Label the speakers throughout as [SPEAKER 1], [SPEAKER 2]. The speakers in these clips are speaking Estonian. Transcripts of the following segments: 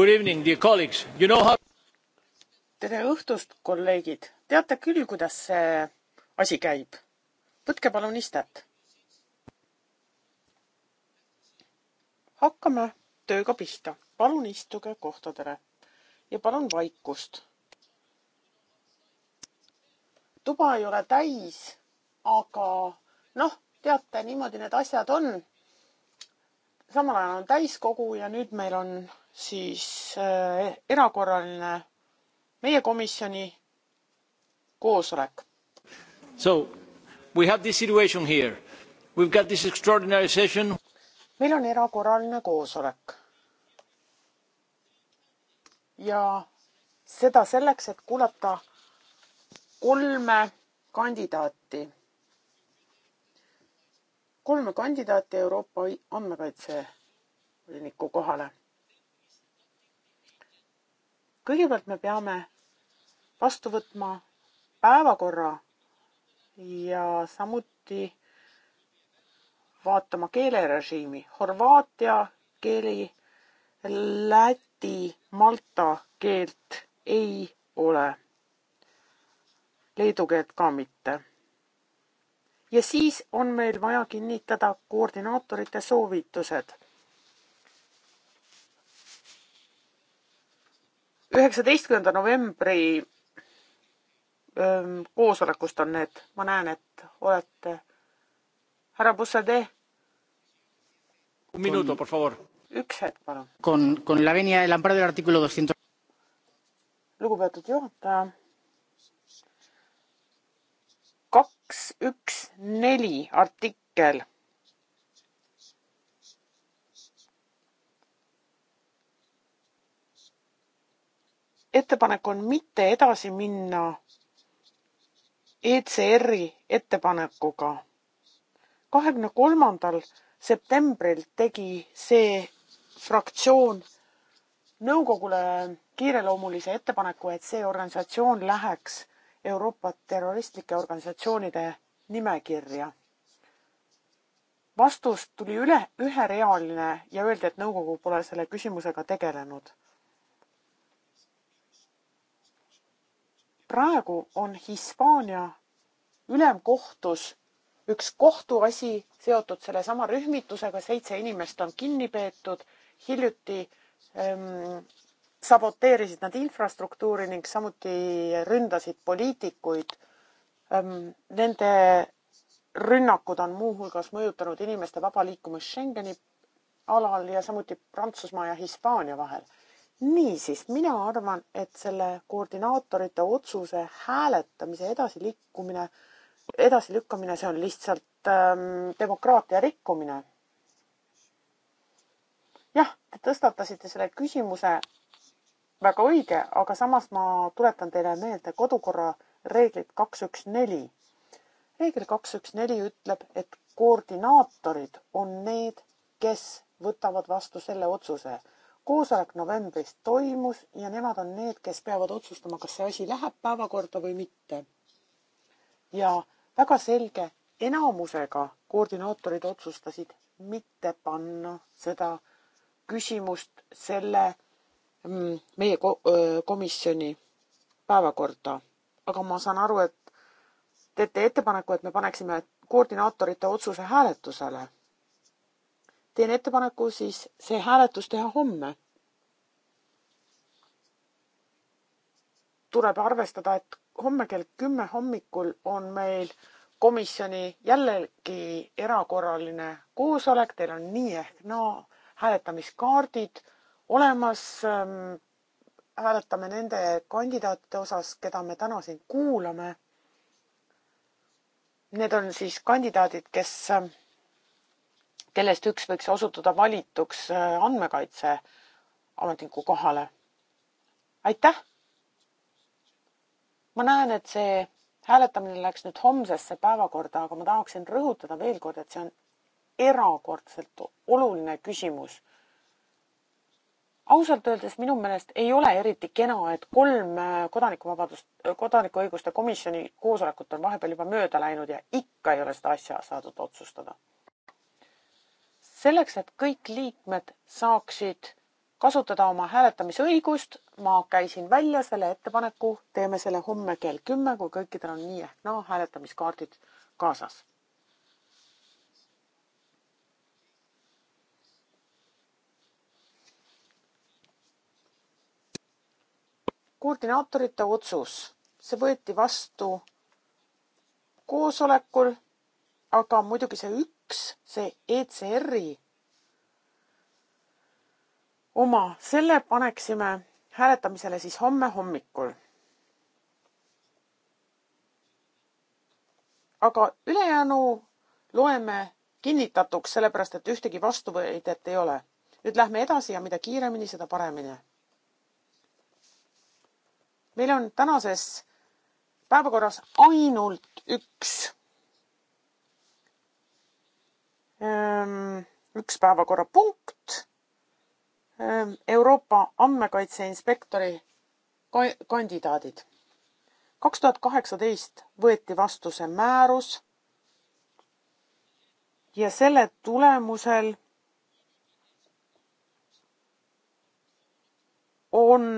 [SPEAKER 1] You know how...
[SPEAKER 2] tere õhtust, kolleegid. teate küll, kuidas see asi käib. võtke palun istet. hakkame tööga pihta. palun istuge kohtadele ja palun vaikust. tuba ei ole täis, aga noh, teate, niimoodi need asjad on. samal ajal on täiskogu ja nüüd meil on siis äh, erakorraline meie komisjoni koosolek.
[SPEAKER 1] So we have this situation here. We have got this extraordinary
[SPEAKER 2] session. meil on erakorraline koosolek. ja seda selleks, et kuulata kolme kandidaati kolme kandidaati Euroopa andmekaitse voliniku kohale kõigepealt me peame vastu võtma päevakorra ja samuti vaatama keelerežiimi. Horvaatia keeli, läti, malta keelt ei ole. Leedu keelt ka mitte. ja siis on meil vaja kinnitada koordinaatorite soovitused üheksateistkümnenda novembri öö, koosolekust on need, ma näen, et olete. härra Bussade. üks hetk, palun. Con, con la venia del amparo del artículo doscientos. lugupeetud juhataja. kaks, üks, neli artikkel ettepanek on mitte edasi minna ECR-i ettepanekuga. kahekümne kolmandal septembril tegi see fraktsioon nõukogule kiireloomulise ettepaneku, et see organisatsioon läheks Euroopa terroristlike organisatsioonide nimekirja. vastus tuli üle, üherealine ja öeldi, et nõukogu pole selle küsimusega tegelenud. praegu on Hispaania ülemkohtus üks kohtuasi seotud sellesama rühmitusega, seitse inimest on kinni peetud, hiljuti ähm, saboteerisid nad infrastruktuuri ning samuti ründasid poliitikuid ähm,. Nende rünnakud on muuhulgas mõjutanud inimeste vaba liikumist Schengeni alal ja samuti Prantsusmaa ja Hispaania vahel niisiis, mina arvan, et selle koordinaatorite otsuse hääletamise edasiliikumine, edasilükkamine, see on lihtsalt ähm, demokraatia rikkumine. jah, te tõstatasite selle küsimuse, väga õige, aga samas ma tuletan teile meelde kodukorra reeglit kaks, üks, neli. reegel kaks, üks, neli ütleb, et koordinaatorid on need, kes võtavad vastu selle otsuse koosolek novembris toimus ja nemad on need, kes peavad otsustama, kas see asi läheb päevakorda või mitte. ja väga selge enamusega koordinaatorid otsustasid mitte panna seda küsimust selle mm, meie komisjoni päevakorda. aga ma saan aru, et teete ettepaneku, et me paneksime koordinaatorite otsuse hääletusele teen ettepaneku siis see hääletus teha homme. tuleb arvestada, et homme kell kümme hommikul on meil komisjoni jällegi erakorraline koosolek, teil on nii ehk naa no, hääletamiskaardid olemas ähm,. hääletame nende kandidaatide osas, keda me täna siin kuulame. Need on siis kandidaadid, kes ähm, kellest üks võiks osutuda valituks äh, andmekaitseametniku kohale. aitäh! ma näen, et see hääletamine läks nüüd homsesse päevakorda, aga ma tahaksin rõhutada veel kord, et see on erakordselt oluline küsimus. ausalt öeldes minu meelest ei ole eriti kena, et kolm äh, kodanikuvabadust, äh, kodanikuõiguste komisjoni koosolekut on vahepeal juba mööda läinud ja ikka ei ole seda asja saadud otsustada selleks, et kõik liikmed saaksid kasutada oma hääletamisõigust, ma käisin välja selle ettepaneku, teeme selle homme kell kümme, kui kõikidel on nii ehk naa hääletamiskaardid kaasas. koordinaatorite otsus, see võeti vastu koosolekul, aga muidugi see üks üks, see ECR-i oma, selle paneksime hääletamisele siis homme hommikul. aga ülejäänu loeme kinnitatuks, sellepärast et ühtegi vastuvõidet ei ole. nüüd lähme edasi ja mida kiiremini, seda paremini. meil on tänases päevakorras ainult üks Ehm, üks päevakorrapunkt. Ehm, Euroopa andmekaitse inspektori kandidaadid. kaks tuhat kaheksateist võeti vastu see määrus. ja selle tulemusel on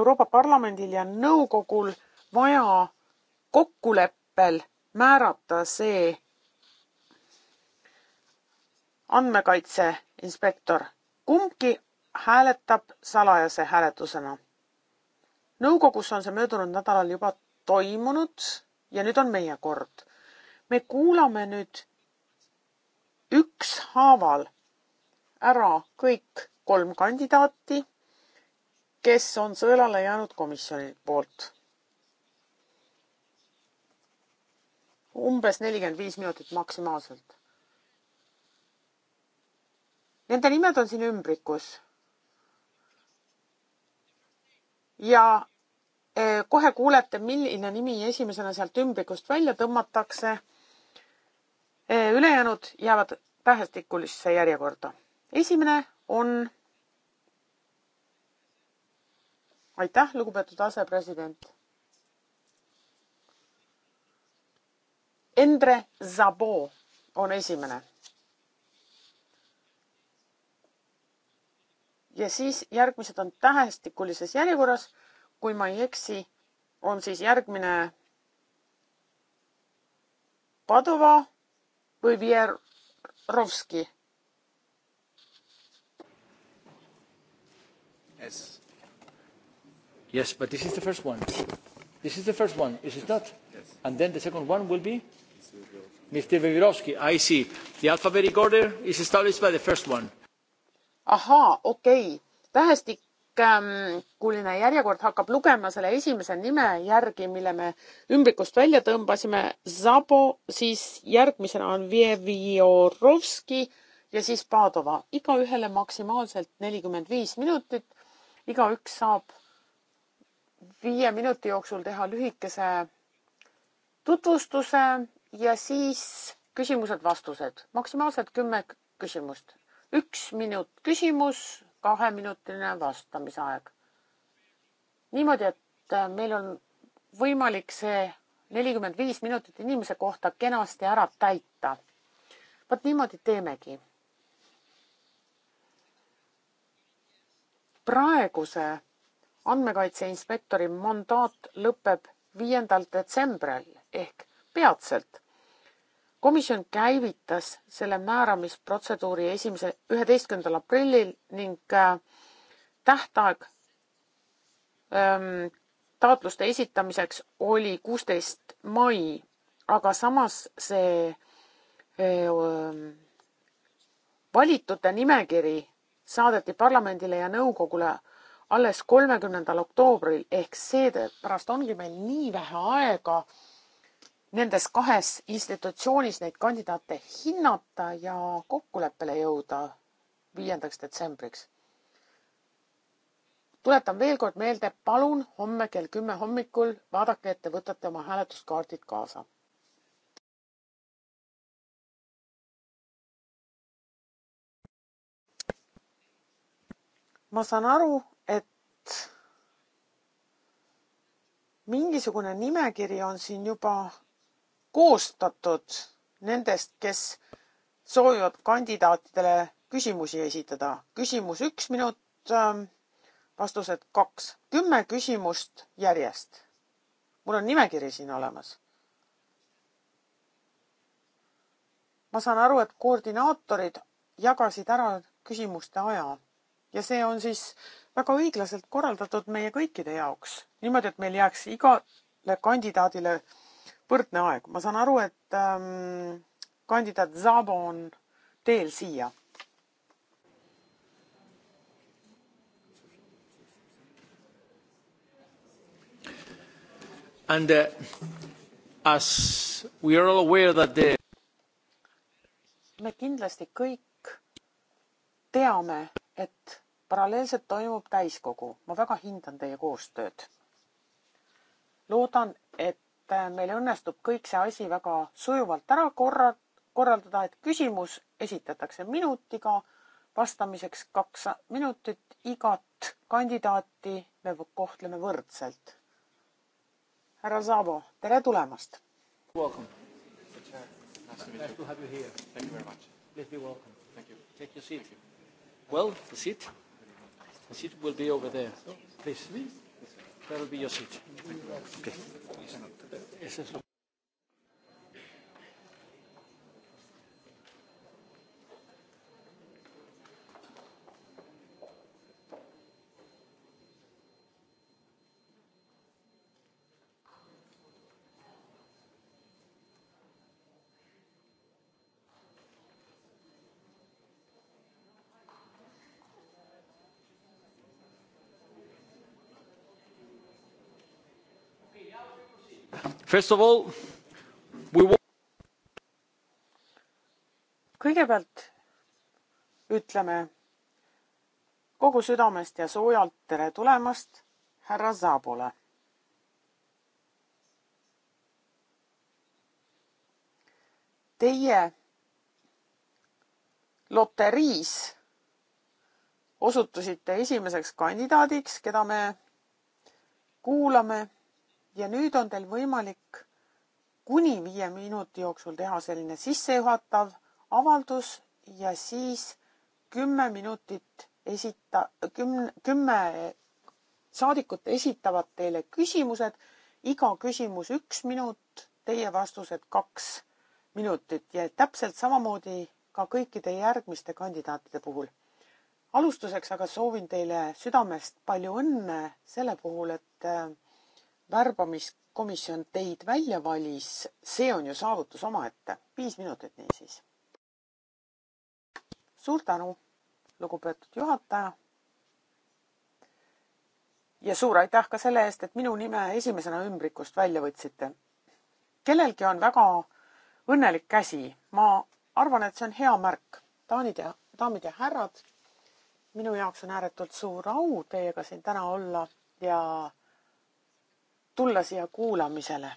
[SPEAKER 2] Euroopa Parlamendil ja nõukogul vaja kokkuleppel määrata see andmekaitseinspektor. kumbki hääletab salajase hääletusena. nõukogus on see möödunud nädalal juba toimunud ja nüüd on meie kord. me kuulame nüüd ükshaaval ära kõik kolm kandidaati, kes on sõelale jäänud komisjoni poolt. umbes nelikümmend viis minutit maksimaalselt Nende nimed on siin ümbrikus. ja e, kohe kuulete, milline nimi esimesena sealt ümbrikust välja tõmmatakse. E, ülejäänud jäävad tähestikulisse järjekorda. esimene on. aitäh, lugupeetud asepresident. Endre Zabo on esimene ja siis järgmised on tähestikulises järjekorras. kui ma ei eksi, on siis järgmine Padova või Vierovski.
[SPEAKER 3] Yes.
[SPEAKER 1] Yes, but this is the first one. This is the first one, is it not?
[SPEAKER 3] Yes.
[SPEAKER 2] And then the second one will be?
[SPEAKER 1] Mr. Vivirovsky, I see. The alphabetic order is established by the first one
[SPEAKER 2] ahaa, okei okay., tähestikuline mm, järjekord hakkab lugema selle esimese nime järgi, mille me ümbrikust välja tõmbasime, Zabo, siis järgmisena on Vjevjorovski ja siis Padova. igaühele maksimaalselt nelikümmend viis minutit. igaüks saab viie minuti jooksul teha lühikese tutvustuse ja siis küsimused-vastused, maksimaalselt kümme küsimust üks minut küsimus, kaheminutiline vastamise aeg. niimoodi, et äh, meil on võimalik see nelikümmend viis minutit inimese kohta kenasti ära täita. vot niimoodi teemegi. praeguse andmekaitse inspektori mandaat lõpeb viiendal detsembril ehk peatselt komisjon käivitas selle määramisprotseduuri esimese, üheteistkümnendal aprillil ning äh, tähtaeg öö, ähm, taotluste esitamiseks oli kuusteist mai, aga samas see öö, äh, ähm, valitute nimekiri saadeti parlamendile ja nõukogule alles kolmekümnendal oktoobril ehk seepärast ongi meil nii vähe aega nendes kahes institutsioonis neid kandidaate hinnata ja kokkuleppele jõuda viiendaks detsembriks. tuletan veel kord meelde, palun homme kell kümme hommikul vaadake, et te võtate oma hääletuskaardid kaasa. ma saan aru, et mingisugune nimekiri on siin juba koostatud nendest, kes soovivad kandidaatidele küsimusi esitada. küsimus üks minut, ähm, vastused kaks, kümme küsimust järjest. mul on nimekiri siin olemas. ma saan aru, et koordinaatorid jagasid ära küsimuste aja ja see on siis väga õiglaselt korraldatud meie kõikide jaoks, niimoodi, et meil jääks igale kandidaadile võrdne aeg, ma saan aru, et ähm, kandidaat Zabo on teel siia.
[SPEAKER 1] And uh, as we are all aware that the
[SPEAKER 2] me kindlasti kõik teame, et paralleelselt toimub täiskogu. ma väga hindan teie koostööd. loodan, et et äh, meil õnnestub kõik see asi väga sujuvalt ära korra-, korraldada, et küsimus esitatakse minutiga, vastamiseks kaks minutit, igat kandidaati me kohtleme võrdselt. härra Saavo, tere tulemast!
[SPEAKER 1] Welcome. Nice to meet you. Nice to have you here. Thank you very much. Please be welcome. Thank you. Take your seat. Well, the seat, the seat will be over there. Please. Please. That'll be your seat. Okay. Eso es lo First of all,
[SPEAKER 2] we want kõigepealt ütleme kogu südamest ja soojalt tere tulemast härra Zaabole. Teie loteriis osutusite esimeseks kandidaadiks, keda me kuulame ja nüüd on teil võimalik kuni viie minuti jooksul teha selline sissejuhatav avaldus ja siis kümme minutit esita-, küm-, kümme saadikut esitavad teile küsimused, iga küsimus üks minut, teie vastused kaks minutit ja täpselt samamoodi ka kõikide järgmiste kandidaatide puhul. alustuseks aga soovin teile südamest palju õnne selle puhul, et äh, värbamiskomisjon teid välja valis, see on ju saavutus omaette. viis minutit niisiis. suur tänu, lugupeetud juhataja. ja suur aitäh ka selle eest, et minu nime esimesena ümbrikust välja võtsite. kellelgi on väga õnnelik käsi, ma arvan, et see on hea märk. daanid ja daamid ja härrad, minu jaoks on ääretult suur au teiega siin täna olla ja tulla siia kuulamisele.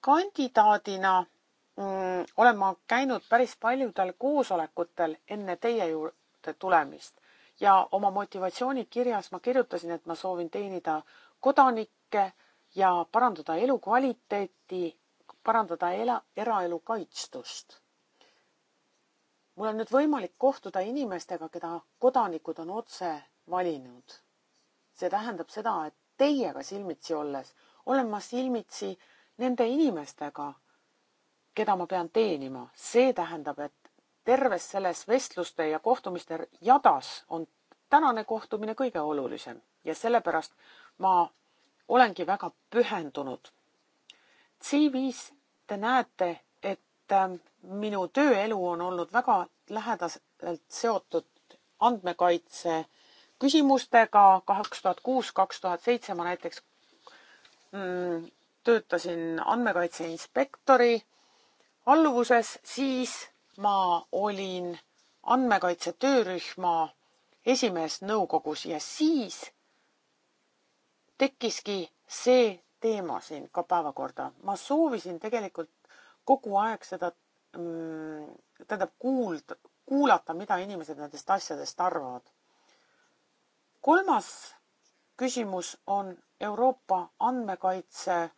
[SPEAKER 2] kandidaadina mm, olen ma käinud päris paljudel koosolekutel enne teie juurde tulemist ja oma motivatsioonikirjas ma kirjutasin, et ma soovin teenida kodanikke ja parandada elukvaliteeti, parandada ela, eraelu kaitstust. mul on nüüd võimalik kohtuda inimestega, keda kodanikud on otse valinud. see tähendab seda, et teiega silmitsi olles olen ma silmitsi nende inimestega, keda ma pean teenima. see tähendab, et terves selles vestluste ja kohtumiste jadas on tänane kohtumine kõige olulisem ja sellepärast ma olengi väga pühendunud. CV-s te näete, et ähm, minu tööelu on olnud väga lähedaselt seotud andmekaitse küsimustega, kaks tuhat kuus, kaks tuhat seitse ma näiteks mm, töötasin andmekaitse inspektori alluvuses, siis ma olin andmekaitse töörühma esimees nõukogus ja siis tekkiski see teema siin ka päevakorda. ma soovisin tegelikult kogu aeg seda, mm, tähendab kuulda, kuulata, mida inimesed nendest asjadest arvavad kolmas küsimus on Euroopa Andmekaitse äh,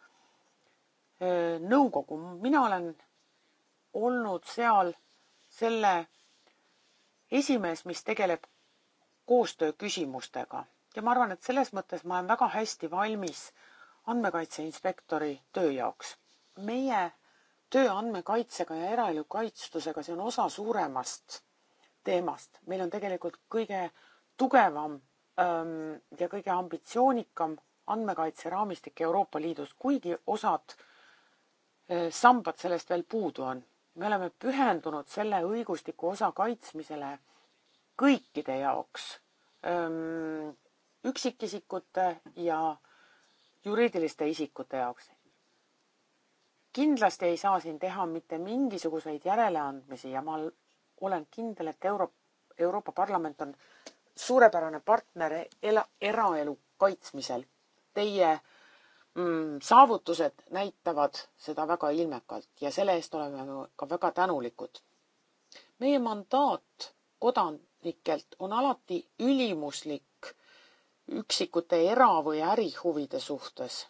[SPEAKER 2] Nõukogu. mina olen olnud seal selle esimees, mis tegeleb koostööküsimustega ja ma arvan, et selles mõttes ma olen väga hästi valmis andmekaitse inspektori töö jaoks. meie töö andmekaitsega ja eraelu kaitstusega, see on osa suuremast teemast. meil on tegelikult kõige tugevam ja kõige ambitsioonikam andmekaitseraamistik Euroopa Liidus, kuigi osad sambad sellest veel puudu on. me oleme pühendunud selle õigustiku osa kaitsmisele kõikide jaoks, üksikisikute ja juriidiliste isikute jaoks. kindlasti ei saa siin teha mitte mingisuguseid järeleandmisi ja ma olen kindel, et Euro-, Euroopa Parlament on suurepärane partner eraelu kaitsmisel. Teie mm, saavutused näitavad seda väga ilmekalt ja selle eest oleme ka väga tänulikud. meie mandaat kodanikelt on alati ülimuslik üksikute era- või ärihuvide suhtes.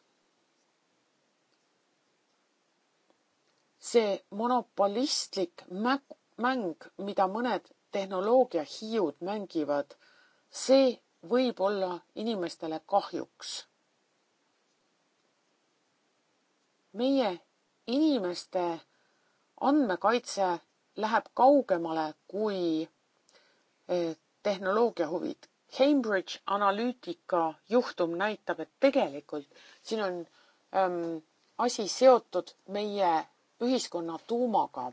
[SPEAKER 2] see monopolistlik mäng, mäng, mida mõned tehnoloogiahiiud mängivad see võib olla inimestele kahjuks. meie inimeste andmekaitse läheb kaugemale kui eh, tehnoloogia huvid. Cambridge Analytica juhtum näitab, et tegelikult siin on ähm, asi seotud meie ühiskonna tuumaga.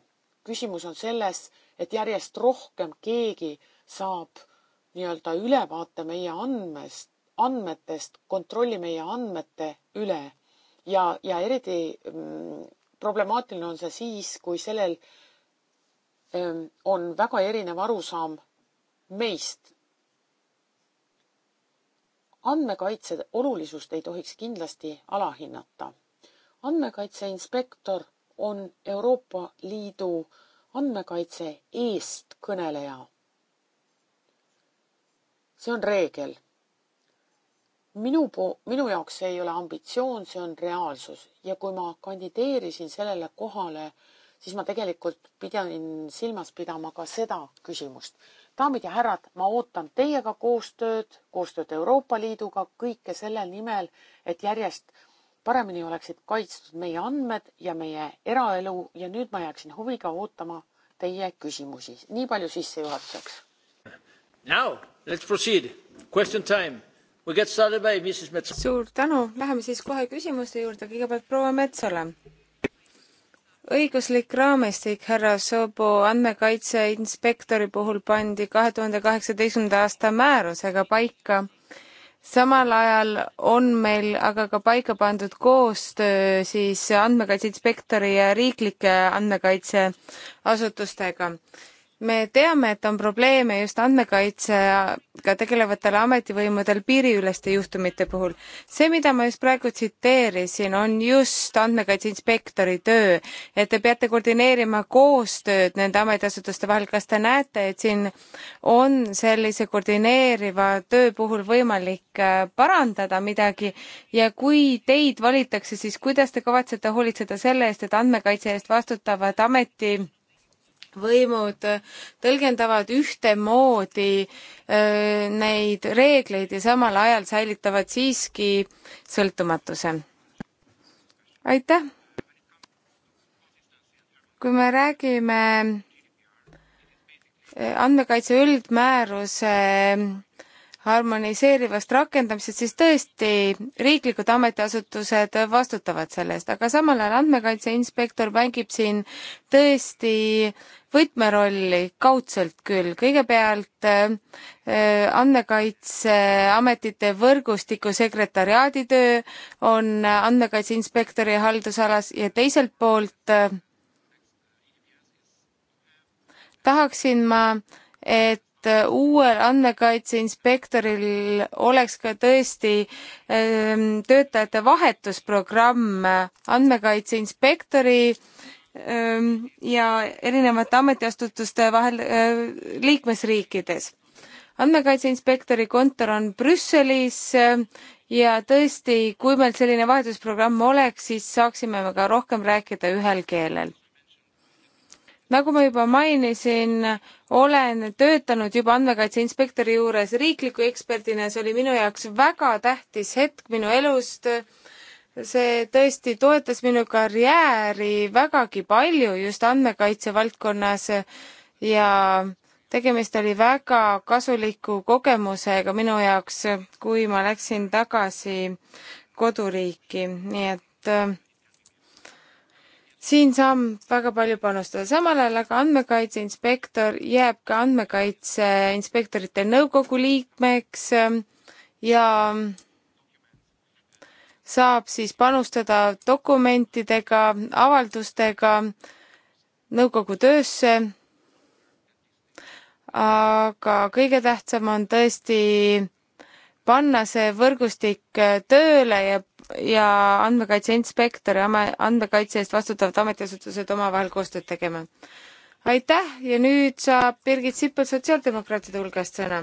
[SPEAKER 2] küsimus on selles, et järjest rohkem keegi saab nii-öelda ülevaate meie andmest, andmetest, kontrolli meie andmete üle ja, ja eriti mm, problemaatiline on see siis, kui sellel mm, on väga erinev arusaam meist. andmekaitse olulisust ei tohiks kindlasti alahinnata. andmekaitse inspektor on Euroopa Liidu andmekaitse eestkõneleja see on reegel. minu po-, minu jaoks see ei ole ambitsioon, see on reaalsus ja kui ma kandideerisin sellele kohale, siis ma tegelikult pidin silmas pidama ka seda küsimust. daamid ja härrad, ma ootan teiega koostööd, koostööd Euroopa Liiduga, kõike selle nimel, et järjest paremini oleksid kaitstud meie andmed ja meie eraelu ja nüüd ma jääksin huviga ootama teie küsimusi. nii palju sissejuhatuseks.
[SPEAKER 1] Now
[SPEAKER 4] suur tänu, läheme siis kohe küsimuste juurde, kõigepealt proua Metsale. õiguslik raamistik härra Sobo andmekaitse inspektori puhul pandi kahe tuhande kaheksateistkümnenda aasta määrusega paika samal ajal on meil aga ka paika pandud koostöö siis andmekaitse inspektori ja riiklike andmekaitseasutustega me teame, et on probleeme just andmekaitsega tegelevatel ametivõimudel piiriüleste juhtumite puhul. see, mida ma just praegu tsiteerisin, on just andmekaitse inspektori töö, et te peate koordineerima koostööd nende ametiasutuste vahel. kas te näete, et siin on sellise koordineeriva töö puhul võimalik äh, parandada midagi ja kui teid valitakse, siis kuidas te kavatsete hoolitseda selle eest, et andmekaitse eest vastutavad ameti võimud tõlgendavad ühtemoodi öö, neid reegleid ja samal ajal säilitavad siiski sõltumatuse. aitäh! kui me räägime andmekaitse üldmääruse harmoniseerivast rakendamisest, siis tõesti riiklikud ametiasutused vastutavad selle eest, aga samal ajal andmekaitse inspektor mängib siin tõesti võtmerolli kaudselt küll. kõigepealt äh, andmekaitseametite võrgustiku sekretariaadi töö on andmekaitse inspektori haldusalas ja teiselt poolt äh, tahaksin ma, et Äh, uuel andmekaitseinspektoril oleks ka tõesti ähm, töötajate vahetusprogramm äh, andmekaitseinspektori ähm, ja erinevate ametiasutuste vahel äh, liikmesriikides. andmekaitseinspektori kontor on Brüsselis ja tõesti, kui meil selline vahetusprogramm oleks, siis saaksime me ka rohkem rääkida ühel keelel nagu ma juba mainisin, olen töötanud juba andmekaitse inspektori juures riikliku eksperdina ja see oli minu jaoks väga tähtis hetk minu elust. see tõesti toetas minu karjääri vägagi palju just andmekaitse valdkonnas ja tegemist oli väga kasuliku kogemusega minu jaoks, kui ma läksin tagasi koduriiki, nii et äh, siin saab väga palju panustada, samal ajal aga andmekaitse inspektor jääb ka andmekaitse inspektorite nõukogu liikmeks ähm, ja ähm, saab siis panustada dokumentidega, avaldustega nõukogu töösse. aga kõige tähtsam on tõesti panna see võrgustik äh, tööle ja, ja andmekaitse inspektor ja andmekaitse eest vastutavad ametiasutused omavahel koostööd tegema. aitäh ja nüüd saab Birgit Sippel sotsiaaldemokraatide hulgast sõna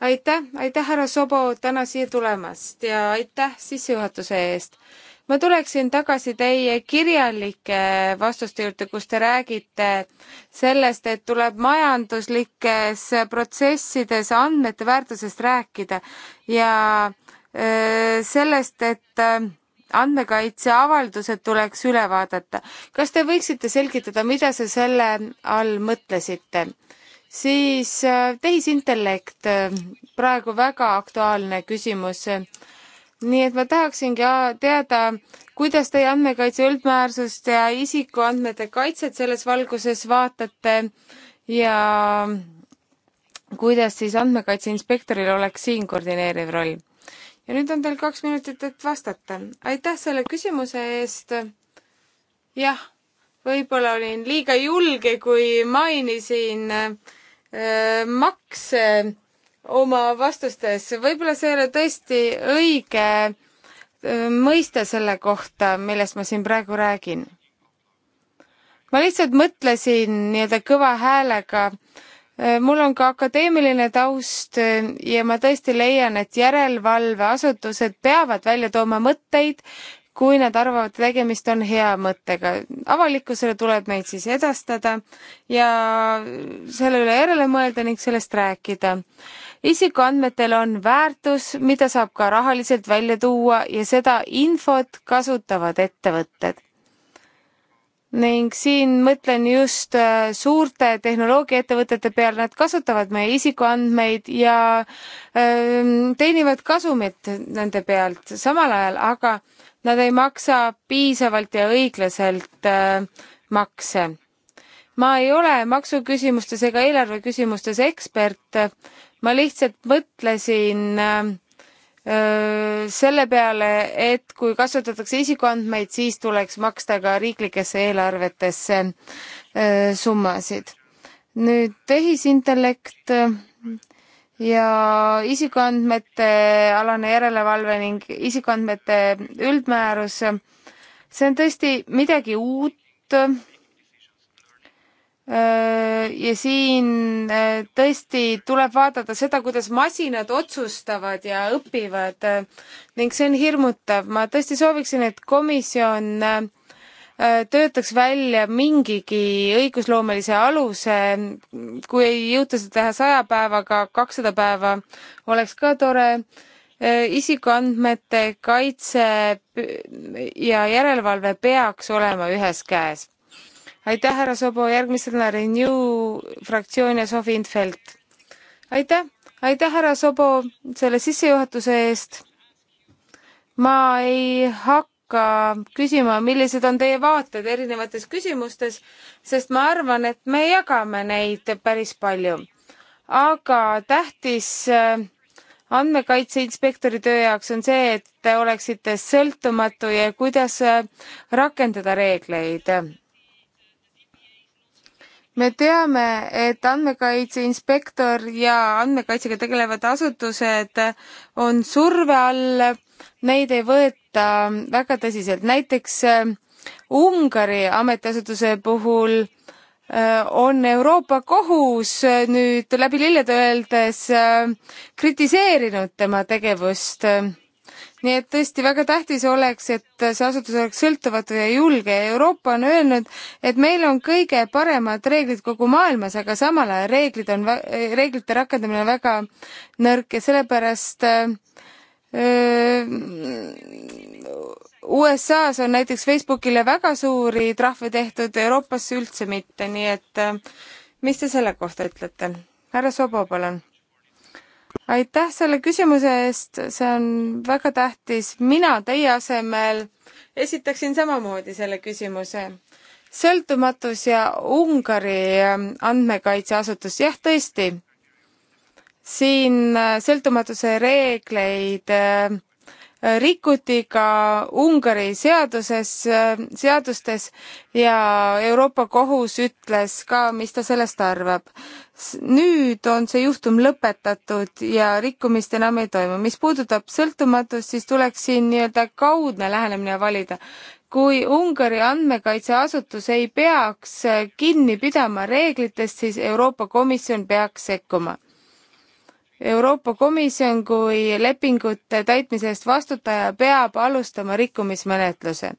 [SPEAKER 4] aitäh, aitäh, härra Sobo, täna siia tulemast ja aitäh sissejuhatuse eest. ma tuleksin tagasi teie kirjalike vastuste juurde, kus te räägite sellest, et tuleb majanduslikes protsessides andmete väärtusest rääkida ja sellest, et andmekaitseavaldused tuleks üle vaadata. kas te võiksite selgitada, mida te selle all mõtlesite? siis äh, tehisintellekt, äh, praegu väga aktuaalne küsimus. nii et ma tahaksingi äh, teada, kuidas teie andmekaitse üldmäärsust ja isikuandmete kaitset selles valguses vaatate ja kuidas siis andmekaitse inspektoril oleks siin koordineeriv roll? ja nüüd on teil kaks minutit, et vastata. aitäh selle küsimuse eest. jah, võib-olla olin liiga julge, kui mainisin äh, Äh, makse oma vastustes, võib-olla see ei ole tõesti õige äh, mõiste selle kohta, millest ma siin praegu räägin. ma lihtsalt mõtlesin nii-öelda kõva häälega, äh, mul on ka akadeemiline taust ja ma tõesti leian, et järelevalveasutused peavad välja tooma mõtteid, kui nad arvavad, tegemist on hea mõttega. avalikkusele tuleb neid siis edastada ja selle üle järele mõelda ning sellest rääkida. isikuandmetel on väärtus, mida saab ka rahaliselt välja tuua ja seda infot kasutavad ettevõtted ning siin mõtlen just äh, suurte tehnoloogiaettevõtete peale, nad kasutavad meie isikuandmeid ja öö, ähm, teenivad kasumit nende pealt samal ajal, aga nad ei maksa piisavalt ja õiglaselt äh, makse. ma ei ole maksuküsimustes ega eelarveküsimustes ekspert, ma lihtsalt mõtlesin äh, äh, selle peale, et kui kasutatakse isikuandmeid, siis tuleks maksta ka riiklikesse eelarvetesse summasid. nüüd tehisintellekt ja isikuandmete alane järelevalve ning isikuandmete üldmäärus. see on tõesti midagi uut. Äh, ja siin äh, tõesti tuleb vaadata seda, kuidas masinad otsustavad ja õpivad äh, ning see on hirmutav. ma tõesti sooviksin, et komisjon Äh, töötaks välja mingigi õigusloomelise aluse, kui ei jõuta seda teha saja päevaga, kakssada päeva, oleks ka tore. Äh, isikuandmete kaitse ja järelevalve peaks olema ühes käes. aitäh, härra Sobo, järgmisena Renew fraktsioon ja Sofi Infeld. aitäh, aitäh, härra Sobo, selle sissejuhatuse eest. ma ei hakka ka küsima, millised on teie vaated erinevates küsimustes, sest ma arvan, et me jagame neid päris palju. aga tähtis äh, andmekaitse inspektori töö jaoks on see, et te oleksite sõltumatu ja kuidas äh, rakendada reegleid. me teame, et andmekaitse inspektor ja andmekaitsega tegelevad asutused on surve all neid ei võeta väga tõsiselt. näiteks äh, Ungari ametiasutuse puhul äh, on Euroopa Kohus äh, nüüd läbi lillede öeldes kritiseerinud tema tegevust. nii et tõesti väga tähtis oleks, et see asutus oleks sõltumatu ja julge ja Euroopa on öelnud, et meil on kõige paremad reeglid kogu maailmas, aga samal ajal reeglid on, reeglite rakendamine on väga nõrk ja sellepärast äh, USA-s on näiteks Facebookile väga suuri trahve tehtud, Euroopasse üldse mitte, nii et mis te selle kohta ütlete? härra Sobo, palun. aitäh selle küsimuse eest, see on väga tähtis. mina teie asemel esitaksin samamoodi selle küsimuse. sõltumatus ja Ungari andmekaitseasutus, jah, tõesti siin äh, sõltumatuse reegleid äh, rikuti ka Ungari seaduses, äh, seadustes ja Euroopa Kohus ütles ka, mis ta sellest arvab. nüüd on see juhtum lõpetatud ja rikkumist enam ei toimu. mis puudutab sõltumatust, siis tuleks siin nii-öelda kaudne lähenemine valida. kui Ungari andmekaitseasutus ei peaks kinni pidama reeglitest, siis Euroopa Komisjon peaks sekkuma Euroopa Komisjon kui lepingute täitmise eest vastutaja peab alustama rikkumismenetluse.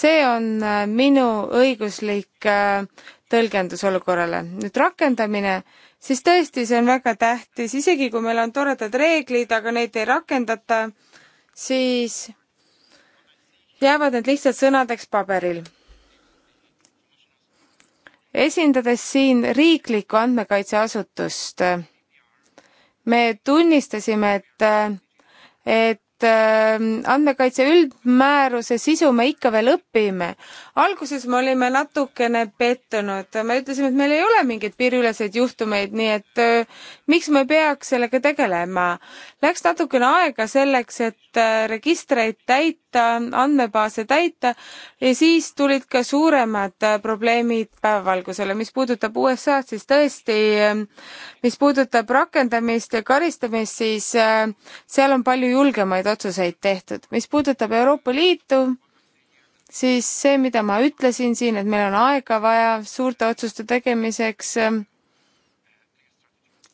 [SPEAKER 4] see on äh, minu õiguslik äh, tõlgendus olukorrale. nüüd rakendamine, siis tõesti, see on väga tähtis, isegi kui meil on toredad reeglid, aga neid ei rakendata, siis jäävad need lihtsalt sõnadeks paberil esindades siin riiklikku andmekaitseasutust me tunnistasime, et et Ähm, andmekaitse üldmääruse sisu me ikka veel õpime. alguses me olime natukene pettunud, me ütlesime, et meil ei ole mingeid piiriüleseid juhtumeid, nii et miks me peaks sellega tegelema. Läks natukene aega selleks, et äh, registreid täita, andmebaase täita ja siis tulid ka suuremad äh, probleemid päevavalgusele. mis puudutab USA-d, siis tõesti, ähm, mis puudutab rakendamist ja karistamist, siis äh, seal on palju julgemaid õigeid otsuseid tehtud. mis puudutab Euroopa Liitu, siis see, mida ma ütlesin siin, et meil on aega vaja suurte otsuste tegemiseks ähm,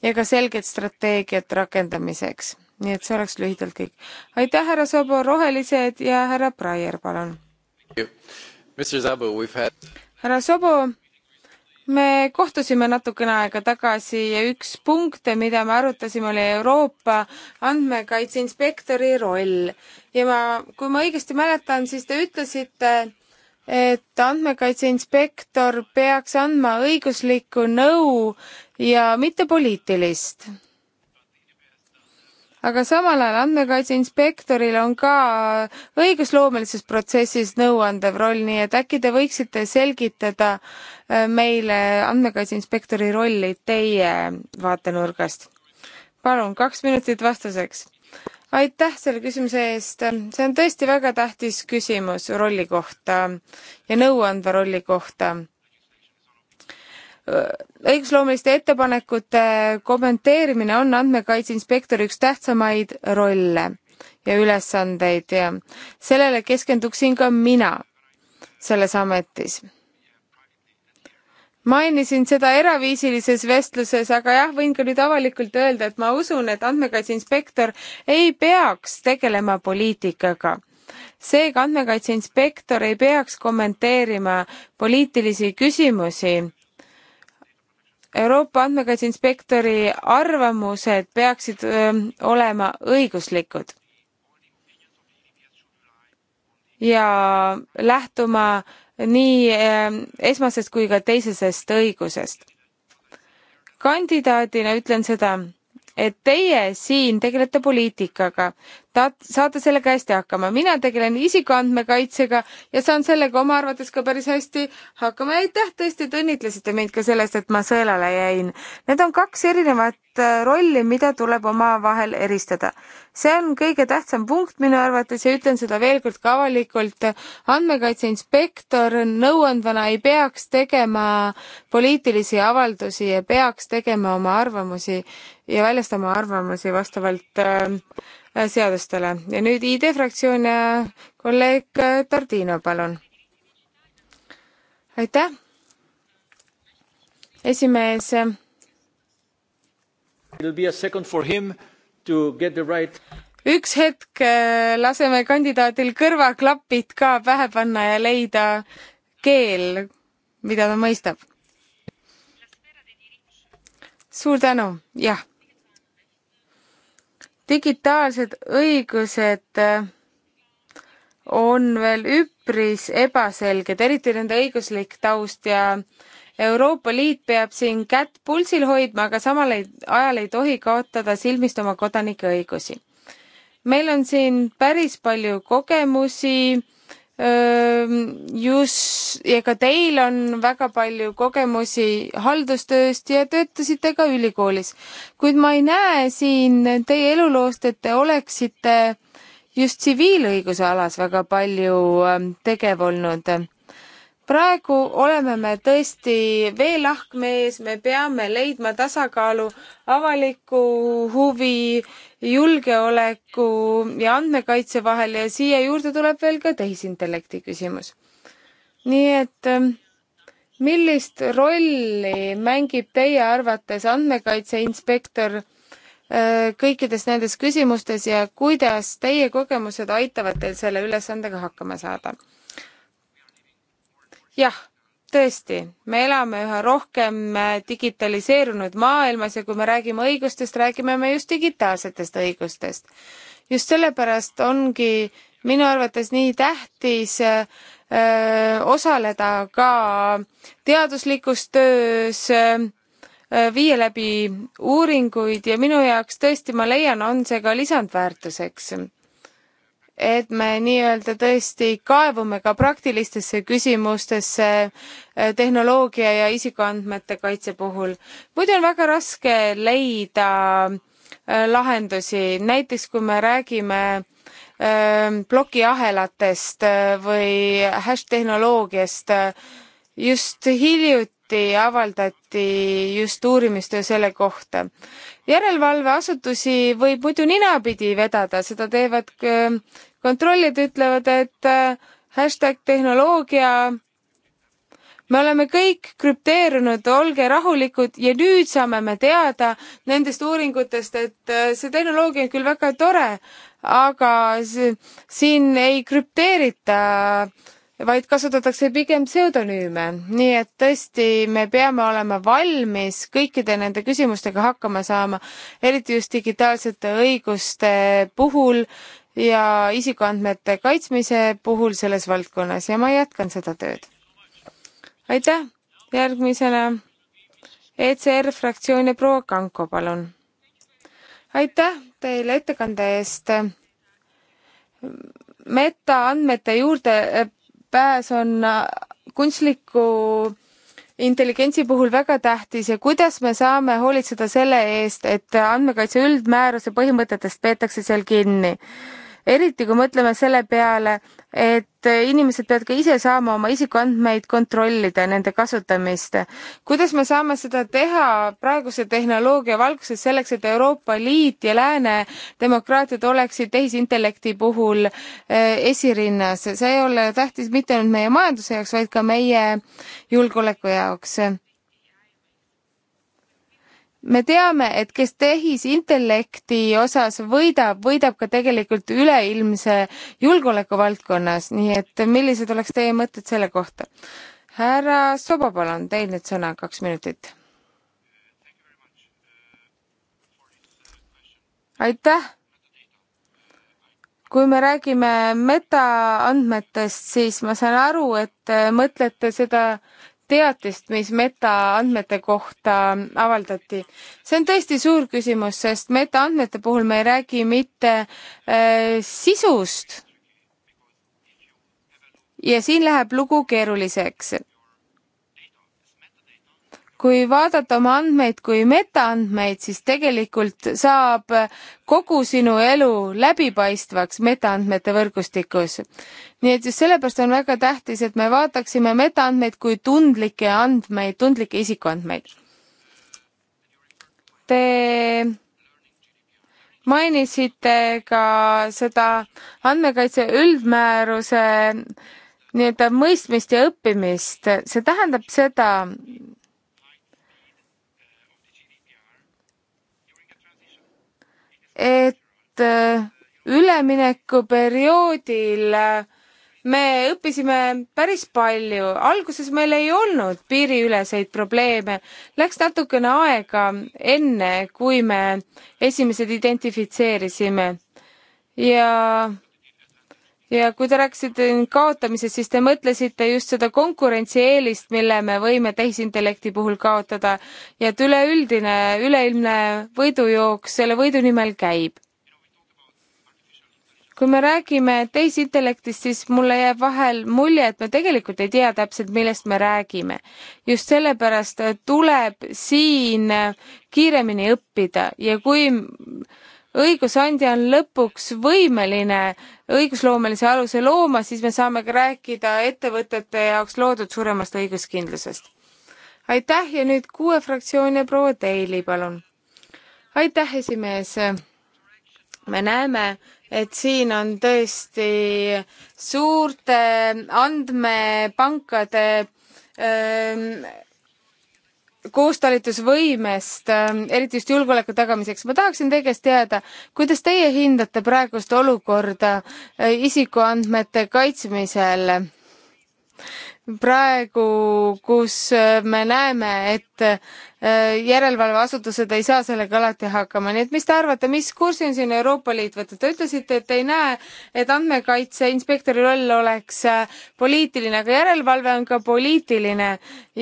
[SPEAKER 4] ja ka selget strateegiat rakendamiseks. nii et see oleks lühidalt kõik. aitäh, härra Sobo, Rohelised ja härra Breyer, palun. härra Sobo, me kohtusime natukene aega tagasi ja üks punkte, mida me arutasime, oli Euroopa andmekaitse inspektori roll. ja ma, kui ma õigesti mäletan, siis te ütlesite, et andmekaitse inspektor peaks andma õiguslikku nõu ja mitte poliitilist aga samal ajal andmekaitse inspektoril on ka õigusloomelises protsessis nõuandev roll, nii et äkki te võiksite selgitada äh, meile andmekaitse inspektori rolli teie vaatenurgast? palun, kaks minutit vastuseks. aitäh selle küsimuse eest, see on tõesti väga tähtis küsimus rolli kohta ja nõuandva rolli kohta õigusloomiliste ettepanekute kommenteerimine on andmekaitse inspektori üks tähtsamaid rolle ja ülesandeid ja sellele keskenduksin ka mina selles ametis. mainisin seda eraviisilises vestluses, aga jah, võin ka nüüd avalikult öelda, et ma usun, et andmekaitse inspektor ei peaks tegelema poliitikaga seega andmekaitse inspektor ei peaks kommenteerima poliitilisi küsimusi Euroopa andmekaitse inspektori arvamused peaksid öö, olema õiguslikud ja lähtuma nii esmasest kui ka teisesest õigusest. kandidaadina ütlen seda, et teie siin tegelete poliitikaga, saate sellega hästi hakkama. mina tegelen isikuandmekaitsega ja saan sellega oma arvates ka päris hästi hakkama. aitäh, tõesti, et õnnitlesite mind ka sellest, et ma sõelale jäin. Need on kaks erinevat äh, rolli, mida tuleb omavahel eristada. see on kõige tähtsam punkt minu arvates ja ütlen seda veel kord ka avalikult. andmekaitse inspektor nõuandvana ei peaks tegema poliitilisi avaldusi ja peaks tegema oma arvamusi ja väljastama arvamusi vastavalt äh, Äh, seadustele. ja nüüd ID fraktsioon ja kolleeg äh, Tardino, palun. aitäh, esimees. Äh,
[SPEAKER 1] It will be a second for him to get the right
[SPEAKER 4] üks hetk laseme kandidaadil kõrvaklapid ka pähe panna ja leida keel, mida ta mõistab. suur tänu, jah digitaalsed õigused äh, on veel üpris ebaselged, eriti nende õiguslik taust ja Euroopa Liit peab siin kätt pulsil hoidma, aga samal ajal ei tohi kaotada silmist oma kodanike õigusi. meil on siin päris palju kogemusi just ja ka teil on väga palju kogemusi haldustööst ja töötasite ka ülikoolis. kuid ma ei näe siin teie eluloost, et te oleksite just tsiviilõiguse alas väga palju tegev olnud praegu oleme me tõesti veelahkme ees, me peame leidma tasakaalu avaliku huvi, julgeoleku ja andmekaitse vahel ja siia juurde tuleb veel ka tehisintellekti küsimus. nii et ähm, millist rolli mängib teie arvates andmekaitse inspektor äh, kõikides nendes küsimustes ja kuidas teie kogemused aitavad teil selle ülesandega hakkama saada? jah, tõesti, me elame üha rohkem äh, digitaliseerunud maailmas ja kui me räägime õigustest, räägime me just digitaalsetest õigustest. just sellepärast ongi minu arvates nii tähtis öö, äh, äh, osaleda ka teaduslikus töös öö, viia läbi uuringuid ja minu jaoks tõesti, ma leian, on see ka lisandväärtuseks et me nii-öelda tõesti kaevume ka praktilistesse küsimustesse eh, tehnoloogia ja isikuandmete kaitse puhul. muidu on väga raske leida eh, lahendusi, näiteks kui me räägime eh, plokiahelatest või hash tehnoloogiast. just hiljuti avaldati just uurimistöö selle kohta. järelevalveasutusi võib muidu ninapidi vedada, seda teevad kontrollid ütlevad, et äh, hashtag tehnoloogia, me oleme kõik krüpteerunud, olge rahulikud ja nüüd saame me teada nendest uuringutest, et äh, see tehnoloogia on küll väga tore, aga see, siin ei krüpteerita vaid kasutatakse pigem pseudonüüme, nii et tõesti, me peame olema valmis kõikide nende küsimustega hakkama saama, eriti just digitaalsete õiguste puhul ja isikuandmete kaitsmise puhul selles valdkonnas ja ma jätkan seda tööd. aitäh, järgmisena ECR fraktsiooni proua Kanko, palun. aitäh teile ettekande eest. metaandmete juurdepääs äh, on äh, kunstliku intelligentsi puhul väga tähtis ja kuidas me saame hoolitseda selle eest, et andmekaitse üldmääruse põhimõtetest peetakse seal kinni eriti kui mõtleme selle peale, et inimesed peavad ka ise saama oma isikuandmeid kontrollida, nende kasutamist. kuidas me saame seda teha praeguse tehnoloogia valguses selleks, et Euroopa Liit ja lääne demokraatiad oleksid tehisintellekti puhul eh, esirinnas, see ei ole tähtis mitte ainult meie majanduse jaoks, vaid ka meie julgeoleku jaoks me teame, et kes tehisintellekti osas võidab, võidab ka tegelikult üleilmse julgeoleku valdkonnas, nii et millised oleks teie mõtted selle kohta? härra Sobo, palun, teil nüüd sõna, kaks minutit. aitäh! kui me räägime metaandmetest, siis ma saan aru, et mõtlete seda teatist, mis metaandmete kohta avaldati. see on tõesti suur küsimus, sest metaandmete puhul me ei räägi mitte äh, sisust. ja siin läheb lugu keeruliseks kui vaadata oma andmeid kui metaandmeid, siis tegelikult saab kogu sinu elu läbipaistvaks metaandmete võrgustikus. nii et just sellepärast on väga tähtis, et me vaataksime metaandmeid kui tundlikke andmeid, tundlikke isikuandmeid. Te mainisite ka seda andmekaitse üldmääruse nii-öelda mõistmist ja õppimist, see tähendab seda, et äh, üleminekuperioodil äh, me õppisime päris palju, alguses meil ei olnud piiriüleseid probleeme, läks natukene aega, enne kui me esimesed identifitseerisime ja ja kui te rääkisite kaotamisest, siis te mõtlesite just seda konkurentsieelist, mille me võime tehisintellekti puhul kaotada ja et üleüldine, üleilmne võidujooks selle võidu nimel käib. kui me räägime tehisintellektist, siis mulle jääb vahel mulje, et me tegelikult ei tea täpselt, millest me räägime. just sellepärast tuleb siin kiiremini õppida ja kui õigusandja on lõpuks võimeline õigusloomelise aluse looma, siis me saame ka rääkida ettevõtete jaoks loodud suuremast õiguskindlusest. aitäh ja nüüd kuue fraktsiooni proua Teili, palun. aitäh, esimees. me näeme, et siin on tõesti suurte andmepankade öö, ähm, koostalitusvõimest, ähm, eriti just julgeoleku tagamiseks. ma tahaksin teie käest teada, kuidas teie hindate praegust olukorda äh, isikuandmete kaitsmisel? praegu, kus äh, me näeme, et Äh, järelevalveasutused ei saa sellega alati hakkama, nii et mis te arvate, mis kursi on siin Euroopa Liit võtnud? Te ütlesite, et ei näe, et andmekaitse inspektori roll oleks äh, poliitiline, aga järelevalve on ka poliitiline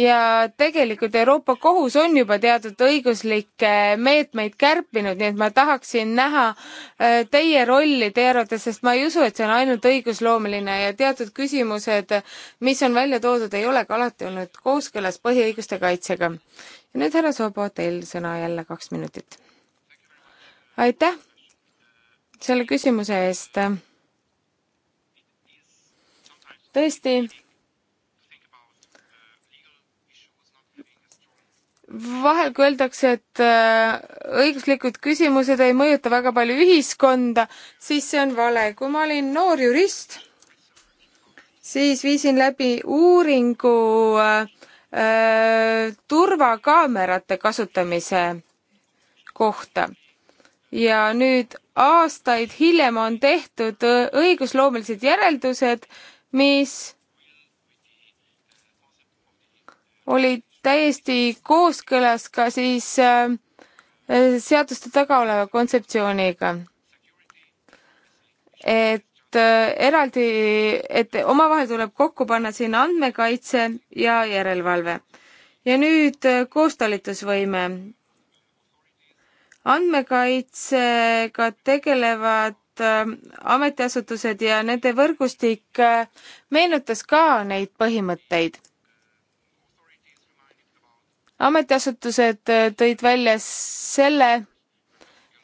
[SPEAKER 4] ja tegelikult Euroopa Kohus on juba teatud õiguslikke meetmeid kärpinud, nii et ma tahaksin näha äh, teie rolli teie arvates, sest ma ei usu, et see on ainult õigusloomeline ja teatud küsimused, mis on välja toodud, ei ole ka alati olnud kooskõlas põhiõiguste kaitsega ja nüüd, härra Soobo, teil sõna jälle kaks minutit. aitäh selle küsimuse eest. tõesti, vahel, kui öeldakse, et äh, õiguslikud küsimused ei mõjuta väga palju ühiskonda, siis see on vale. kui ma olin noor jurist, siis viisin läbi uuringu äh, Äh, turvakaamerate kasutamise kohta. ja nüüd aastaid hiljem on tehtud äh, õigusloomelised järeldused, mis olid täiesti kooskõlas ka siis äh, seaduste taga oleva kontseptsiooniga. et Äh, eraldi, et omavahel tuleb kokku panna siin andmekaitse ja järelevalve. ja nüüd äh, koostalitusvõime. andmekaitsega tegelevad äh, ametiasutused ja nende võrgustik meenutas ka neid põhimõtteid. ametiasutused tõid välja selle,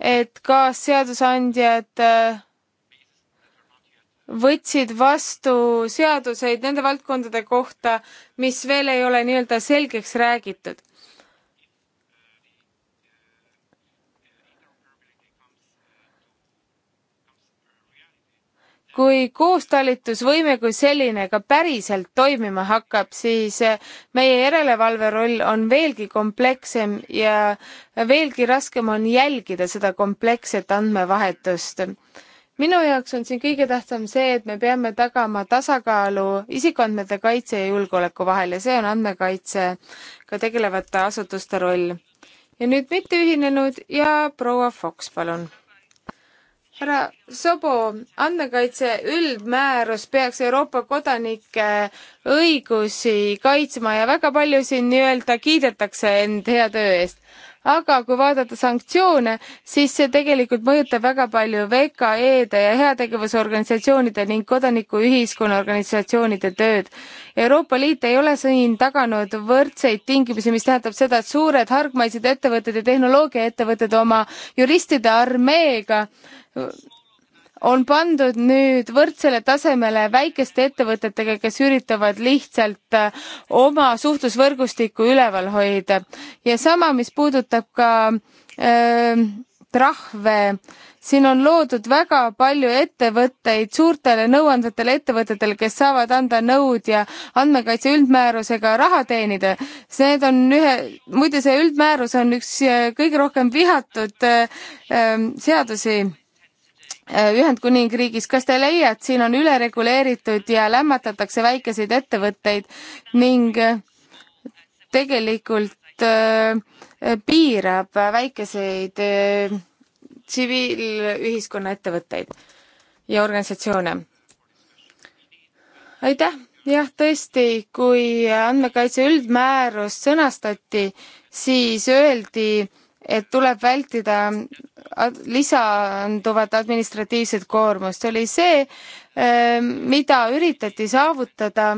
[SPEAKER 4] et kaasseadusandjad võtsid vastu seaduseid nende valdkondade kohta, mis veel ei ole nii-öelda selgeks räägitud. kui koostalitusvõime kui selline ka päriselt toimima hakkab, siis meie järelevalve roll on veelgi komplekssem ja veelgi raskem on jälgida seda kompleksset andmevahetust minu jaoks on siin kõige tähtsam see, et me peame tagama tasakaalu isikuandmete kaitse ja julgeoleku vahel ja see on andmekaitsega tegelevate asutuste roll. ja nüüd mitteühinenud ja proua Fox, palun. härra Sobo, andmekaitse üldmäärus peaks Euroopa kodanike õigusi kaitsma ja väga palju siin nii-öelda kiidetakse end hea töö eest aga kui vaadata sanktsioone, siis see tegelikult mõjutab väga palju VKE-de ja heategevusorganisatsioonide ning kodanikuühiskonna organisatsioonide tööd. Euroopa Liit ei ole siin taganud võrdseid tingimusi, mis tähendab seda, et suured hargmaised ettevõtted ja tehnoloogiaettevõtted oma juristide armeega on pandud nüüd võrdsele tasemele väikeste ettevõtetega, kes üritavad lihtsalt äh, oma suhtlusvõrgustikku üleval hoida. ja sama, mis puudutab ka äh, trahve, siin on loodud väga palju ettevõtteid suurtele nõuandvatele ettevõtetele, kes saavad anda nõud ja andmekaitse üldmäärusega raha teenida. Need on ühe, muide see üldmäärus on üks äh, kõige rohkem vihatud äh, äh seadusi Äh, Ühendkuningriigis, kas te leia, et siin on ülereguleeritud ja lämmatatakse väikeseid ettevõtteid ning äh, tegelikult äh, piirab väikeseid äh, tsiviilühiskonna äh, ettevõtteid ja organisatsioone? aitäh, jah, tõesti, kui andmekaitse üldmäärus sõnastati, siis öeldi, et tuleb vältida lisanduvat administratiivset koormust. see oli see, äh, mida üritati saavutada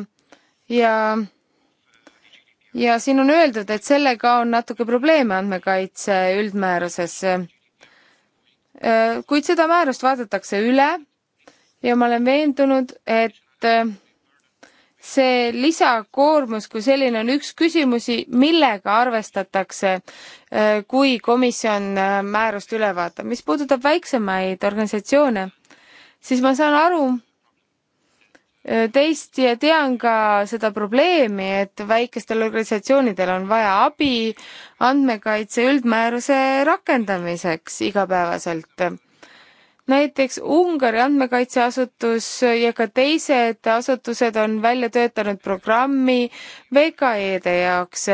[SPEAKER 4] ja, ja siin on öeldud, et sellega on natuke probleeme andmekaitse üldmääruses. Äh, kuid seda määrust vaadatakse üle ja ma olen veendunud, et äh, see lisakoormus kui selline on üks küsimusi, millega arvestatakse, äh, kui komisjon äh, määrust üle vaatab. mis puudutab väiksemaid organisatsioone, siis ma saan aru äh, teist ja tean ka seda probleemi, et väikestel organisatsioonidel on vaja abi andmekaitse üldmääruse rakendamiseks igapäevaselt näiteks Ungari andmekaitseasutus ja ka teised asutused on välja töötanud programmi VKE-de jaoks.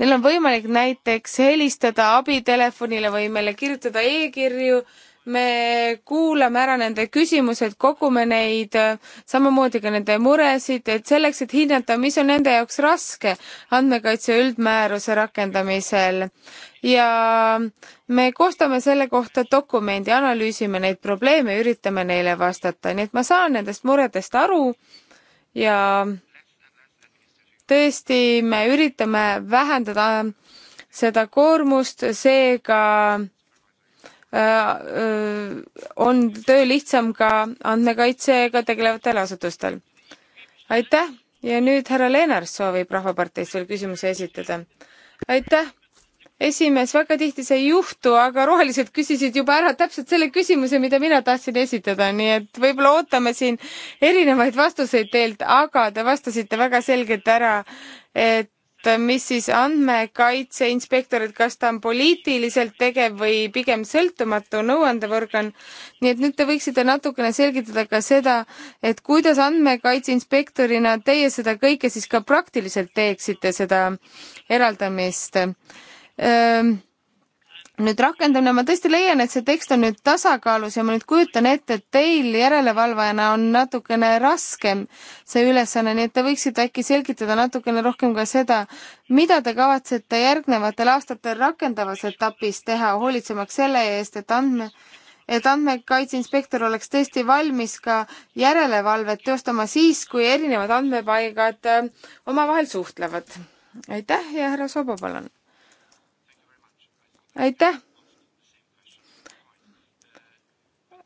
[SPEAKER 4] Neil on võimalik näiteks helistada abitelefonile või meile kirjutada e-kirju me kuulame ära nende küsimused, kogume neid, äh, samamoodi ka nende muresid, et selleks, et hinnata, mis on nende jaoks raske andmekaitse üldmääruse rakendamisel. ja me koostame selle kohta dokumendi, analüüsime neid probleeme, üritame neile vastata, nii et ma saan nendest muredest aru ja tõesti, me üritame vähendada seda koormust, seega Äh, äh, on töö lihtsam ka andmekaitsega tegelevatel asutustel. aitäh ja nüüd härra Leenars soovib Rahvaparteist veel küsimuse esitada. aitäh esimees, väga tihti see ei juhtu, aga rohelised küsisid juba ära täpselt selle küsimuse, mida mina tahtsin esitada, nii et võib-olla ootame siin erinevaid vastuseid teilt, aga te vastasite väga selgelt ära, et Äh, mis siis andmekaitseinspektorid, kas ta on poliitiliselt tegev või pigem sõltumatu nõuandev organ. nii et nüüd te võiksite natukene selgitada ka seda, et kuidas andmekaitseinspektorina teie seda kõike siis ka praktiliselt teeksite, seda eraldamist ähm, nüüd rakendamine, ma tõesti leian, et see tekst on nüüd tasakaalus ja ma nüüd kujutan ette, et teil järelevalvajana on natukene raskem see ülesanne, nii et te võiksite äkki selgitada natukene rohkem ka seda, mida te kavatsete järgnevatel aastatel rakendavas etapis teha, hoolitsemaks selle eest, et andme, et andmekaitseinspektor oleks tõesti valmis ka järelevalvet teostama siis, kui erinevad andmepaigad äh, omavahel suhtlevad. aitäh ja härra Sobo, palun aitäh!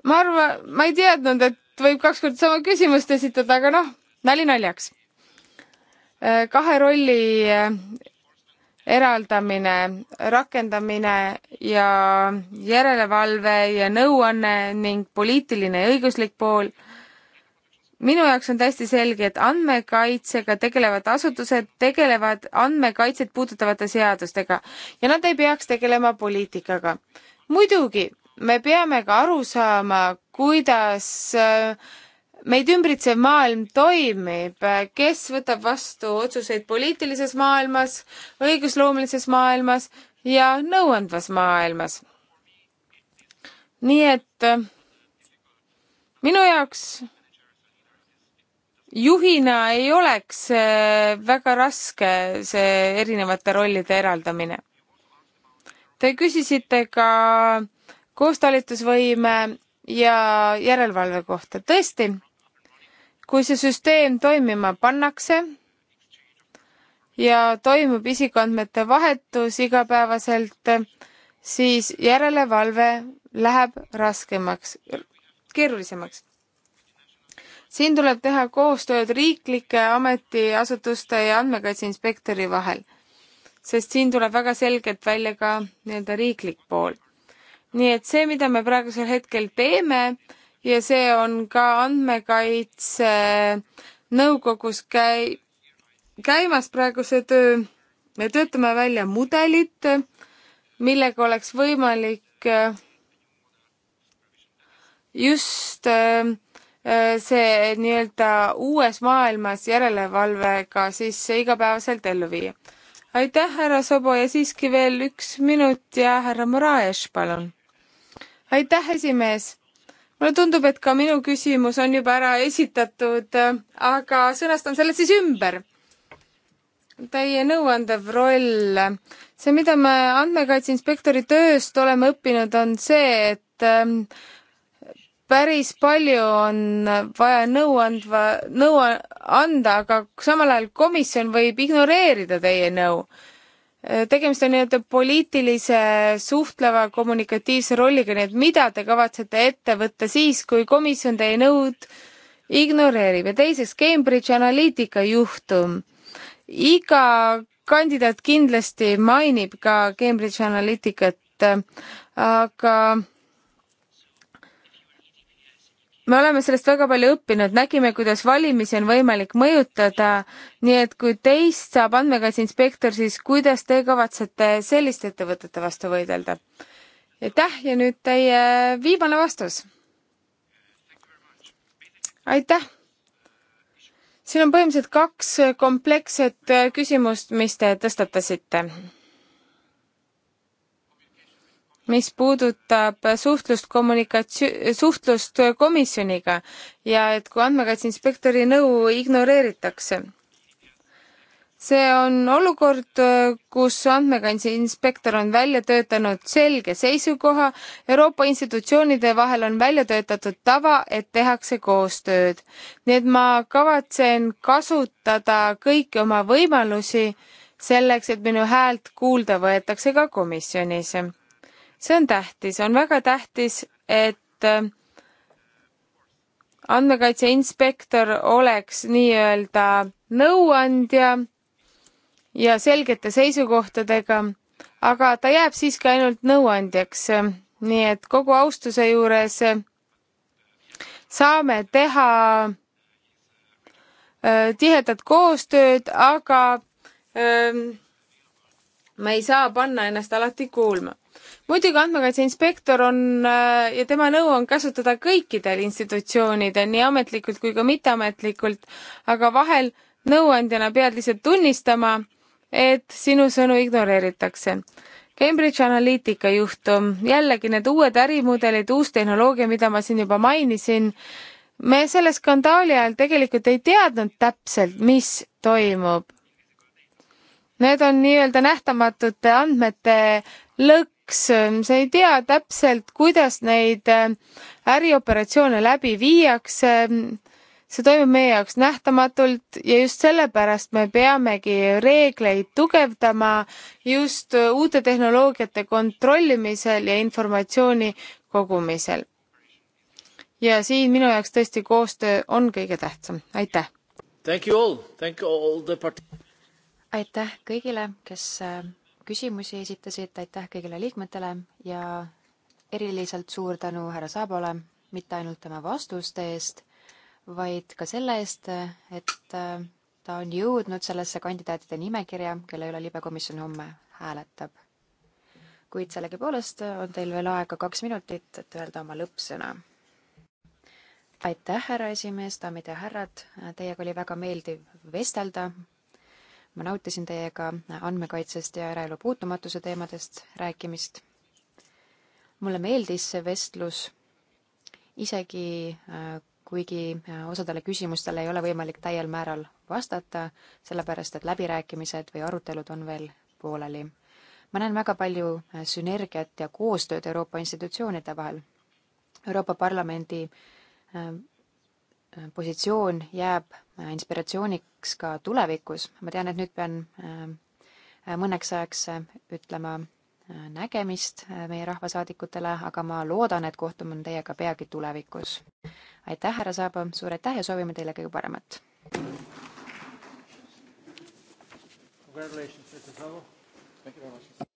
[SPEAKER 4] ma arvan, ma ei teadnud, et võib kaks korda sama küsimust esitada, aga noh, nali naljaks. Äh, kahe rolli äh, eraldamine, rakendamine ja järelevalve ja nõuanne ning poliitiline ja õiguslik pool minu jaoks on täiesti selge, et andmekaitsega tegelevad asutused tegelevad andmekaitset puudutavate seadustega ja nad ei peaks tegelema poliitikaga. muidugi, me peame ka aru saama, kuidas äh, meid ümbritsev maailm toimib, kes võtab vastu otsuseid poliitilises maailmas, õigusloomulises maailmas ja nõuandvas maailmas. nii et äh, minu jaoks juhina ei oleks äh, väga raske see erinevate rollide eraldamine. Te küsisite ka koostalitusvõime ja järelevalve kohta. tõesti, kui see süsteem toimima pannakse ja toimub isikuandmete vahetus igapäevaselt, siis järelevalve läheb raskemaks, keerulisemaks siin tuleb teha koostööd riiklike ametiasutuste ja andmekaitseinspektori vahel, sest siin tuleb väga selgelt välja ka nii-öelda riiklik pool. nii et see, mida me praegusel hetkel teeme ja see on ka andmekaitse nõukogus käi-, käimas praegu see töö, me töötame välja mudelit, millega oleks võimalik äh, just äh, Äh, see nii-öelda uues maailmas järelevalvega siis igapäevaselt ellu viia. aitäh, härra Sobo ja siiski veel üks minut ja härra Moraes, palun. aitäh, esimees mulle tundub, et ka minu küsimus on juba ära esitatud, äh, aga sõnastan selle siis ümber. Teie nõuandev roll, see, mida me andmekaitse inspektori tööst oleme õppinud, on see, et ähm, päris palju on vaja nõu andva, nõu anda, aga samal ajal komisjon võib ignoreerida teie nõu. tegemist on nii-öelda poliitilise suhtleva kommunikatiivse rolliga, nii et mida te kavatsete ette võtta siis, kui komisjon teie nõud ignoreerib ja teiseks Cambridge Analytica juhtum. iga kandidaat kindlasti mainib ka Cambridge Analyticat, aga me oleme sellest väga palju õppinud, nägime, kuidas valimisi on võimalik mõjutada, nii et kui teist saab andmekaitse inspektor, siis kuidas te kavatsete selliste ettevõtete vastu võidelda? aitäh ja nüüd teie viimane vastus. aitäh! siin on põhimõtteliselt kaks kompleksset küsimust, mis te tõstatasite mis puudutab suhtlust kommunikatsioon, suhtlust komisjoniga ja et kui andmekaitse inspektori nõu ignoreeritakse. see on olukord, kus andmekaitse inspektor on välja töötanud selge seisukoha, Euroopa institutsioonide vahel on välja töötatud tava, et tehakse koostööd. nii et ma kavatsen kasutada kõiki oma võimalusi selleks, et minu häält kuulda võetakse ka komisjonis see on tähtis, on väga tähtis, et äh, andmekaitse inspektor oleks nii-öelda nõuandja ja selgete seisukohtadega, aga ta jääb siiski ainult nõuandjaks. nii et kogu austuse juures äh, saame teha äh, tihedat koostööd, aga öö, ähm, me ei saa panna ennast alati kuulma muidugi andmekaitse inspektor on äh, ja tema nõu on kasutada kõikidel institutsioonidel, nii ametlikult kui ka mitteametlikult, aga vahel nõuandjana pead lihtsalt tunnistama, et sinu sõnu ignoreeritakse. Cambridge Analytica juhtum, jällegi need uued ärimudelid, uus tehnoloogia, mida ma siin juba mainisin, me selle skandaali ajal tegelikult ei teadnud täpselt, mis toimub. Need on nii-öelda nähtamatute andmete lõk, kaks, ähm, sa ei tea täpselt, kuidas neid äh, ärioperatsioone läbi viiakse. Ähm, see toimub meie jaoks nähtamatult ja just sellepärast me peamegi reegleid tugevdama just äh, uute tehnoloogiate kontrollimisel ja informatsiooni kogumisel. ja siin minu jaoks tõesti koostöö on kõige tähtsam, aitäh!
[SPEAKER 3] aitäh kõigile, kes äh, küsimusi esitasid, aitäh kõigile liikmetele ja eriliselt suur tänu härra Saabole, mitte ainult tema vastuste eest, vaid ka selle eest, et äh, ta on jõudnud sellesse kandidaatide nimekirja, kelle üle libekomisjon homme hääletab. kuid sellegipoolest on teil veel aega kaks minutit, et öelda oma lõppsõna. aitäh, härra esimees, daamid ja härrad, teiega oli väga meeldiv vestelda ma nautisin teiega andmekaitsest ja eraelu puutumatuse teemadest rääkimist. mulle meeldis see vestlus, isegi äh, kuigi äh, osadele küsimustele ei ole võimalik täiel määral vastata, sellepärast et läbirääkimised või arutelud on veel pooleli. ma näen väga palju äh, sünergiat ja koostööd Euroopa institutsioonide vahel. Euroopa Parlamendi Äh, positsioon jääb äh, inspiratsiooniks ka tulevikus. ma tean, et nüüd pean äh, mõneks ajaks ütlema nägemist meie rahvasaadikutele, aga ma loodan, et kohtume teiega peagi tulevikus. aitäh, härra Saabo, suur aitäh ja soovime teile kõige paremat!
[SPEAKER 1] Congratulations, Mr. Sabo. Thank you very much.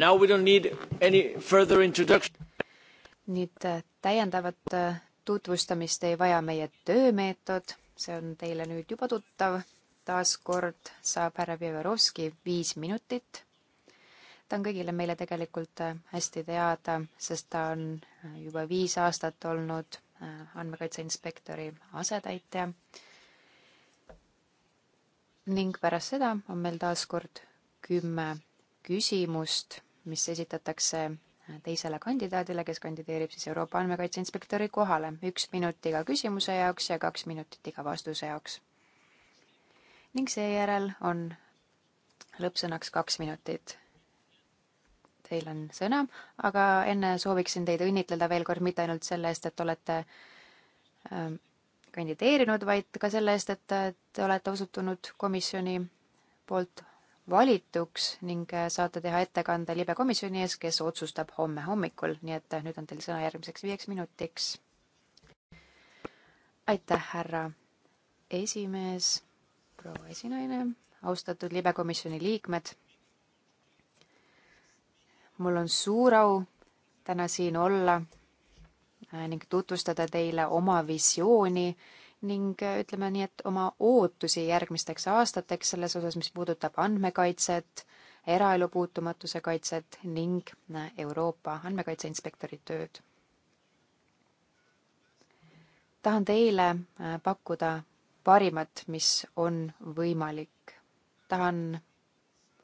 [SPEAKER 1] Now we don't need any further introduction.
[SPEAKER 3] nüüd äh, täiendavat äh, tutvustamist ei vaja meie töömeetod, see on teile nüüd juba tuttav. taaskord saab härra Vjevorovski viis minutit. ta on kõigile meile tegelikult äh, hästi teada, sest ta on juba viis aastat olnud andmekaitse inspektori asetäitja. ning pärast seda on meil taas kord kümme küsimust mis esitatakse teisele kandidaadile, kes kandideerib siis Euroopa andmekaitse inspektori kohale. üks minut iga küsimuse jaoks ja kaks minutit iga vastuse jaoks. ning seejärel on lõppsõnaks kaks minutit. Teil on sõna, aga enne sooviksin teid õnnitleda veel kord mitte ainult selle eest, et olete ähm, kandideerinud, vaid ka selle eest, et te olete osutunud komisjoni poolt valituks ning äh, saate teha ettekande libe komisjoni ees, kes otsustab homme hommikul, nii et äh, nüüd on teil sõna järgmiseks viieks minutiks. aitäh, härra esimees, proua esinaine, austatud libe komisjoni liikmed. mul on suur au täna siin olla äh, ning tutvustada teile oma visiooni äh, ning äh, ütleme nii, et oma ootusi järgmisteks aastateks selles osas, mis puudutab andmekaitset, eraelu puutumatuse kaitset ning äh, Euroopa andmekaitse inspektori tööd. tahan teile äh, pakkuda parimat, mis on võimalik. tahan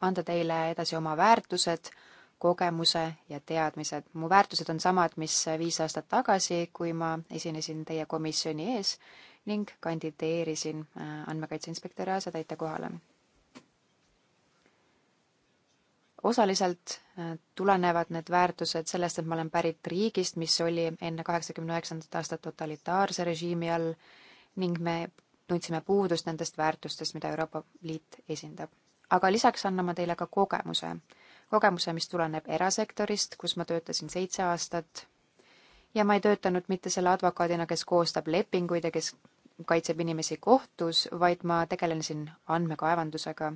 [SPEAKER 3] anda teile edasi oma väärtused, kogemuse ja teadmised. mu väärtused on samad, mis viis aastat tagasi, kui ma esinesin teie komisjoni ees ning kandideerisin äh, andmekaitse inspektori asetäitja kohale. osaliselt äh, tulenevad need väärtused sellest, et ma olen pärit riigist, mis oli enne kaheksakümne üheksandat aastat totalitaarse režiimi all ning me tundsime puudust nendest väärtustest, mida Euroopa Liit esindab. aga lisaks annan ma teile ka kogemuse, kogemuse, mis tuleneb erasektorist, kus ma töötasin seitse aastat ja ma ei töötanud mitte selle advokaadina, kes koostab lepinguid ja kes kaitseb inimesi kohtus, vaid ma tegelen siin andmekaevandusega.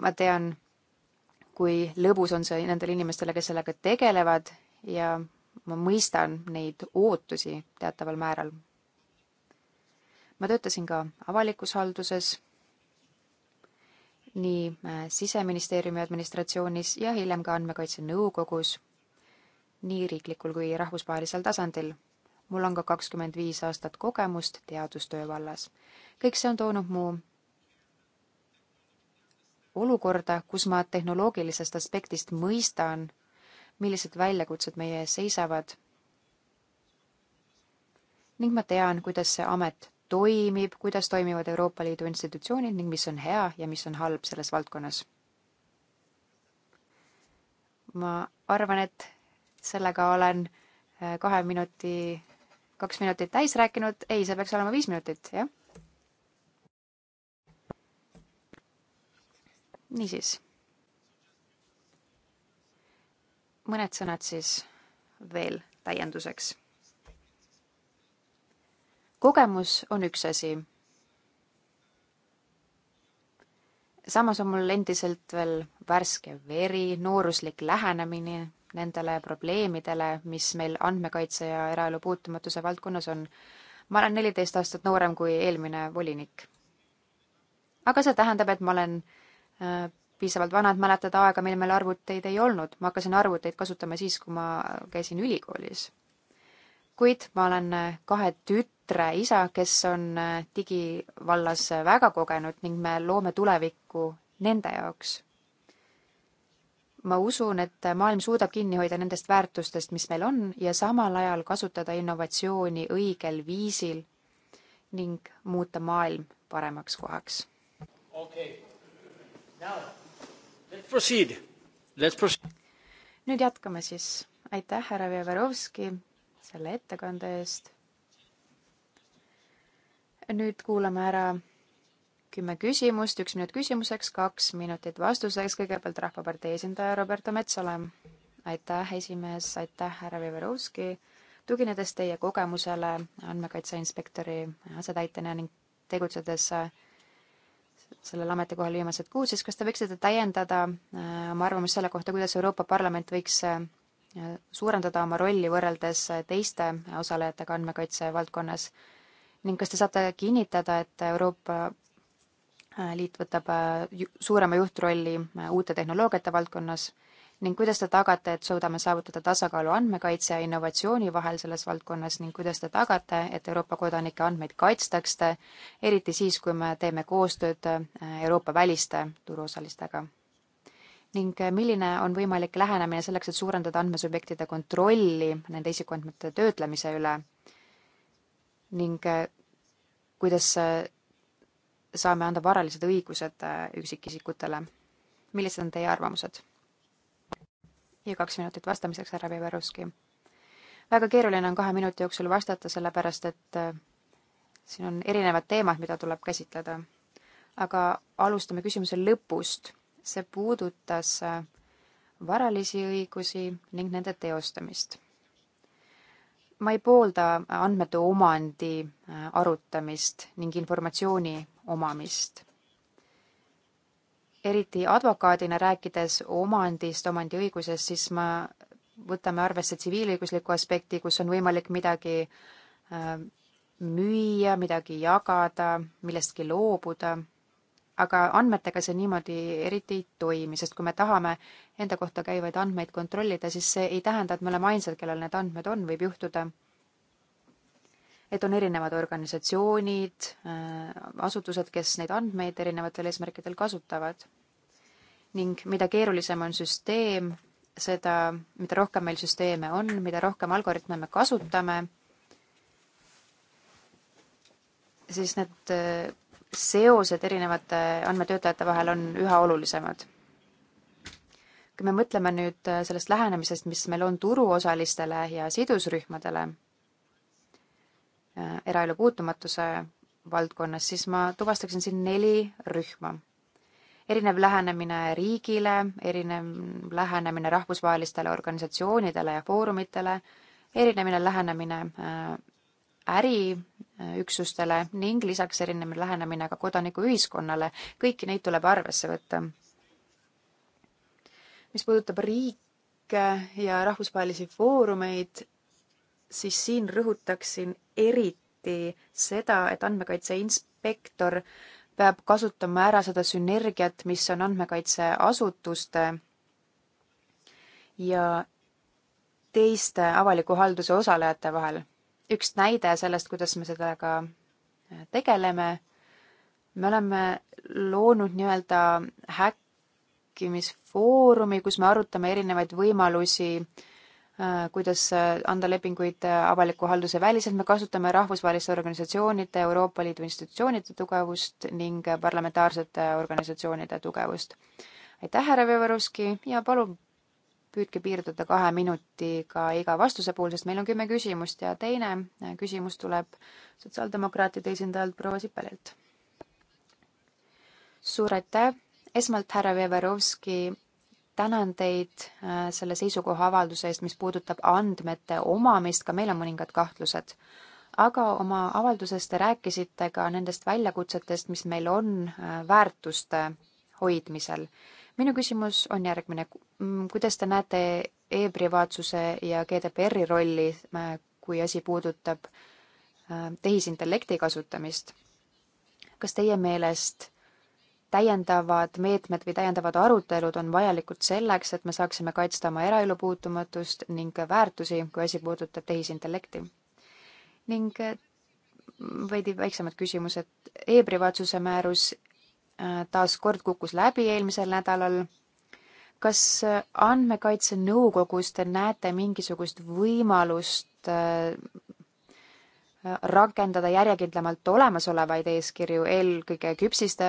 [SPEAKER 3] ma tean, kui lõbus on see nendele inimestele, kes sellega tegelevad ja ma mõistan neid ootusi teataval määral. ma töötasin ka avalikus halduses, nii äh, Siseministeeriumi administratsioonis ja hiljem ka Andmekaitse Nõukogus, nii riiklikul kui rahvusvahelisel tasandil mul on ka kakskümmend viis aastat kogemust teadustöö vallas. kõik see on toonud mu olukorda, kus ma tehnoloogilisest aspektist mõistan, millised väljakutsed meie ees seisavad. ning ma tean, kuidas see amet toimib, kuidas toimivad Euroopa Liidu institutsioonid ning mis on hea ja mis on halb selles valdkonnas. ma arvan, et sellega olen eh, kahe minuti kaks minutit täis rääkinud, ei, see peaks olema viis minutit, jah. niisiis. mõned sõnad siis veel täienduseks. kogemus on üks asi. samas on mul endiselt veel värske veri, nooruslik lähenemine nendele probleemidele, mis meil andmekaitse ja eraelu puutumatuse valdkonnas on. ma olen neliteist aastat noorem kui eelmine volinik. aga see tähendab, et ma olen äh, piisavalt vana, et mäletada aega, mil meil arvuteid ei olnud. ma hakkasin arvuteid kasutama siis, kui ma käisin ülikoolis. kuid ma olen äh, kahe tütre isa, kes on äh, digivallas äh, väga kogenud ning me loome tulevikku nende jaoks ma usun, et maailm suudab kinni hoida nendest väärtustest, mis meil on, ja samal ajal kasutada innovatsiooni õigel viisil ning muuta maailm paremaks kohaks. nüüd jätkame siis. aitäh, härra Vjeverovski, selle ettekande eest. nüüd kuulame ära kümme küsimust, üks minut küsimuseks, kaks minutit vastuseks, kõigepealt Rahvapartei esindaja Roberto Metsola. aitäh, esimees, aitäh, härra Viverovski. tuginedes teie kogemusele andmekaitse inspektori asetäitjana ning tegutsedes äh, sellel ametikohal viimased kuud, siis kas te võiksite täiendada äh, oma arvamust selle kohta, kuidas Euroopa Parlament võiks äh, suurendada oma rolli võrreldes teiste osalejatega andmekaitse valdkonnas ning kas te saate kinnitada, et Euroopa Äh, liit võtab äh, suurema juhtrolli äh, uute tehnoloogiate valdkonnas ning kuidas te tagate, et suudame saavutada tasakaalu andmekaitse ja innovatsiooni vahel selles valdkonnas ning kuidas te tagate, et Euroopa kodanike andmeid kaitstakse, eriti siis, kui me teeme koostööd Euroopa väliste turuosalistega? ning milline on võimalik lähenemine selleks, et suurendada andmesubjektide kontrolli nende isikuandmete töötlemise üle ning kuidas saame anda varalised õigused äh, üksikisikutele. millised on teie arvamused? ja kaks minutit vastamiseks, härra Veberuski. väga keeruline on kahe minuti jooksul vastata, sellepärast et äh, siin on erinevad teemad, mida tuleb käsitleda. aga alustame küsimuse lõpust. see puudutas äh, varalisi õigusi ning nende teostamist. ma ei poolda andmete omandi arutamist ning informatsiooni omamist. eriti advokaadina rääkides omandist, omandiõigusest, siis ma, võtame arvesse tsiviilõiguslikku aspekti, kus on võimalik midagi äh, müüa, midagi jagada, millestki loobuda aga andmetega see niimoodi eriti ei toimi, sest kui me tahame enda kohta käivaid andmeid kontrollida, siis see ei tähenda, et me oleme ainsad, kellel need andmed on, võib juhtuda, et on erinevad organisatsioonid, äh, asutused, kes neid andmeid erinevatel eesmärkidel kasutavad. ning mida keerulisem on süsteem, seda, mida rohkem meil süsteeme on, mida rohkem algoritme me kasutame, siis need äh, seosed erinevate andmetöötajate vahel on üha olulisemad. kui me mõtleme nüüd äh, sellest lähenemisest, mis meil on turuosalistele ja sidusrühmadele Äh, eraelu puutumatuse valdkonnas, siis ma tuvastaksin siin neli rühma. erinev lähenemine riigile, erinev lähenemine rahvusvahelistele organisatsioonidele ja foorumitele, erinev lähenemine äh, äriüksustele ning lisaks erinev lähenemine ka kodanikuühiskonnale, kõiki neid tuleb arvesse võtta. mis puudutab riike ja rahvusvahelisi foorumeid, siis siin rõhutaksin eriti seda, et andmekaitse inspektor peab kasutama ära seda sünergiat, mis on andmekaitseasutuste ja teiste avaliku halduse osalejate vahel. üks näide sellest, kuidas me sellega äh, tegeleme, me oleme loonud nii-öelda häkkimisfoorumi, kus me arutame erinevaid võimalusi äh, Äh, kuidas äh, anda lepinguid äh, avaliku halduse väliselt, me kasutame rahvusvaheliste organisatsioonide, Euroopa Liidu institutsioonide tugevust ning parlamentaarsete organisatsioonide tugevust. aitäh, härra Vevarovski ja palun püüdke piirduda kahe minutiga iga vastuse puhul, sest meil on kümme küsimust ja teine küsimus tuleb sotsiaaldemokraatide esindajalt proua Sipelilt. suur aitäh, esmalt härra Vevarovski tänan teid äh, selle seisukohaavalduse eest, mis puudutab andmete omamist, ka meil on mõningad kahtlused. aga oma avalduses te rääkisite ka nendest väljakutsetest, mis meil on äh, väärtuste hoidmisel. minu küsimus on järgmine, mm, kuidas te näete e-privaatsuse ja GDPR-i rolli, äh, kui asi puudutab tehisintellekti kasutamist? kas teie meelest täiendavad meetmed või täiendavad arutelud on vajalikud selleks, et me saaksime kaitsta oma eraelu puutumatust ning väärtusi, kui asi puudutab tehisintellekti. ning eh, veidi väiksemad küsimused. e-privaatsuse määrus eh, taas kord kukkus läbi eelmisel nädalal. kas eh, Andmekaitse Nõukogus te näete mingisugust võimalust rakendada järjekindlamalt olemasolevaid eeskirju, eelkõige küpsiste,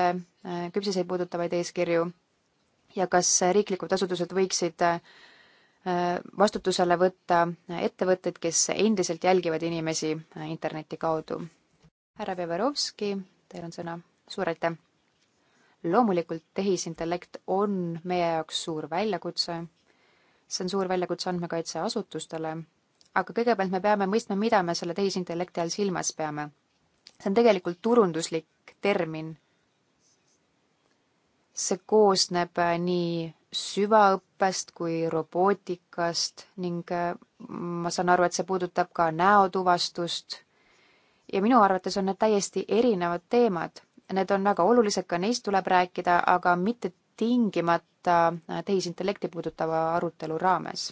[SPEAKER 3] küpsiseid puudutavaid eeskirju ja kas riiklikud asutused võiksid äh, vastutusele võtta ettevõtteid, kes endiselt jälgivad inimesi äh, interneti kaudu. härra Beverovski, teil on sõna, suur aitäh! loomulikult tehisintellekt on meie jaoks suur väljakutse, see on suur väljakutse andmekaitseasutustele aga kõigepealt me peame mõistma, mida me selle tehisintellekti all silmas peame. see on tegelikult turunduslik termin. see koosneb äh, nii süvaõppest kui robootikast ning äh, ma saan aru, et see puudutab ka näotuvastust. ja minu arvates on need täiesti erinevad teemad. Need on väga olulised, ka neist tuleb rääkida, aga mitte tingimata äh, tehisintellekti puudutava arutelu raames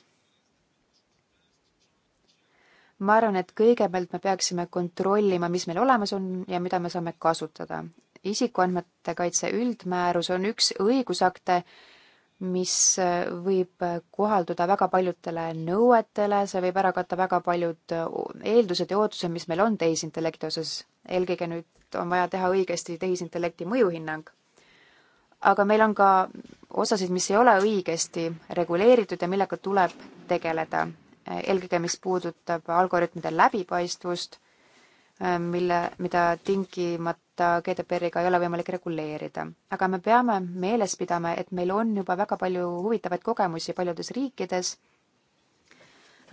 [SPEAKER 3] ma arvan, et kõigepealt me peaksime kontrollima, mis meil olemas on ja mida me saame kasutada. isikuandmete kaitse üldmäärus on üks õigusakte, mis võib kohalduda väga paljudele nõuetele, see võib ära katta väga paljud eeldused ja ootused, mis meil on tehisintellekti osas. eelkõige nüüd on vaja teha õigesti tehisintellekti mõjuhinnang. aga meil on ka osasid, mis ei ole õigesti reguleeritud ja millega tuleb tegeleda eelkõige mis puudutab algoritmide läbipaistvust, äh, mille, mida tingimata GDPR-iga ei ole võimalik reguleerida. aga me peame meeles pidama, et meil on juba väga palju huvitavaid kogemusi paljudes riikides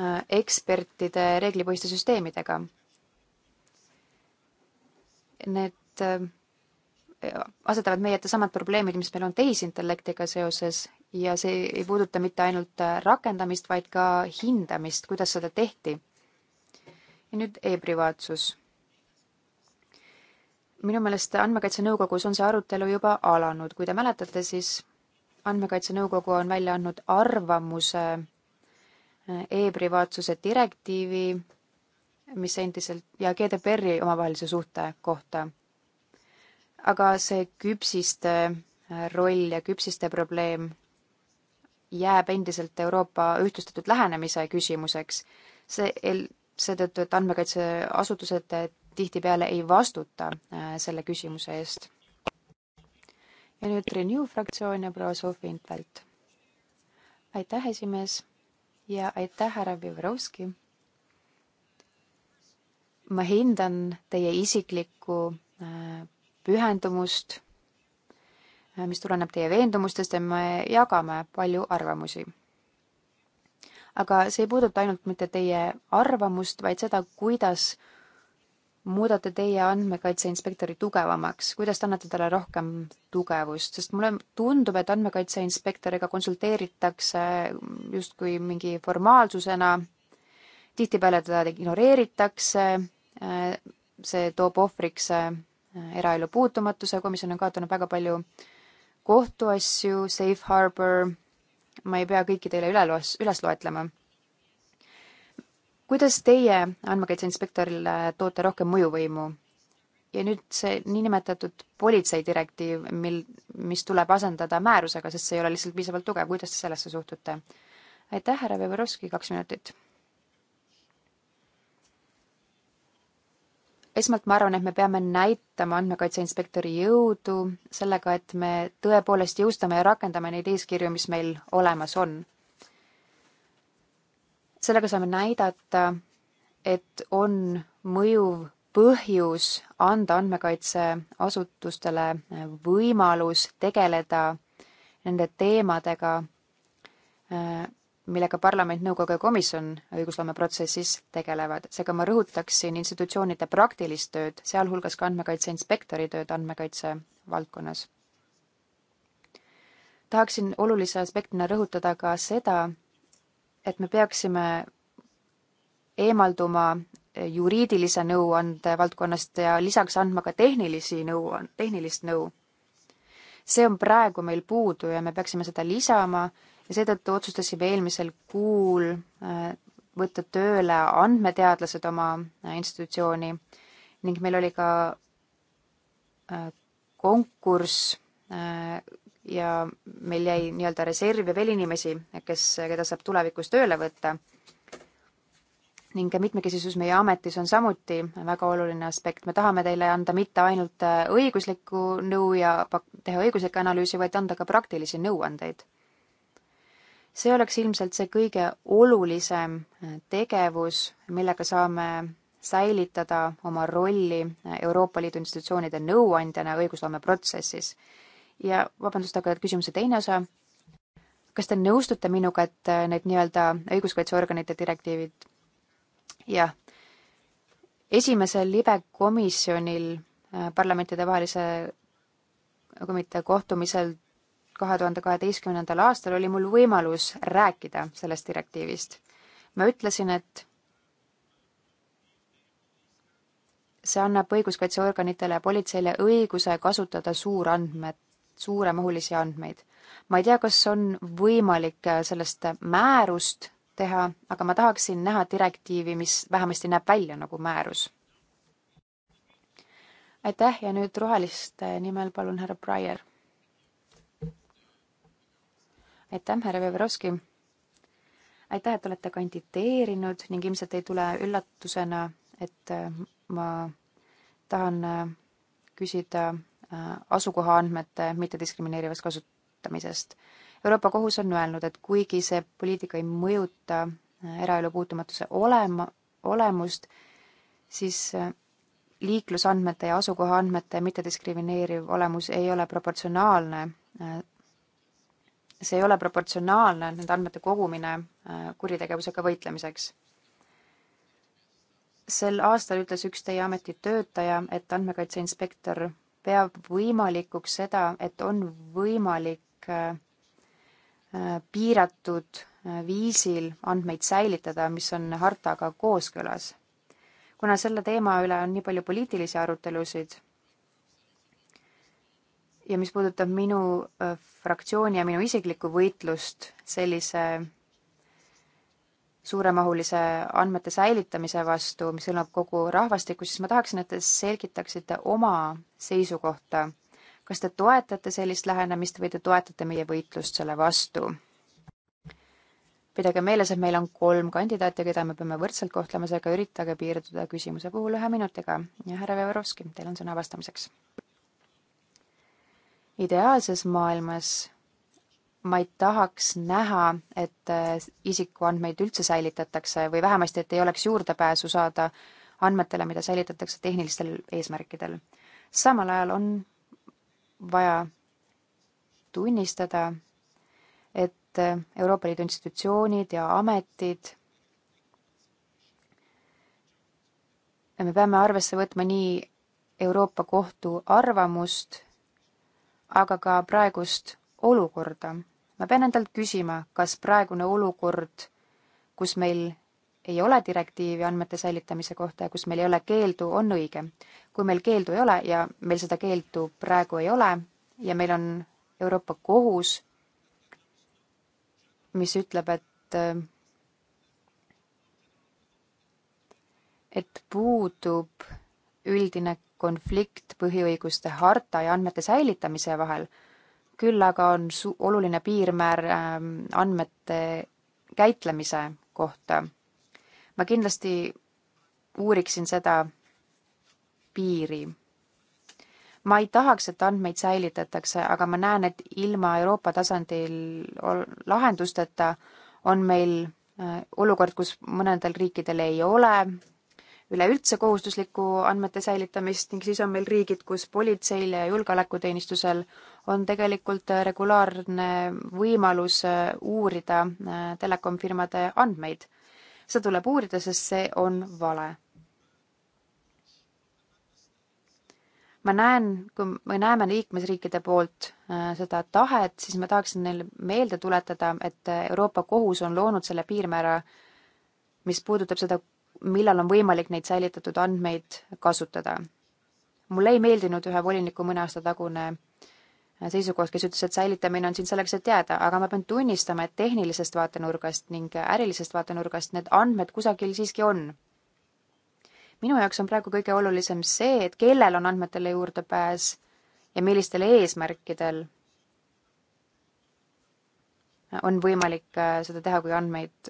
[SPEAKER 3] äh, ekspertide reeglipõhiste süsteemidega. Need äh, asetavad meie ette samad probleemid, mis meil on tehisintellektiga seoses ja see ei puuduta mitte ainult äh, rakendamist, vaid ka hindamist, kuidas seda tehti. ja nüüd e-privaatsus. minu meelest Andmekaitse Nõukogus on see arutelu juba alanud, kui te mäletate, siis Andmekaitse Nõukogu on välja andnud arvamuse äh, e-privaatsuse direktiivi, mis endiselt, ja GDPR-i omavahelise suhte kohta. aga see küpsiste äh, roll ja küpsiste probleem jääb endiselt Euroopa ühtlustatud lähenemise küsimuseks. see, seetõttu, et andmekaitseasutused tihtipeale ei vastuta äh, selle küsimuse eest. ja nüüd Renew fraktsioon ja proua Sofi Intvelt. aitäh, esimees ja aitäh, härra Vivrovski. ma hindan teie isiklikku äh, pühendumust Äh, mis tuleneb teie veendumustest ja me jagame palju arvamusi. aga see ei puuduta ainult mitte teie arvamust, vaid seda, kuidas muudate teie andmekaitse inspektori tugevamaks, kuidas te annate talle rohkem tugevust, sest mulle tundub, et andmekaitse inspektoriga konsulteeritakse justkui mingi formaalsusena, tihtipeale teda ignoreeritakse, äh, see toob ohvriks äh, eraelu puutumatuse, komisjon on kaotanud väga palju äh, kohtuasju, safe harbor, ma ei pea kõiki teile üle loes, üles loetlema. kuidas teie andmekaitse inspektorile toote rohkem mõjuvõimu? ja nüüd see niinimetatud politseidirektiiv, mil, mis tuleb asendada määrusega, sest see ei ole lihtsalt piisavalt tugev, kuidas te sellesse suhtute? aitäh, härra Vevorovski, kaks minutit esmalt ma arvan, et me peame näitama andmekaitse inspektori jõudu sellega, et me tõepoolest jõustame ja rakendame neid eeskirju, mis meil olemas on. sellega saame näidata, et on mõjuv põhjus anda andmekaitseasutustele võimalus tegeleda nende teemadega, millega parlament, nõukogu ja komisjon õigusloomeprotsessis tegelevad. seega ma rõhutaksin institutsioonide praktilist tööd, sealhulgas ka andmekaitse inspektori tööd andmekaitse valdkonnas. tahaksin olulise aspektina rõhutada ka seda, et me peaksime eemalduma juriidilise nõuande valdkonnast ja lisaks andma ka tehnilisi nõu, tehnilist nõu. see on praegu meil puudu ja me peaksime seda lisama ja seetõttu otsustasime eelmisel kuul äh, võtta tööle andmeteadlased oma äh, institutsiooni ning meil oli ka äh, konkurss ja meil jäi nii-öelda reservi veel inimesi, kes, keda saab tulevikus tööle võtta. ning mitmekesisus meie ametis on samuti väga oluline aspekt, me tahame teile anda mitte ainult õiguslikku nõu ja teha õiguslikke analüüse, vaid anda ka praktilisi nõuandeid see oleks ilmselt see kõige olulisem äh, tegevus, millega saame säilitada oma rolli äh, Euroopa Liidu institutsioonide nõuandjana õigusloomeprotsessis. ja vabandust, aga küsimuse teine osa. kas te nõustute minuga, et äh, need nii-öelda õiguskaitseorganite direktiivid, jah, esimesel libekomisjonil parlamentide vahelise komitee kohtumisel kahe tuhande kaheteistkümnendal aastal oli mul võimalus rääkida sellest direktiivist. ma ütlesin, et see annab õiguskaitseorganitele ja politseile õiguse kasutada suurandmed, suuremahulisi andmeid. ma ei tea, kas on võimalik sellest määrust teha, aga ma tahaksin näha direktiivi, mis vähemasti näeb välja nagu määrus. aitäh ja nüüd roheliste nimel palun härra Breyer aitäh, härra Vjevorovski! aitäh, et olete kandideerinud ning ilmselt ei tule üllatusena, et äh, ma tahan äh, küsida äh, asukohaandmete mittediskrimineerivast kasutamisest. Euroopa Kohus on öelnud, et kuigi see poliitika ei mõjuta eraelu puutumatuse olema, olemust, siis liiklusandmete ja asukohaandmete mittediskrimineeriv olemus ei ole proportsionaalne see ei ole proportsionaalne, nende andmete kogumine äh, kuritegevusega võitlemiseks. sel aastal ütles üks teie ameti töötaja, et andmekaitse inspektor peab võimalikuks seda, et on võimalik äh, äh, piiratud viisil andmeid säilitada, mis on hartaga kooskõlas. kuna selle teema üle on nii palju poliitilisi arutelusid ja mis puudutab minu äh, fraktsiooni ja minu isiklikku võitlust sellise suuremahulise andmete säilitamise vastu, mis hõlmab kogu rahvastikku, siis ma tahaksin, et te selgitaksite oma seisukohta. kas te toetate sellist lähenemist või te toetate meie võitlust selle vastu? pidage meeles, et meil on kolm kandidaati, keda me peame võrdselt kohtlema, seega üritage piirduda küsimuse puhul ühe minutiga. ja härra Vevorovski, teil on sõna vastamiseks ideaalses maailmas ma ei tahaks näha, et äh, isikuandmeid üldse säilitatakse või vähemasti, et ei oleks juurdepääsu saada andmetele, mida säilitatakse tehnilistel eesmärkidel. samal ajal on vaja tunnistada, et äh, Euroopa Liidu institutsioonid ja ametid me peame arvesse võtma nii Euroopa Kohtu arvamust aga ka praegust olukorda. ma pean endalt küsima, kas praegune olukord, kus meil ei ole direktiivi andmete säilitamise kohta ja kus meil ei ole keeldu, on õige. kui meil keeldu ei ole ja meil seda keeldu praegu ei ole ja meil on Euroopa Kohus, mis ütleb, et et puudub üldine konflikt põhiõiguste harta ja andmete säilitamise vahel, küll aga on su-, oluline piirmäär ähm, andmete käitlemise kohta. ma kindlasti uuriksin seda piiri. ma ei tahaks, et andmeid säilitatakse, aga ma näen, et ilma Euroopa tasandil lahendusteta on meil äh, olukord, kus mõnedel riikidel ei ole üleüldse kohustuslikku andmete säilitamist ning siis on meil riigid, kus politseil ja julgeolekuteenistusel on tegelikult äh, regulaarne võimalus äh, uurida äh, telekomfirmade andmeid. seda tuleb uurida, sest see on vale. ma näen, kui me näeme liikmesriikide poolt seda tahet, siis ma tahaksin neile meelde tuletada, et Euroopa Kohus on loonud selle piirmäära mis puudutab seda, millal on võimalik neid säilitatud andmeid kasutada. mulle ei meeldinud ühe voliniku mõne aasta tagune seisukoht, kes ütles, et säilitamine on siin selleks, et jääda, aga ma pean tunnistama, et tehnilisest vaatenurgast ning ärilisest vaatenurgast need andmed kusagil siiski on. minu jaoks on praegu kõige olulisem see, et kellel on andmetele juurdepääs ja millistel eesmärkidel on võimalik äh, seda teha, kui andmeid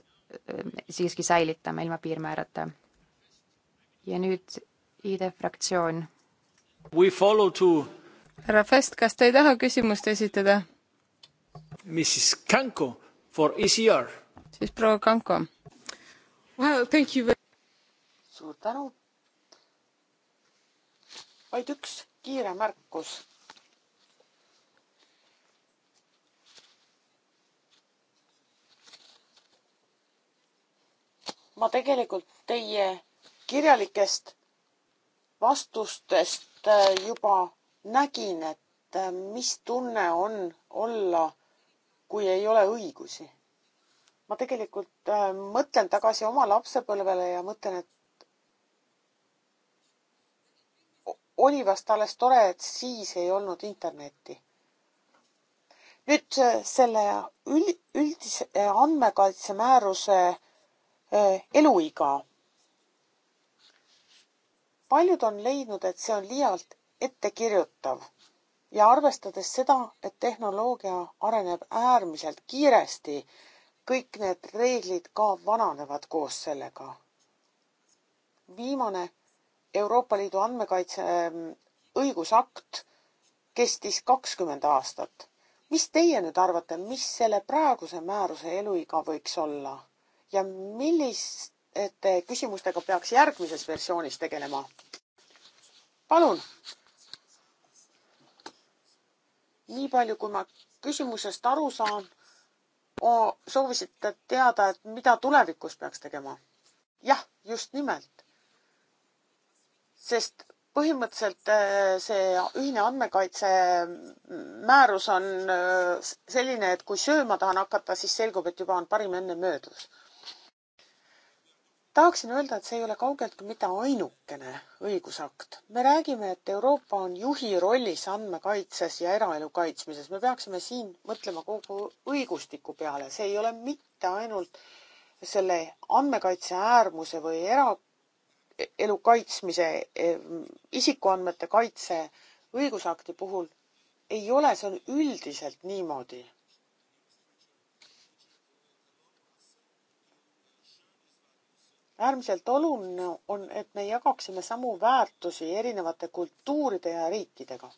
[SPEAKER 3] siiski säilitame ilma piirmäärata. ja nüüd ID e fraktsioon. härra Fest, kas te ei taha
[SPEAKER 4] küsimust esitada? E siis proua Kanko
[SPEAKER 2] well,. suur tänu. vaid üks kiire märkus ma tegelikult teie kirjalikest vastustest äh, juba nägin, et äh, mis tunne on olla, kui ei ole õigusi. ma tegelikult äh, mõtlen tagasi oma lapsepõlvele ja mõtlen, et oli vast alles tore, et siis ei olnud internetti. nüüd selle üld, üldise andmekaitsemääruse Eh, eluiga. paljud on leidnud, et see on liialt ettekirjutav ja arvestades seda, et tehnoloogia areneb äärmiselt kiiresti, kõik need reeglid ka vananevad koos sellega. viimane Euroopa Liidu andmekaitse ehm, õigusakt kestis kakskümmend aastat. mis teie nüüd arvate, mis selle praeguse määruse eluiga võiks olla? ja milliste küsimustega peaks järgmises versioonis tegelema? palun. nii palju, kui ma küsimusest aru saan, soovisite teada, et mida tulevikus peaks tegema? jah, just nimelt. sest põhimõtteliselt äh, see ühine andmekaitse määrus on äh, selline, et kui sööma tahan hakata, siis selgub, et juba on parim enne möödus tahaksin öelda, et see ei ole kaugeltki mitte ainukene õigusakt. me räägime, et Euroopa on juhi rollis andmekaitses ja eraelu kaitsmises. me peaksime siin mõtlema kogu õigustiku peale, see ei ole mitte ainult selle andmekaitse äärmuse või eraelu kaitsmise, isikuandmete kaitse õigusakti puhul ei ole, see on üldiselt niimoodi äärmiselt oluline on, et me jagaksime samu väärtusi erinevate kultuuride ja riikidega.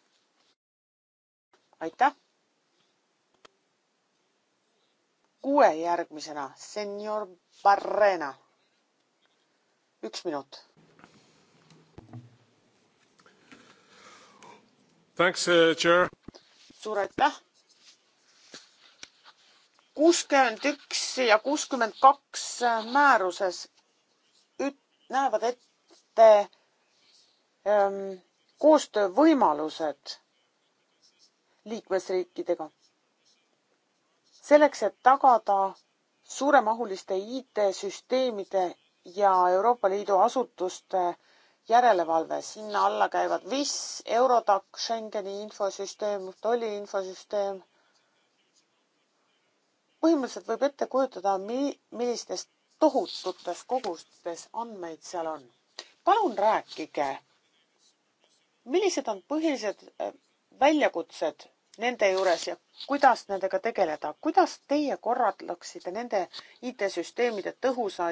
[SPEAKER 2] aitäh! kuue järgmisena, senior Barrena. üks minut.
[SPEAKER 1] Thanks uh,, chair.
[SPEAKER 2] suur aitäh kuuskümmend üks ja kuuskümmend kaks määruses näevad ette ähm, koostöövõimalused liikmesriikidega. selleks, et tagada suuremahuliste IT-süsteemide ja Euroopa Liidu asutuste järelevalve, sinna alla käivad WIS, Eurodac, Schengeni infosüsteem, tolli infosüsteem. põhimõtteliselt võib ette kujutada, millistest tohututes kogustes andmeid seal on. palun rääkige, millised on põhilised äh, väljakutsed nende juures ja kuidas nendega tegeleda, kuidas teie korraldaksite nende IT-süsteemide tõhusa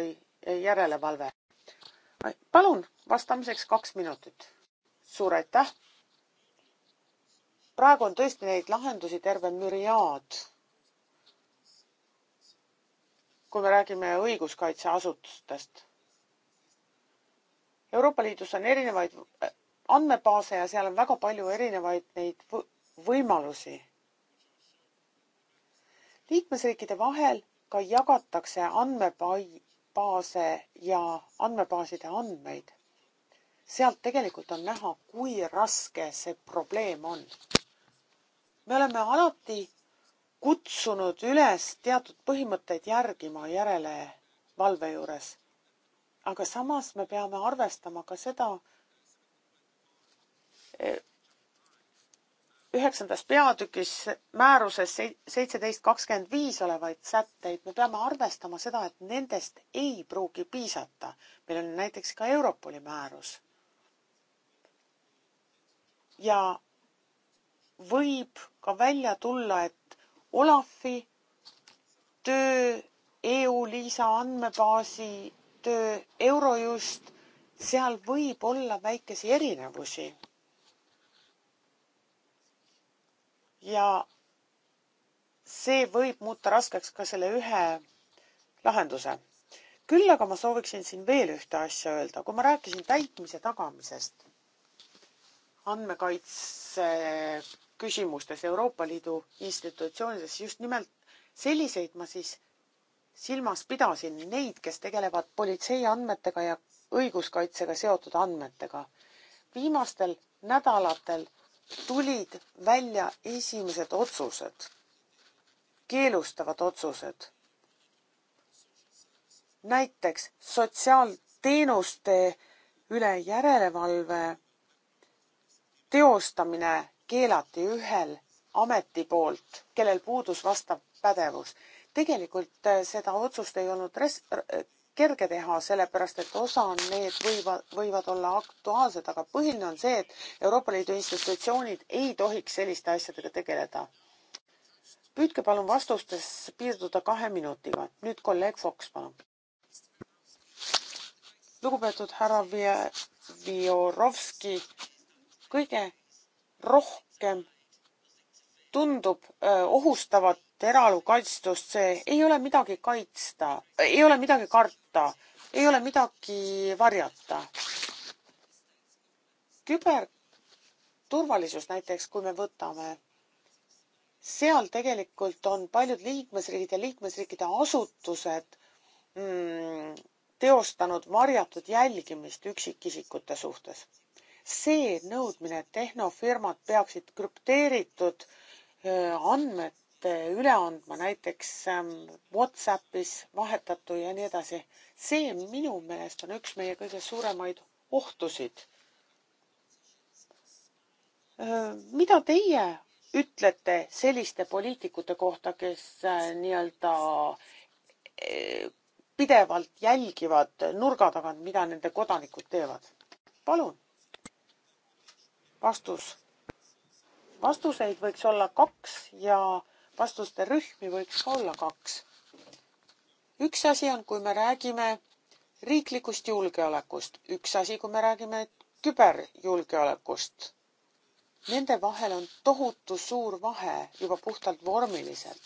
[SPEAKER 2] järelevalve? palun vastamiseks kaks minutit. suur aitäh. praegu on tõesti neid lahendusi terve müriaad kui me räägime õiguskaitseasutustest. Euroopa Liidus on erinevaid äh, andmebaase ja seal on väga palju erinevaid neid võimalusi. liikmesriikide vahel ka jagatakse andmebaase ja andmebaaside andmeid. sealt tegelikult on näha, kui raske see probleem on. me oleme alati kutsunud üles teatud põhimõtteid järgima järelevalve juures. aga samas me peame arvestama ka seda, eh, üheksandas peatükis määruses seitseteist kakskümmend viis olevaid sätteid, me peame arvestama seda, et nendest ei pruugi piisata. meil on näiteks ka Europoli määrus. ja võib ka välja tulla, et Olafi töö, EU-LISA andmebaasi töö, Eurojust, seal võib olla väikesi erinevusi. ja see võib muuta raskeks ka selle ühe lahenduse. küll aga ma sooviksin siin veel ühte asja öelda, kui ma rääkisin täitmise tagamisest andmekaitse küsimustes Euroopa Liidu institutsioonides, just nimelt selliseid ma siis silmas pidasin, neid, kes tegelevad politsei andmetega ja õiguskaitsega seotud andmetega. viimastel nädalatel tulid välja esimesed otsused, keelustavad otsused. näiteks sotsiaalteenuste üle järelevalve teostamine keelati ühel ameti poolt, kellel puudus vastav pädevus. tegelikult äh, seda otsust ei olnud res-, äh, kerge teha, sellepärast et osa on need võivad, võivad olla aktuaalsed, aga põhiline on see, et Euroopa Liidu institutsioonid ei tohiks selliste asjadega tegeleda. püüdke palun vastustes piirduda kahe minutiga. nüüd kolleeg Fox, palun. lugupeetud härra Viorovski, kõige rohkem tundub ohustavat teralu kaitstust, see ei ole midagi kaitsta, ei ole midagi karta, ei ole midagi varjata. küberturvalisus näiteks, kui me võtame, seal tegelikult on paljud liikmesriigid ja liikmesriikide asutused mm, teostanud varjatud jälgimist üksikisikute suhtes see nõudmine, et tehnofirmad peaksid krüpteeritud andmete üle andma näiteks ähm, Whatsappis vahetatu ja nii edasi, see minu meelest on üks meie kõige suuremaid ohtusid. mida teie ütlete selliste poliitikute kohta, kes äh, nii-öelda äh, pidevalt jälgivad nurga tagant, mida nende kodanikud teevad? palun vastus. vastuseid võiks olla kaks ja vastuste rühmi võiks ka olla kaks. üks asi on, kui me räägime riiklikust julgeolekust, üks asi, kui me räägime küberjulgeolekust. Nende vahel on tohutu suur vahe juba puhtalt vormiliselt.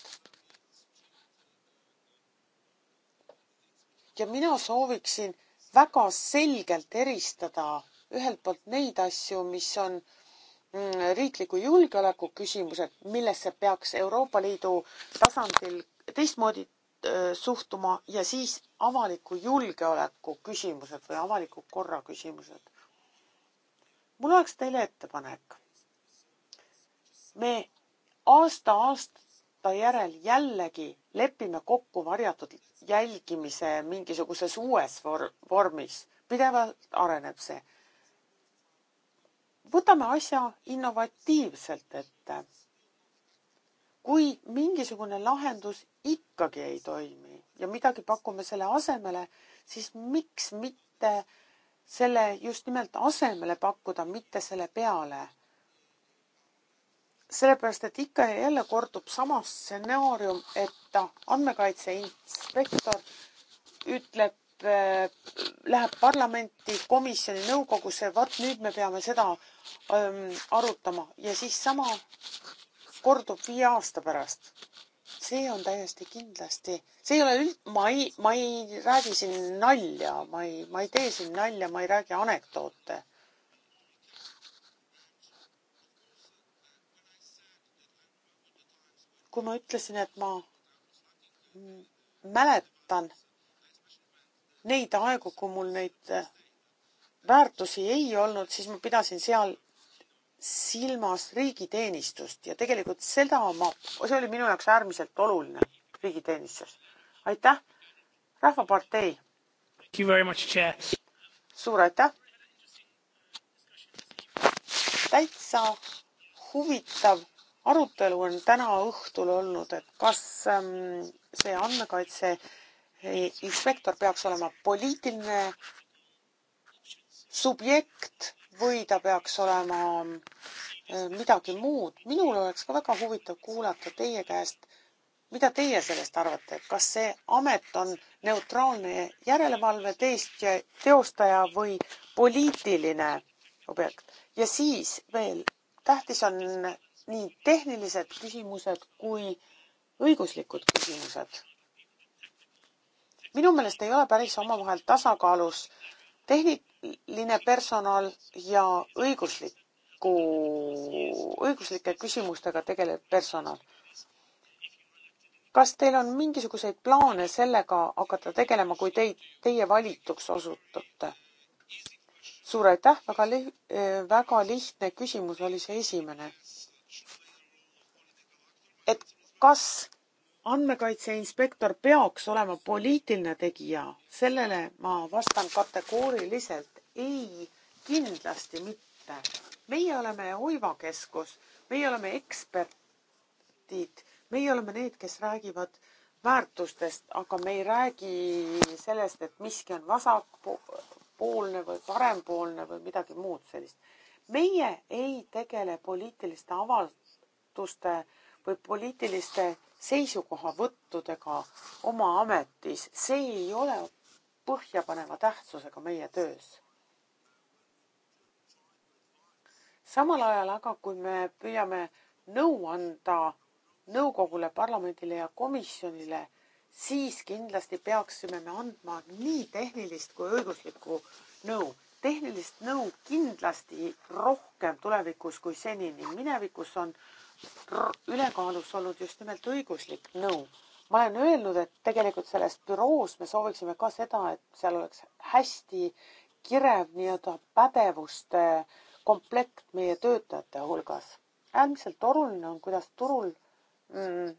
[SPEAKER 2] ja mina sooviksin väga selgelt eristada ühelt poolt neid asju, mis on mm, riikliku julgeoleku küsimused, millesse peaks Euroopa Liidu tasandil teistmoodi suhtuma ja siis avaliku julgeoleku küsimused või avaliku korra küsimused. mul oleks teile ettepanek. me aasta aasta järel jällegi lepime kokku varjatud jälgimise mingisuguses uues vormis, pidevalt areneb see võtame asja innovatiivselt ette. kui mingisugune lahendus ikkagi ei toimi ja midagi pakume selle asemele, siis miks mitte selle just nimelt asemele pakkuda, mitte selle peale. sellepärast, et ikka ja jälle kordub sama stsenaarium, et andmekaitse inspektor ütleb, Äh, läheb parlamenti, komisjoni, nõukogusse, vot nüüd me peame seda ähm, arutama ja siis sama kordub viie aasta pärast. see on täiesti kindlasti, see ei ole üld-, ma ei, ma ei räägi siin nalja, ma ei, ma ei tee siin nalja, ma ei räägi anekdoote kui ma ütlesin, et ma mäletan, neid aegu, kui mul neid äh, väärtusi ei olnud, siis ma pidasin seal silmas riigiteenistust ja tegelikult seda ma, see oli minu jaoks äärmiselt oluline, riigiteenistus. aitäh, Rahvapartei. suur aitäh. täitsa huvitav arutelu on täna õhtul olnud, et kas ähm, see andmekaitse inspektor peaks olema poliitiline subjekt või ta peaks olema äh, midagi muud. minul oleks ka väga huvitav kuulata teie käest, mida teie sellest arvate, kas see amet on neutraalne järelevalve teest ja teostaja või poliitiline objekt? ja siis veel, tähtis on nii tehnilised küsimused kui õiguslikud küsimused minu meelest ei ole päris omavahel tasakaalus tehniline personal ja õigusliku, õiguslike küsimustega tegelev personal. kas teil on mingisuguseid plaane sellega hakata tegelema, kui teid, teie valituks osutute? suur aitäh, väga li-, väga lihtne küsimus oli see esimene. et kas andmekaitse inspektor peaks olema poliitiline tegija, sellele ma vastan kategooriliselt ei, kindlasti mitte. meie oleme Oiva keskus, meie oleme eksperdid, meie oleme need, kes räägivad väärtustest, aga me ei räägi sellest, et miski on vasakpoolne või parempoolne või midagi muud sellist. meie ei tegele poliitiliste avalduste või poliitiliste seisukohavõttudega oma ametis, see ei ole põhjapaneva tähtsusega meie töös. samal ajal aga, kui me püüame nõu anda nõukogule, parlamendile ja komisjonile, siis kindlasti peaksime me andma nii tehnilist kui õiguslikku nõu. tehnilist nõu kindlasti rohkem tulevikus kui senini. minevikus on äh, ülekaalus olnud just nimelt õiguslik nõu. ma olen öelnud, et tegelikult selles büroos me sooviksime ka seda, et seal oleks hästi kirev nii-öelda pädevuste komplekt meie töötajate hulgas. äärmiselt oluline on, kuidas turul mm,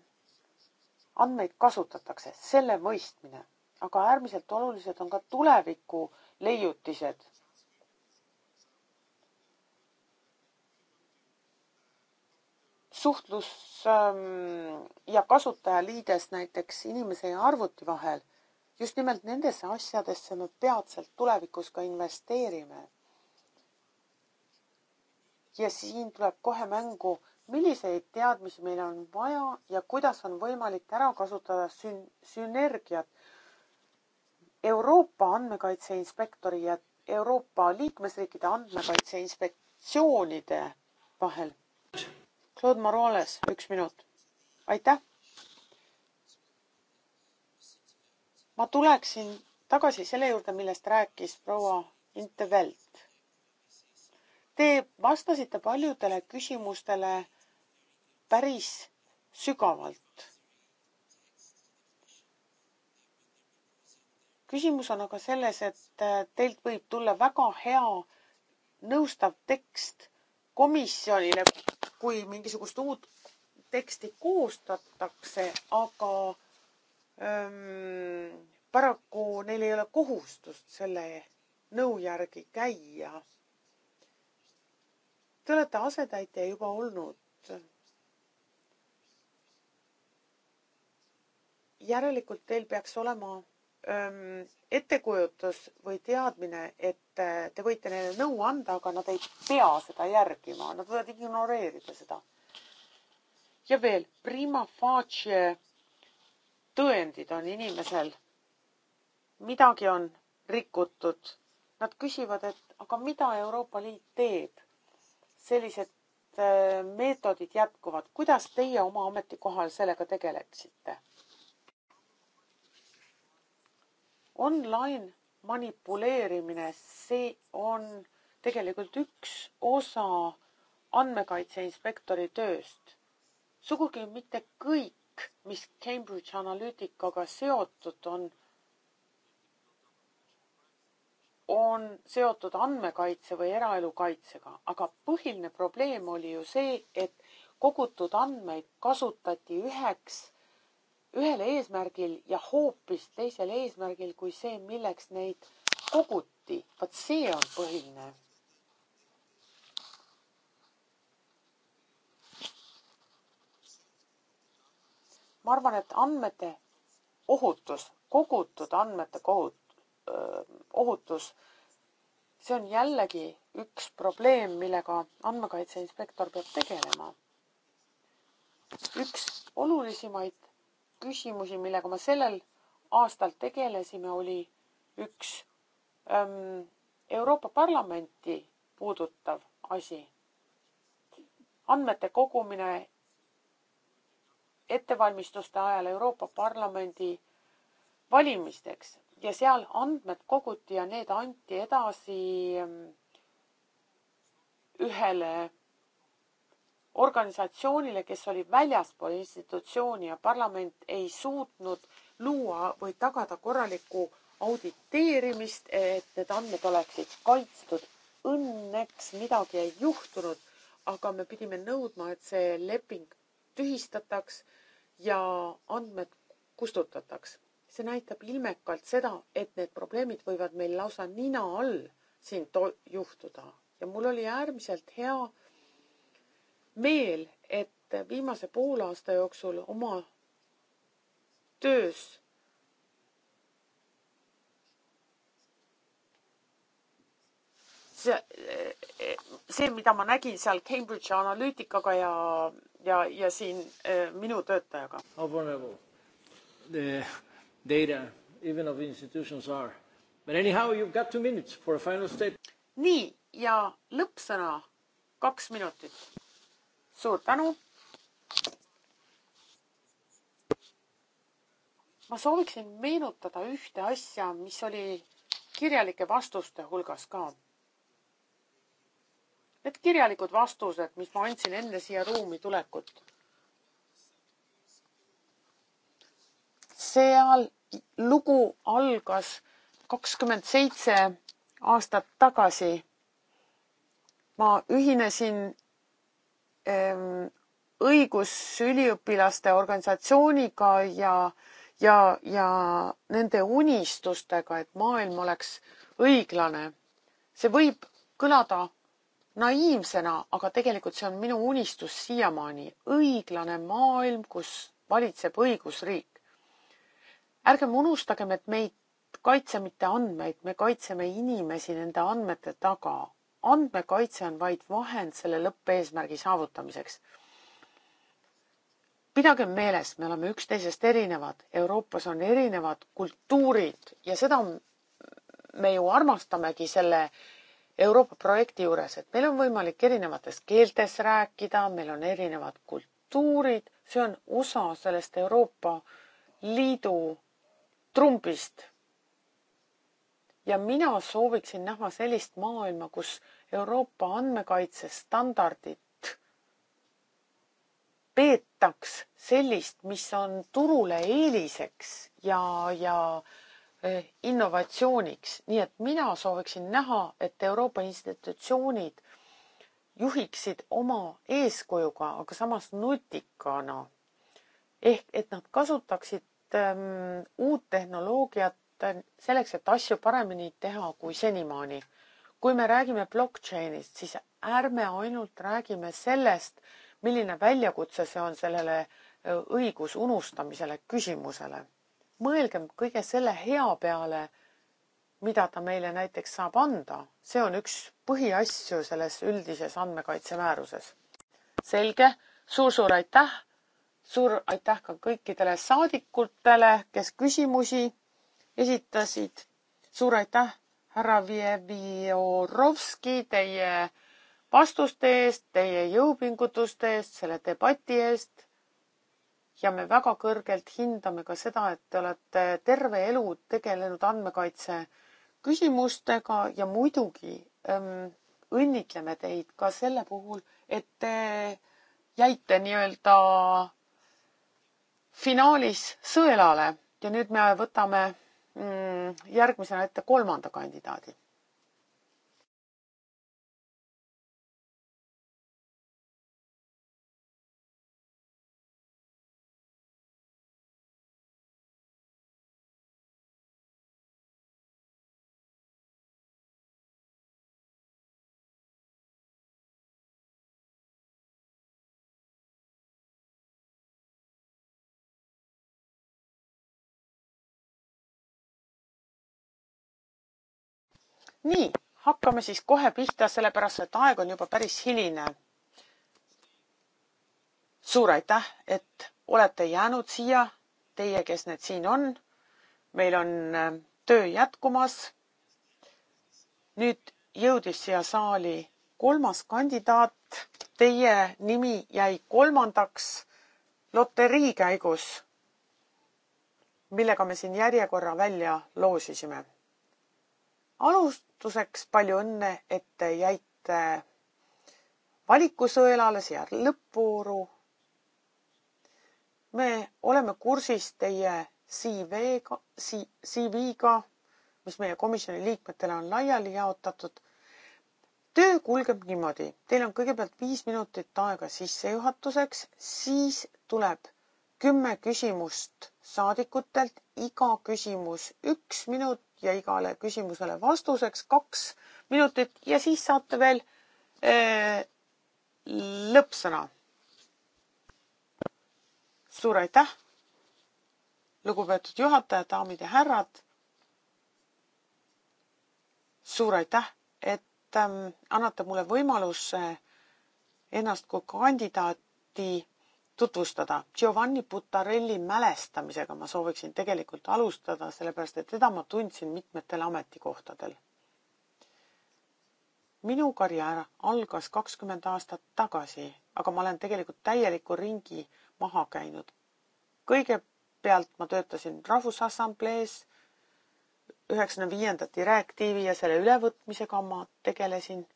[SPEAKER 2] andmeid kasutatakse, selle mõistmine, aga äärmiselt olulised on ka tuleviku leiutised suhtlus ähm, ja kasutajaliides näiteks inimese ja arvuti vahel, just nimelt nendesse asjadesse me peatselt tulevikus ka investeerime. ja siin tuleb kohe mängu, milliseid teadmisi meil on vaja ja kuidas on võimalik ära kasutada sün-, sünergiat Euroopa andmekaitse inspektori ja Euroopa liikmesriikide andmekaitse inspektsioonide vahel Claude Morales, üks minut. aitäh. ma tuleksin tagasi selle juurde, millest rääkis proua Intervelt. Te vastasite paljudele küsimustele päris sügavalt. küsimus on aga selles, et teilt võib tulla väga hea nõustav tekst komisjonile, kui mingisugust uut teksti koostatakse, aga ähm, paraku neil ei ole kohustust selle nõu järgi käia. Te olete asetäitja juba olnud. järelikult teil peaks olema öö, ähm, ettekujutus või teadmine, et et eh, te võite neile nõu anda, aga nad ei pea seda järgima, nad võivad ignoreerida seda. ja veel, prima facie tõendid on inimesel, midagi on rikutud. Nad küsivad, et aga mida Euroopa Liit teeb? sellised eh, meetodid jätkuvad, kuidas teie oma ametikohal sellega tegeleksite? Online manipuleerimine, see on tegelikult üks osa andmekaitse inspektori tööst. sugugi mitte kõik, mis Cambridge Analyticaga seotud on, on seotud andmekaitse või eraelu kaitsega, aga põhiline probleem oli ju see, et kogutud andmeid kasutati üheks ühel eesmärgil ja hoopis teisel eesmärgil kui see, milleks neid koguti. vot see on põhiline. ma arvan, et andmete ohutus, kogutud andmete kohut-, ohutus, see on jällegi üks probleem, millega andmekaitse inspektor peab tegelema. üks olulisemaid küsimusi, millega ma sellel aastal tegelesime, oli üks ähm, Euroopa Parlamenti puudutav asi. andmete kogumine ettevalmistuste ajal Euroopa Parlamendi valimisteks ja seal andmed koguti ja need anti edasi ähm, ühele organisatsioonile, kes oli väljaspool institutsiooni ja parlament ei suutnud luua või tagada korralikku auditeerimist, et need andmed oleksid kaitstud. Õnneks midagi ei juhtunud, aga me pidime nõudma, et see leping tühistataks ja andmed kustutataks. see näitab ilmekalt seda, et need probleemid võivad meil lausa nina all siin juhtuda ja mul oli äärmiselt hea meel, et viimase poole aasta jooksul oma töös see, see, mida ma nägin seal Cambridge'i analüütikaga ja, ja, ja siin eh, minu töötajaga. How vulnerable
[SPEAKER 1] the data even of institutions are. But anyhow you have got two minutes for a final statement. nii
[SPEAKER 2] ja lõppsõna kaks minutit suur tänu. ma sooviksin meenutada ühte asja, mis oli kirjalike vastuste hulgas ka. Need kirjalikud vastused, mis ma andsin enne siia ruumi tulekut. seal lugu algas kakskümmend seitse aastat tagasi. ma ühinesin õigusüliõpilaste organisatsiooniga ja, ja, ja nende unistustega, et maailm oleks õiglane. see võib kõlada naiivsena, aga tegelikult see on minu unistus siiamaani. õiglane maailm, kus valitseb õigusriik. ärgem unustagem, et me ei kaitse mitte andmeid, me kaitseme inimesi nende andmete taga andmekaitse on vaid vahend selle lõppeesmärgi saavutamiseks. pidagem meeles, me oleme üksteisest erinevad, Euroopas on erinevad kultuurid ja seda me ju armastamegi selle Euroopa projekti juures, et meil on võimalik erinevates keeltes rääkida, meil on erinevad kultuurid, see on osa sellest Euroopa Liidu trumbist ja mina sooviksin näha sellist maailma, kus Euroopa andmekaitsestandardit peetaks sellist, mis on turule eeliseks ja, ja eh, innovatsiooniks, nii et mina sooviksin näha, et Euroopa institutsioonid juhiksid oma eeskujuga, aga samas nutikana. ehk et nad kasutaksid ähm, uut tehnoloogiat et selleks, et asju paremini teha kui senimaani, kui me räägime blockchain'ist, siis ärme ainult räägime sellest, milline väljakutse see on sellele õigus unustamisele küsimusele. mõelgem kõige selle hea peale, mida ta meile näiteks saab anda, see on üks põhiasju selles üldises andmekaitsemääruses. selge suur,, suur-suur aitäh, suur aitäh ka kõikidele saadikutele, kes küsimusi esitasid. suur aitäh, härra Vjevjorovski, teie vastuste eest, teie jõupingutuste eest, selle debati eest. ja me väga kõrgelt hindame ka seda, et te olete terve elu tegelenud andmekaitse küsimustega ja muidugi öm, ähm, õnnitleme teid ka selle puhul, et te jäite nii-öelda finaalis sõelale ja nüüd me võtame Mm, järgmisena ette kolmanda kandidaadi. nii, hakkame siis kohe pihta, sellepärast et aeg on juba päris hiline. suur aitäh, et olete jäänud siia, teie, kes need siin on. meil on äh, töö jätkumas. nüüd jõudis siia saali kolmas kandidaat. Teie nimi jäi kolmandaks loterii käigus, millega me siin järjekorra välja loosisime alustuseks palju õnne, et te jäite valikusõelale siia lõppvooru. me oleme kursis teie CV-ga, CV-ga, mis meie komisjoni liikmetele on laiali jaotatud. töö kulgeb niimoodi, teil on kõigepealt viis minutit aega sissejuhatuseks, siis tuleb kümme küsimust saadikutelt, iga küsimus üks minut ja igale küsimusele vastuseks kaks minutit ja siis saate veel ee, eh, lõppsõna. suur aitäh, lugupeetud juhataja, daamid ja härrad. suur aitäh, et ähm, annate mulle võimaluse ennast kui kandidaati tutvustada. Giovanni Butarelli mälestamisega ma sooviksin tegelikult alustada, sellepärast et teda ma tundsin mitmetel ametikohtadel. minu karjäär algas kakskümmend aastat tagasi, aga ma olen tegelikult täieliku ringi maha käinud. kõigepealt ma töötasin Rahvusassamblees, üheksakümne viienda direktiivi ja selle ülevõtmisega ma tegelesin,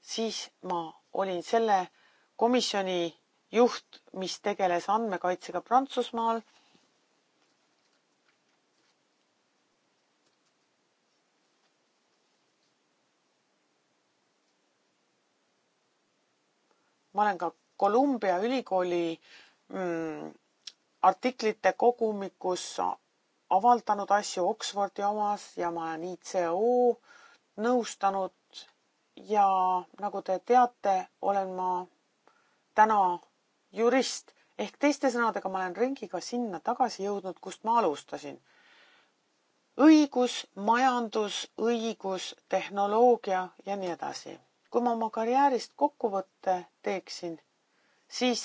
[SPEAKER 2] siis ma olin selle komisjoni juht, mis tegeles andmekaitsega Prantsusmaal. ma olen ka Columbia ülikooli mm, artiklite kogumikus avaldanud asju Oxfordi omas ja ma olen ICO nõustanud ja nagu te teate, olen ma täna jurist ehk teiste sõnadega, ma olen ringiga sinna tagasi jõudnud, kust ma alustasin. õigus, majandus, õigus, tehnoloogia ja nii edasi. kui ma oma karjäärist kokkuvõtte teeksin, siis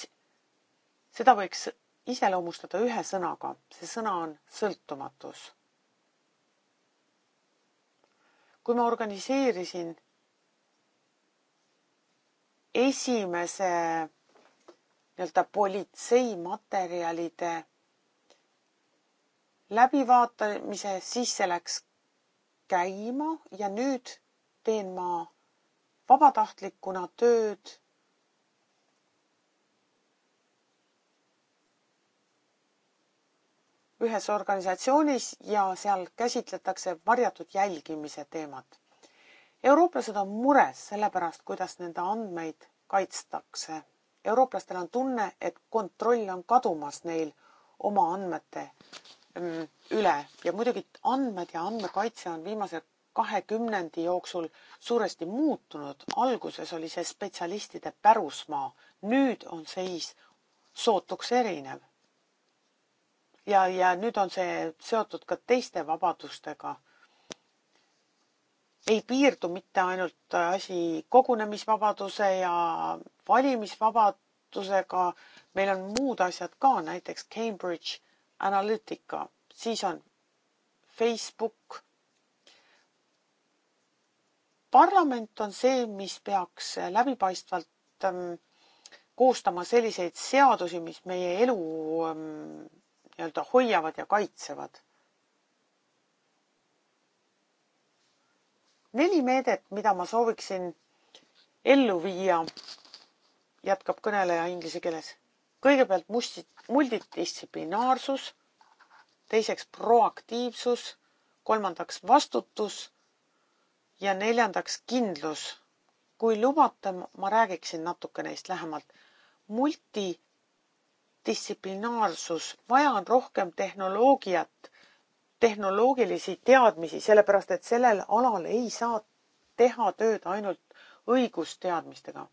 [SPEAKER 2] seda võiks iseloomustada ühe sõnaga, see sõna on sõltumatus. kui ma organiseerisin esimese nii-öelda politseimaterjalide läbivaatamise sisse läks käima ja nüüd teen ma vabatahtlikuna tööd ühes organisatsioonis ja seal käsitletakse varjatud jälgimise teemat. eurooplased on mures selle pärast, kuidas nende andmeid kaitstakse eurooplastel on tunne, et kontroll on kadumas neil oma andmete mm, üle ja muidugi andmed ja andmekaitse on viimase kahe kümnendi jooksul suuresti muutunud. alguses oli see spetsialistide pärusmaa, nüüd on seis sootuks erinev. ja, ja nüüd on see seotud ka teiste vabadustega. ei piirdu mitte ainult äh, asi kogunemisvabaduse ja valimisvabadusega, meil on muud asjad ka, näiteks Cambridge Analytica, siis on Facebook. parlament on see, mis peaks läbipaistvalt ähm, koostama selliseid seadusi, mis meie elu ähm, nii-öelda hoiavad ja kaitsevad. neli meedet, mida ma sooviksin ellu viia jätkab kõneleja inglise keeles. kõigepealt musti-, multidistsiplinaarsus, teiseks proaktiivsus, kolmandaks vastutus ja neljandaks kindlus. kui lubate, ma räägiksin natuke neist lähemalt. multidistsiplinaarsus, vaja on rohkem tehnoloogiat, tehnoloogilisi teadmisi, sellepärast et sellel alal ei saa teha tööd ainult õigusteadmistega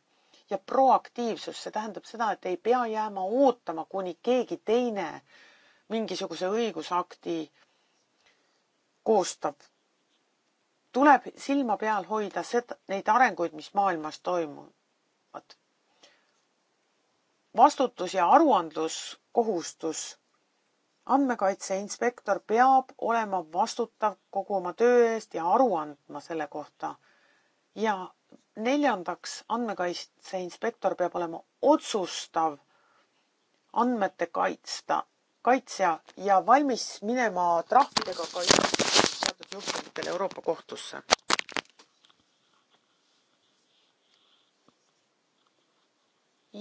[SPEAKER 2] ja proaktiivsus, see tähendab seda, et ei pea jääma ootama, kuni keegi teine mingisuguse õigusakti koostab. tuleb silma peal hoida seda, neid arenguid, mis maailmas toimuvad. vastutus ja aruandluskohustus andmekaitse inspektor peab olema vastutav kogu oma töö eest ja aru andma selle kohta. ja neljandaks, andmekaitse inspektor peab olema otsustav andmete kaitsta, kaitsja ja valmis minema trahvidega ka teatud juhtumitel Euroopa Kohtusse.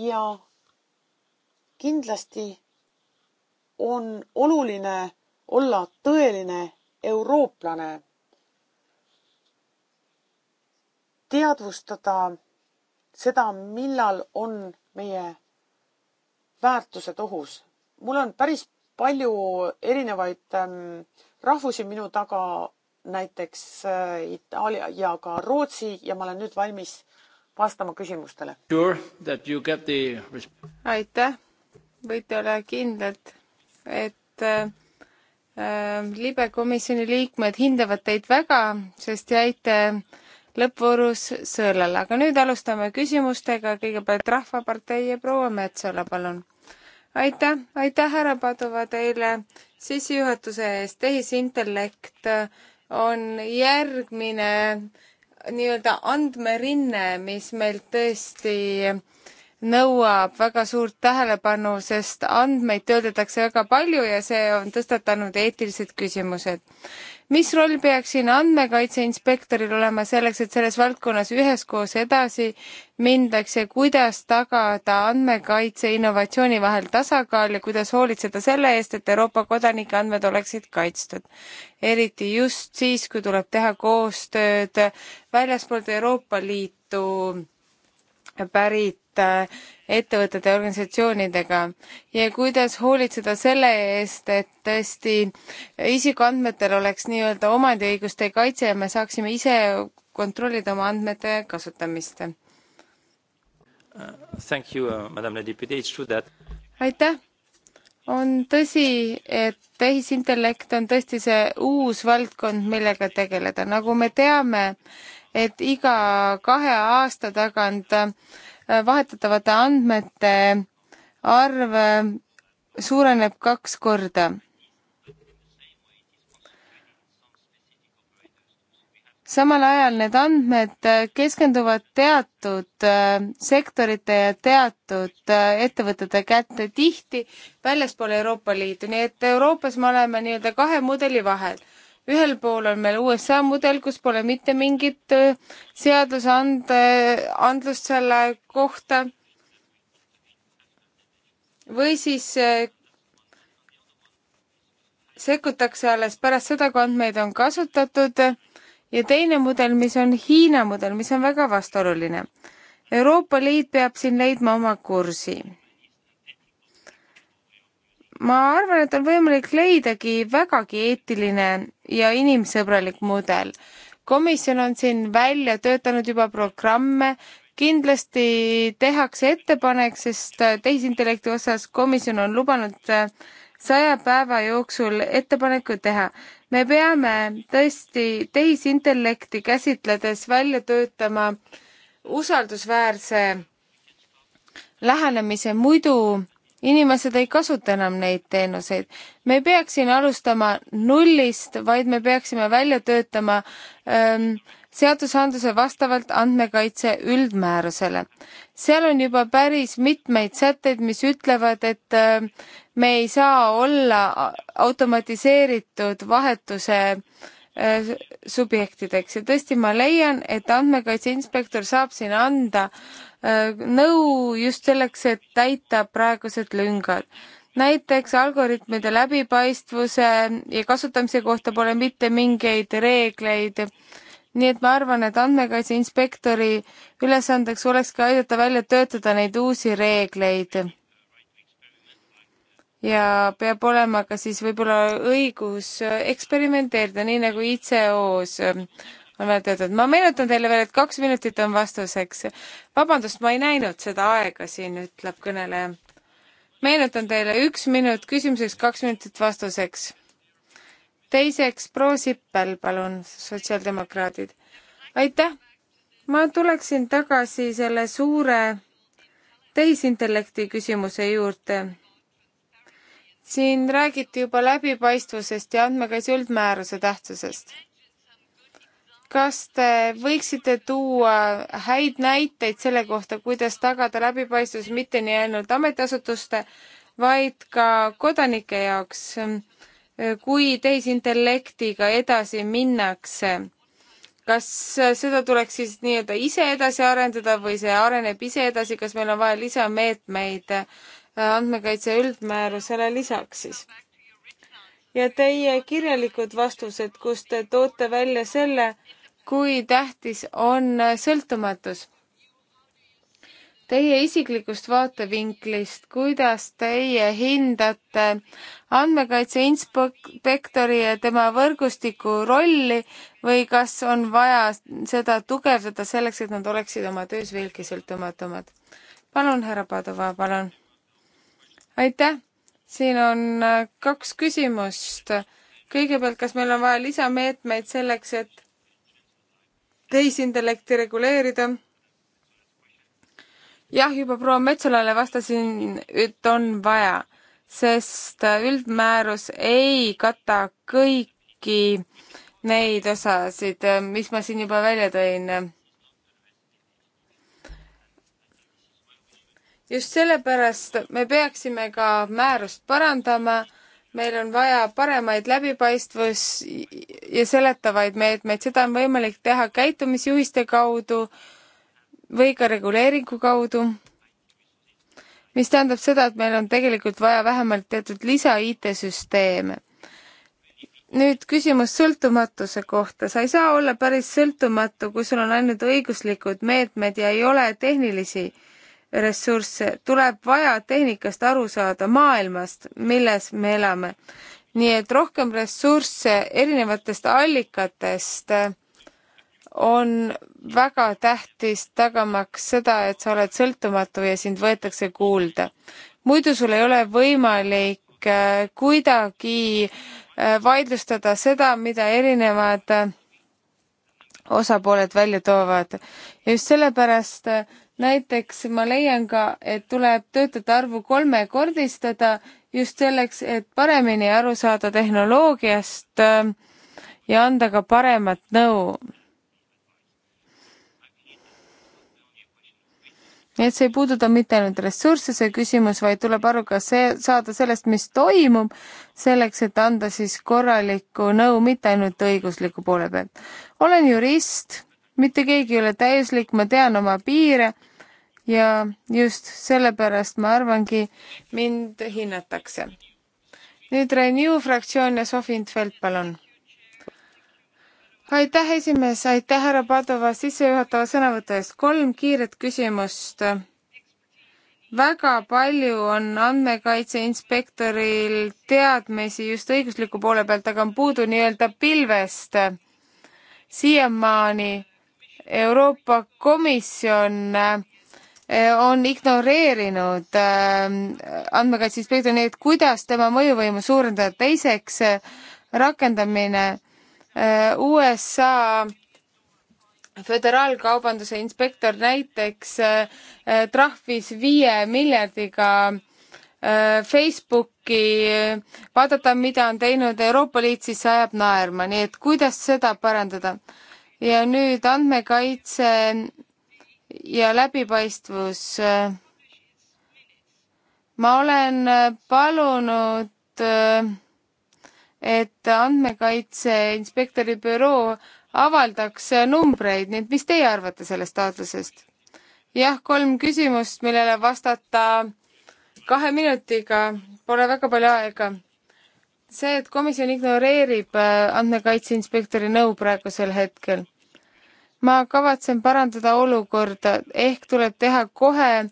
[SPEAKER 2] ja kindlasti on oluline olla tõeline eurooplane teadvustada seda, millal on meie väärtused ohus. mul on päris palju erinevaid ähm, rahvusi minu taga, näiteks äh, Itaalia ja ka Rootsi ja ma olen nüüd valmis vastama küsimustele
[SPEAKER 1] sure,. The...
[SPEAKER 2] aitäh, võite olla
[SPEAKER 4] kindlad, et äh, äh, libekomisjoni liikmed hindavad teid väga, sest jäite äh, lõppvoorus Sõõlale, aga nüüd alustame küsimustega, kõigepealt Rahvapartei ja proua Metsola, palun. aitäh, aitäh, härra Paduva, teile sissejuhatuse eest, tehisintellekt on järgmine nii-öelda andmerinne, mis meilt tõesti nõuab väga suurt tähelepanu, sest andmeid töödeldakse väga palju ja see on tõstatanud eetilised küsimused. mis roll peaks siin andmekaitse inspektoril olema selleks, et selles valdkonnas üheskoos edasi mindaks ja kuidas tagada andmekaitse innovatsiooni vahel tasakaal ja kuidas hoolitseda selle eest, et Euroopa kodanike andmed oleksid kaitstud? eriti just siis, kui tuleb teha koostööd väljaspoolt Euroopa Liitu pärit Äh, ettevõtete ja organisatsioonidega ja kuidas hoolitseda selle eest, et tõesti isikuandmetel oleks nii-öelda omandiõiguste kaitse ja me saaksime ise kontrollida oma andmete kasutamist uh,.
[SPEAKER 1] uh
[SPEAKER 4] aitäh! on tõsi, et tehisintellekt on tõesti see uus valdkond, millega tegeleda, nagu me teame, et iga kahe aasta tagant äh, Äh, vahetatavate andmete arv äh, suureneb kaks korda. samal ajal need andmed äh, keskenduvad teatud sektorite ja teatud ettevõtete kätte tihti väljaspool Euroopa Liitu, nii et Euroopas me oleme nii-öelda kahe mudeli vahel ühel pool on meil USA mudel, kus pole mitte mingit äh, seadusande, andlust selle kohta. või siis äh, sekkutakse alles pärast seda, kui andmeid on kasutatud ja teine mudel, mis on Hiina mudel, mis on väga vastuoluline. Euroopa Liit peab siin leidma oma kursi ma arvan, et on võimalik leidagi vägagi eetiline ja inimsõbralik mudel. komisjon on siin välja töötanud juba programme, kindlasti tehakse ettepanek, sest tehisintellekti osas komisjon on lubanud saja päeva jooksul ettepaneku teha. me peame tõesti tehisintellekti käsitledes välja töötama usaldusväärse lähenemise, muidu inimesed ei kasuta enam neid teenuseid. me ei peaks siin alustama nullist, vaid me peaksime välja töötama ähm, seadusandluse vastavalt andmekaitse üldmäärusele. seal on juba päris mitmeid sätteid, mis ütlevad, et äh, me ei saa olla automatiseeritud vahetuse äh, Äh, subjektideks ja tõesti, ma leian, et andmekaitse inspektor saab siin anda äh, nõu just selleks, et täita praegused lüngad. näiteks algoritmide läbipaistvuse ja kasutamise kohta pole mitte mingeid reegleid. nii et ma arvan, et andmekaitse inspektori ülesandeks olekski aidata välja töötada neid uusi reegleid ja peab olema ka siis võib-olla õigus eksperimenteerida, nii nagu ICO-s ähm, on välja töötatud. ma meenutan teile veel, et kaks minutit on vastuseks. vabandust, ma ei näinud seda aega siin, ütleb kõneleja. meenutan teile, üks minut küsimuseks, kaks minutit vastuseks. teiseks, proua Sippel, palun, sotsiaaldemokraadid. aitäh! ma tuleksin tagasi selle suure tehisintellekti küsimuse juurde siin räägiti juba läbipaistvusest ja andmekaitse üldmääruse tähtsusest. kas te võiksite tuua häid näiteid selle kohta, kuidas tagada läbipaistvus mitte nii ainult ametiasutuste, vaid ka kodanike jaoks, kui tehisintellektiga edasi minnakse? kas seda tuleks siis nii-öelda ise edasi arendada või see areneb ise edasi, kas meil on vaja lisameetmeid Äh, andmekaitse üldmäärusele lisaks siis. ja teie kirjalikud vastused, kus te toote välja selle, kui tähtis on äh, sõltumatus. Teie isiklikust vaatevinklist, kuidas teie hindate andmekaitse inspektori ja tema võrgustiku rolli või kas on vaja seda tugevdada selleks, et nad oleksid oma töös veelgi sõltumatumad? palun, härra Padova, palun aitäh, siin on äh, kaks küsimust. kõigepealt, kas meil on vaja lisameetmeid selleks, et tehisintellekti reguleerida? jah, juba proua Metsolale vastasin, et on vaja, sest äh, üldmäärus ei kata kõiki neid osasid, äh, mis ma siin juba välja tõin just sellepärast me peaksime ka määrust parandama, meil on vaja paremaid läbipaistvus ja seletavaid meetmeid, seda on võimalik teha käitumisjuhiste kaudu või ka reguleeringu kaudu, mis tähendab seda, et meil on tegelikult vaja vähemalt teatud lisa IT-süsteeme nüüd küsimus sõltumatuse kohta. sa ei saa olla päris sõltumatu, kui sul on ainult õiguslikud meetmed ja ei ole tehnilisi ressursse, tuleb vaja tehnikast aru saada, maailmast, milles me elame. nii et rohkem ressursse erinevatest allikatest äh, on väga tähtis, tagamaks seda, et sa oled sõltumatu ja sind võetakse kuulda. muidu sul ei ole võimalik äh, kuidagi äh, vaidlustada seda, mida erinevad osapooled välja toovad. ja just sellepärast äh, näiteks ma leian ka, et tuleb töötajate arvu kolmekordistada just selleks, et paremini aru saada tehnoloogiast äh, ja anda ka paremat nõu nii et see ei puuduta mitte ainult ressursse, see küsimus, vaid tuleb aru ka see, saada sellest, mis toimub, selleks, et anda siis korralikku nõu mitte ainult õigusliku poole pealt. olen jurist, mitte keegi ei ole täiuslik, ma tean oma piire ja just sellepärast ma arvangi, mind hinnatakse. nüüd Renew fraktsioon ja Sofi Intfeld, palun aitäh, esimees, aitäh, härra Padova sissejuhatava sõnavõtu eest. kolm kiiret küsimust. väga palju on andmekaitse inspektoril teadmisi just õigusliku poole pealt, aga on puudu nii-öelda pilvest. siiamaani Euroopa Komisjon eh, on ignoreerinud eh, andmekaitse inspektori, nii et kuidas tema mõjuvõimu suurendada. teiseks, eh, rakendamine Äh, USA föderaalkaubanduse inspektor näiteks äh, äh, trahvis viie miljardiga Facebooki, vaadata, mida on teinud Euroopa Liit, siis see ajab naerma, nii et kuidas seda parandada. ja nüüd andmekaitse ja läbipaistvus. ma olen palunud et andmekaitse inspektori büroo avaldaks numbreid, nii et mis teie arvate sellest taotlusest? jah, kolm küsimust, millele vastata kahe minutiga, pole väga palju aega. see, et komisjon ignoreerib äh, andmekaitse inspektori nõu praegusel hetkel. ma kavatsen parandada olukorda, ehk tuleb teha kohe äh,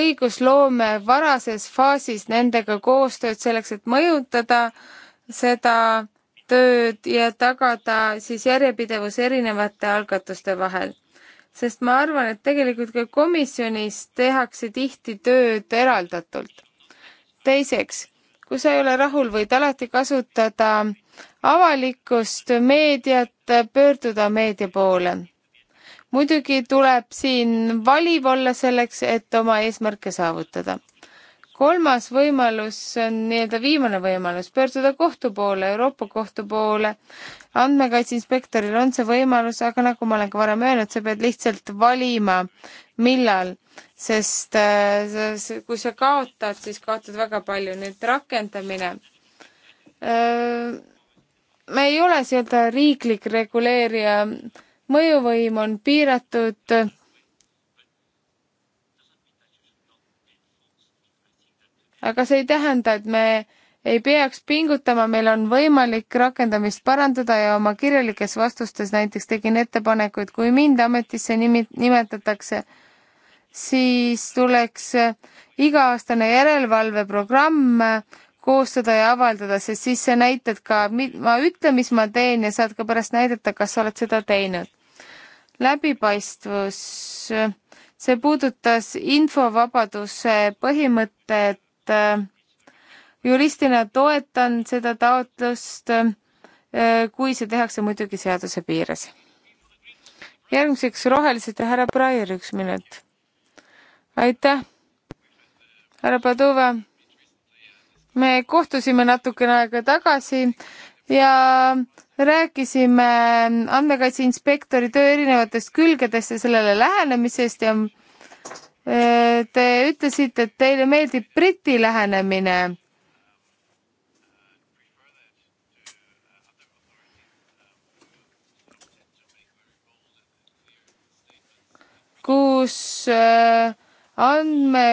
[SPEAKER 4] õigusloome varases faasis nendega koostööd selleks, et mõjutada äh, seda tööd ja tagada siis järjepidevus erinevate algatuste vahel. sest ma arvan, et tegelikult ka komisjonis tehakse tihti tööd eraldatult. teiseks, kui sa ei ole rahul, võid alati kasutada avalikkust, meediat, pöörduda meedia poole. muidugi tuleb siin valiv olla selleks, et oma eesmärke saavutada kolmas võimalus, see on nii-öelda viimane võimalus, pöörduda kohtu poole, Euroopa Kohtu poole. andmekaitse inspektoril on see võimalus, aga nagu ma olen ka varem öelnud, sa pead lihtsalt valima, millal, sest äh, kui sa kaotad, siis kaotad väga palju, nii et rakendamine. Äh, me ei ole nii-öelda riiklik reguleerija, mõjuvõim on piiratud aga see ei tähenda, et me ei peaks pingutama, meil on võimalik rakendamist parandada ja oma kirjalikes vastustes näiteks tegin ettepaneku, et kui mind ametisse nimi-, nimetatakse, siis tuleks eh, iga-aastane järelevalveprogramm eh, koostada ja avaldada, sest siis sa näitad ka, ma ütlen, mis ma teen ja saad ka pärast näidata, kas sa oled seda teinud. läbipaistvus, eh, see puudutas infovabaduse põhimõtet et äh, juristina toetan seda taotlust, äh, kui see tehakse muidugi seaduse piires. järgmiseks rohelised ja härra Breyer, üks minut. aitäh, härra Padova. me kohtusime natukene aega tagasi ja rääkisime andmekaitse inspektori töö erinevatest külgedest ja sellele lähenemisest ja Äh, te ütlesite, et teile meeldib Briti lähenemine. kus äh, andme,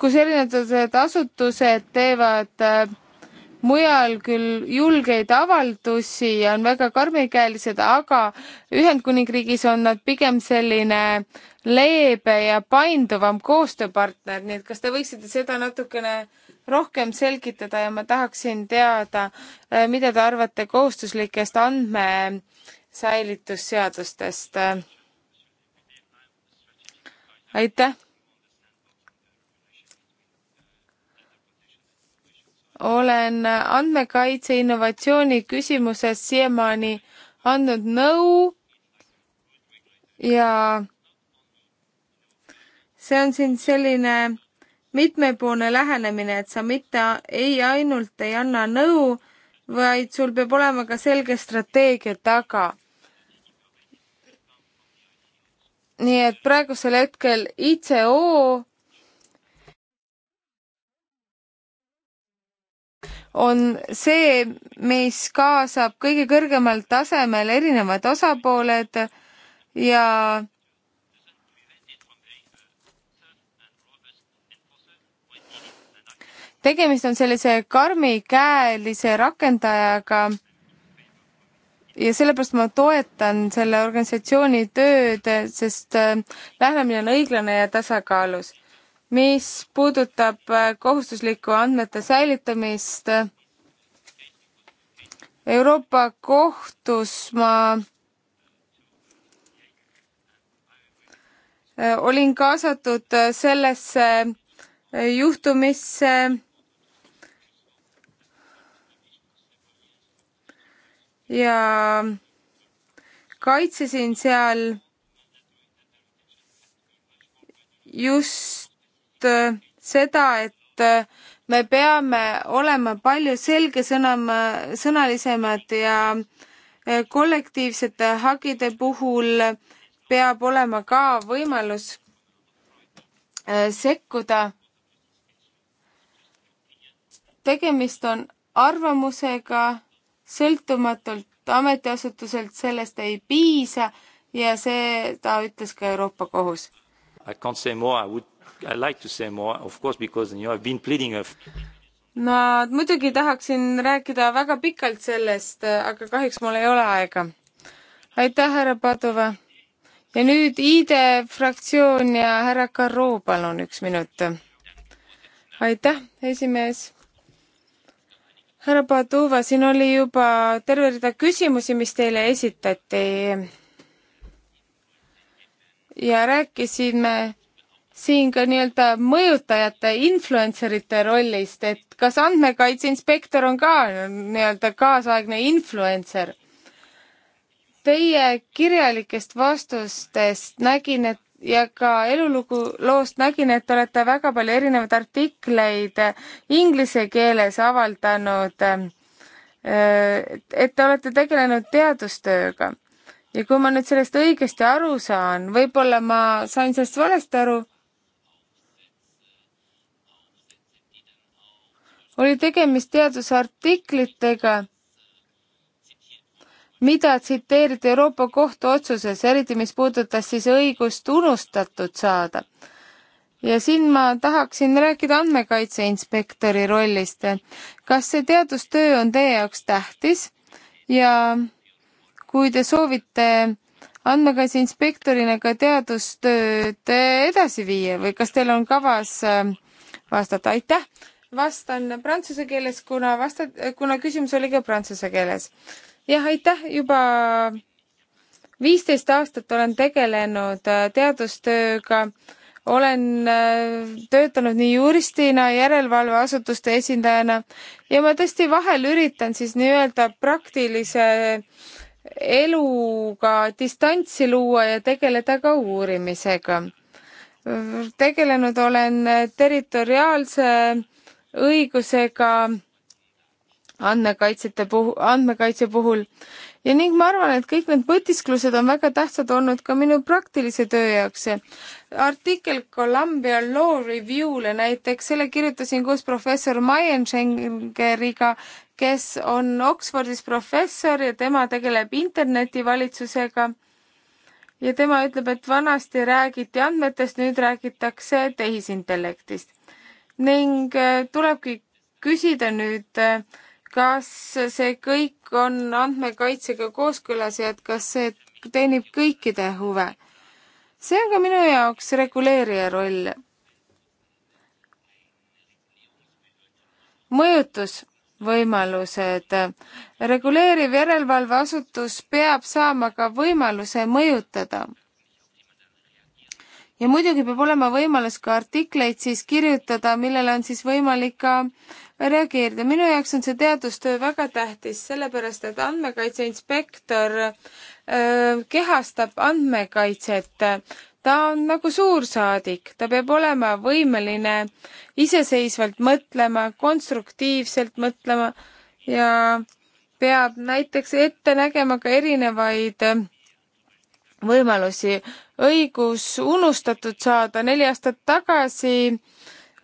[SPEAKER 4] kus erinevad asutused teevad äh, mujal küll julgeid avaldusi ja on väga karmikäelised, aga Ühendkuningriigis on nad pigem selline leebe ja painduvam koostööpartner, nii et kas te võiksite seda natukene rohkem selgitada ja ma tahaksin teada, äh, mida te arvate kohustuslikest andmesäilitusseadustest? Äh, aitäh! olen andmekaitse innovatsiooni küsimuses siiamaani andnud nõu ja see on siin selline mitmepoolne lähenemine, et sa mitte ei ainult ei anna nõu, vaid sul peab olema ka selge strateegia taga. nii et praegusel hetkel ICO on see, mis kaasab kõige kõrgemal tasemel erinevad osapooled ja tegemist on sellise karmikäelise rakendajaga ja sellepärast ma toetan selle organisatsiooni tööd, sest äh, lähenemine on õiglane ja tasakaalus mis puudutab äh, kohustuslikku andmete säilitamist Euroopa Kohtus ma äh, olin kaasatud äh, sellesse juhtumisse ja kaitsesin seal just Äh, seda, et äh, me peame olema palju selgesõnama, sõnalisemad ja äh, kollektiivsete hagide puhul peab olema ka võimalus sekkuda. tegemist on arvamusega, sõltumatult ametiasutuselt sellest ei piisa ja seda ütles ka Euroopa Kohus.
[SPEAKER 1] I can't say more, I would I like to say more, of course, because you have been pleading of
[SPEAKER 4] no muidugi tahaksin rääkida väga pikalt sellest, aga kahjuks mul ei ole aega. aitäh, härra Padova. ja nüüd ID fraktsioon ja härra Karu, palun üks minut. aitäh, esimees. härra Padova, siin oli juba terve rida küsimusi, mis teile esitati. ja rääkisime siin ka nii-öelda mõjutajate, influencerite rollist, et kas andmekaitse inspektor on ka nii-öelda kaasaegne influencer? Teie kirjalikest vastustest nägin, et ja ka elulugu loost nägin, et olete väga palju erinevaid artikleid inglise keeles avaldanud. et te olete tegelenud teadustööga ja kui ma nüüd sellest õigesti aru saan, võib-olla ma sain sellest valesti aru oli tegemist teadusartiklitega, mida tsiteeriti Euroopa Kohtu otsuses, eriti mis puudutas siis õigust unustatud saada. ja siin ma tahaksin rääkida andmekaitse inspektori rollist. kas see teadustöö on teie jaoks tähtis ja kui te soovite andmekaitse inspektorina ka teadustööd edasi viia või kas teil on kavas äh, vastata? aitäh vastan prantsuse keeles, kuna vasta-, kuna küsimus oli ka prantsuse keeles. jah, aitäh, juba viisteist aastat olen tegelenud äh, teadustööga, olen äh, töötanud nii juristina, järelevalveasutuste esindajana ja ma tõesti vahel üritan siis nii-öelda praktilise eluga distantsi luua ja tegeleda ka uurimisega tegelenud olen territoriaalse õigusega andmekaitsjate puhul, andmekaitse puhul ja ning ma arvan, et kõik need mõtisklused on väga tähtsad olnud ka minu praktilise töö jaoks. artikkel Columbia Law Review'le näiteks, selle kirjutasin koos professor Maienschengeriga, kes on Oxfordis professor ja tema tegeleb internetivalitsusega. ja tema ütleb, et vanasti räägiti andmetest, nüüd räägitakse tehisintellektist ning äh, tulebki küsida nüüd, äh, kas see kõik on andmekaitsega kooskõlas ja et kas see teenib kõikide huve. see on ka minu jaoks reguleerija roll. mõjutus võimalused. reguleeriv järelevalveasutus peab saama ka võimaluse mõjutada ja muidugi peab olema võimalus ka artikleid siis kirjutada, millele on siis võimalik ka reageerida. minu jaoks on see teadustöö väga tähtis, sellepärast et andmekaitse inspektor öö, kehastab andmekaitset. ta on nagu suursaadik, ta peab olema võimeline iseseisvalt mõtlema, konstruktiivselt mõtlema ja peab näiteks ette nägema ka erinevaid võimalusi. õigus unustatud saada neli aastat tagasi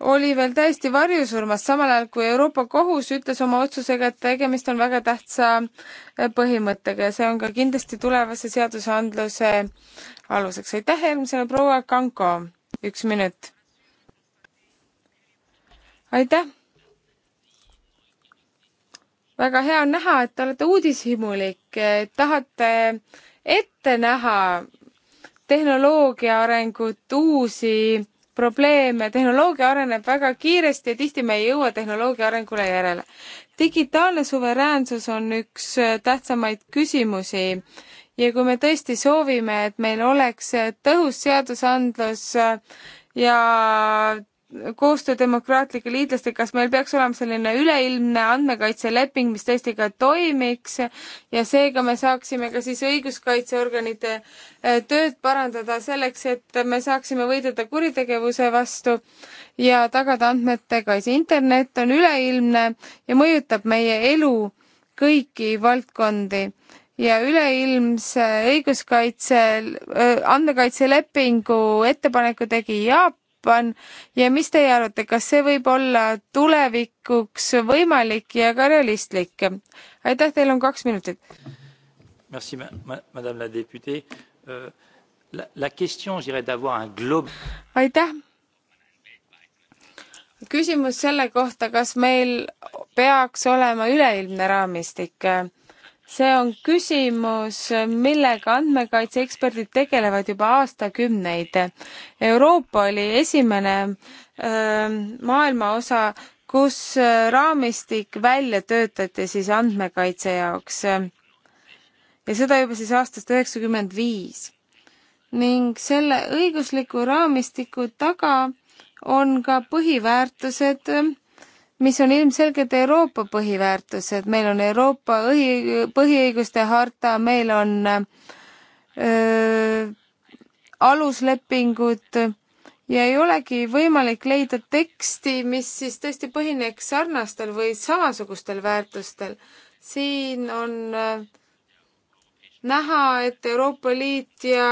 [SPEAKER 4] oli veel täiesti varjusurmas, samal ajal kui Euroopa Kohus ütles oma otsusega, et tegemist on väga tähtsa eh, põhimõttega ja see on ka kindlasti tulevase seadusandluse aluseks. aitäh, eelmisele proua Kanko, üks minut. aitäh. väga hea on näha, et te olete uudishimulik, eh, tahate ette näha tehnoloogia arengut, uusi probleeme, tehnoloogia areneb väga kiiresti ja tihti me ei jõua tehnoloogia arengule järele. digitaalne suveräänsus on üks äh, tähtsamaid küsimusi ja kui me tõesti soovime, et meil oleks äh, tõhus seadusandlus äh, ja koostöö demokraatlike liitlastega, kas meil peaks olema selline üleilmne andmekaitseleping, mis tõesti ka toimiks ja seega me saaksime ka siis õiguskaitseorganite äh, tööd parandada selleks, et me saaksime võidelda kuritegevuse vastu ja tagada andmete kaitse. internet on üleilmne ja mõjutab meie elu kõiki valdkondi ja üleilmse õiguskaitse, äh, andmekaitselepingu ettepaneku tegi Jaapan on ja mis teie arvate, kas see võib olla tulevikuks võimalik ja ka realistlik? aitäh, teil on kaks minutit.
[SPEAKER 1] Merci ma, ma, madame la députée euh,. La, la question, je dirais, d'avoir un globe.
[SPEAKER 4] aitäh. küsimus selle kohta, kas meil peaks olema üleilmne raamistik see on küsimus, millega andmekaitseeksperdid tegelevad juba aastakümneid. Euroopa oli esimene öö, ähm, maailma osa, kus äh, raamistik välja töötati siis andmekaitse jaoks. ja seda juba siis aastast üheksakümmend viis. ning selle õigusliku raamistiku taga on ka põhiväärtused mis on ilmselgelt Euroopa põhiväärtused, meil on Euroopa õhi, põhiõiguste harta, meil on öö, aluslepingud ja ei olegi võimalik leida teksti, mis siis tõesti põhineks sarnastel või samasugustel väärtustel. siin on näha, et Euroopa Liit ja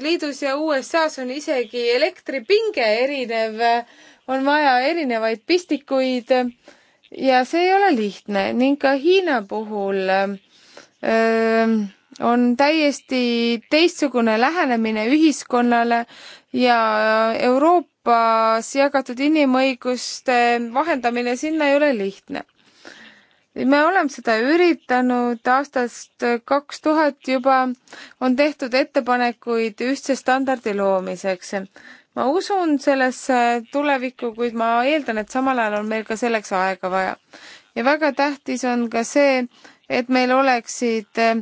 [SPEAKER 4] liidus ja USA-s on isegi elektripinge erinev on vaja erinevaid pistikuid ja see ei ole lihtne ning ka Hiina puhul öö, on täiesti teistsugune lähenemine ühiskonnale ja Euroopas jagatud inimõiguste vahendamine sinna ei ole lihtne. me oleme seda üritanud aastast kaks tuhat juba, on tehtud ettepanekuid ühtse standardi loomiseks ma usun sellesse tulevikku, kuid ma eeldan, et samal ajal on meil ka selleks aega vaja. ja väga tähtis on ka see, et meil oleksid eh,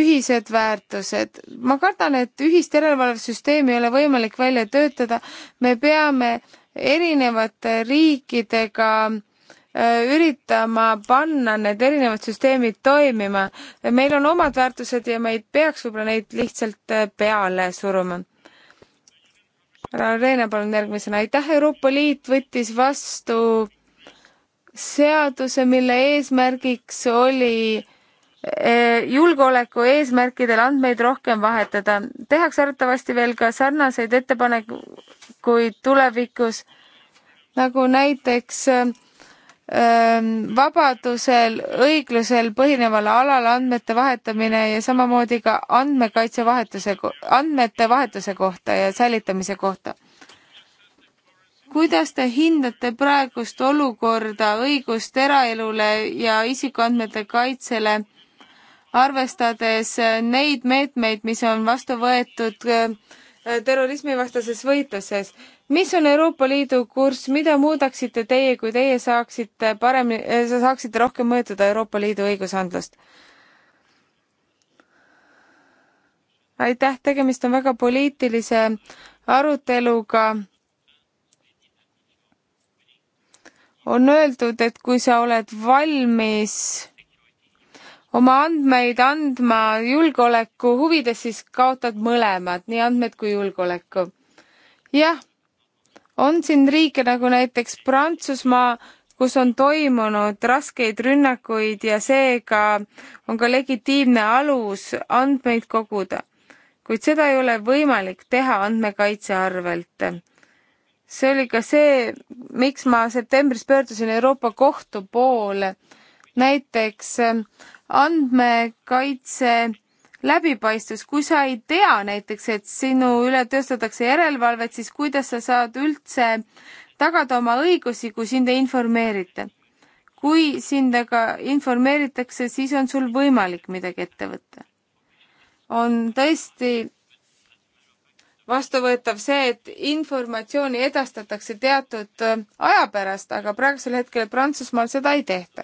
[SPEAKER 4] ühised väärtused. ma kardan, et ühist järelevalvesüsteemi ei ole võimalik välja töötada. me peame erinevate riikidega eh, üritama panna need erinevad süsteemid toimima. meil on omad väärtused ja me ei peaks võib-olla neid lihtsalt eh, peale suruma härra Reena, palun järgmisena. aitäh, Euroopa Liit võttis vastu seaduse, mille eesmärgiks oli eh, julgeoleku eesmärkidel andmeid rohkem vahetada. tehakse arvatavasti veel ka sarnaseid ettepanekuid tulevikus, nagu näiteks äh, vabadusel, õiglusel põhineval alal andmete vahetamine ja samamoodi ka andmekaitse vahetuse, andmete vahetuse kohta ja säilitamise kohta. kuidas te hindate praegust olukorda õigust eraelule ja isikuandmete kaitsele, arvestades neid meetmeid, mis on vastu võetud äh, terrorismivastases võitluses. mis on Euroopa Liidu kurss, mida muudaksite teie, kui teie saaksite paremini, eh, saaksite rohkem mõjutada Euroopa Liidu õigusandlust? aitäh, tegemist on väga poliitilise aruteluga. on öeldud, et kui sa oled valmis oma andmeid andma julgeoleku huvides, siis kaotad mõlemad, nii andmed kui julgeoleku. jah, on siin riike nagu näiteks Prantsusmaa, kus on toimunud raskeid rünnakuid ja seega on ka legitiimne alus andmeid koguda. kuid seda ei ole võimalik teha andmekaitse arvelt. see oli ka see, miks ma septembris pöördusin Euroopa Kohtu poole. näiteks andmekaitse läbipaistvus, kui sa ei tea näiteks, et sinu üle tõstetakse järelevalvet, siis kuidas sa saad üldse tagada oma õigusi, kui sind ei informeerita? kui sind aga informeeritakse, siis on sul võimalik midagi ette võtta. on tõesti vastuvõetav see, et informatsiooni edastatakse teatud äh, aja pärast, aga praegusel hetkel Prantsusmaal seda ei tehta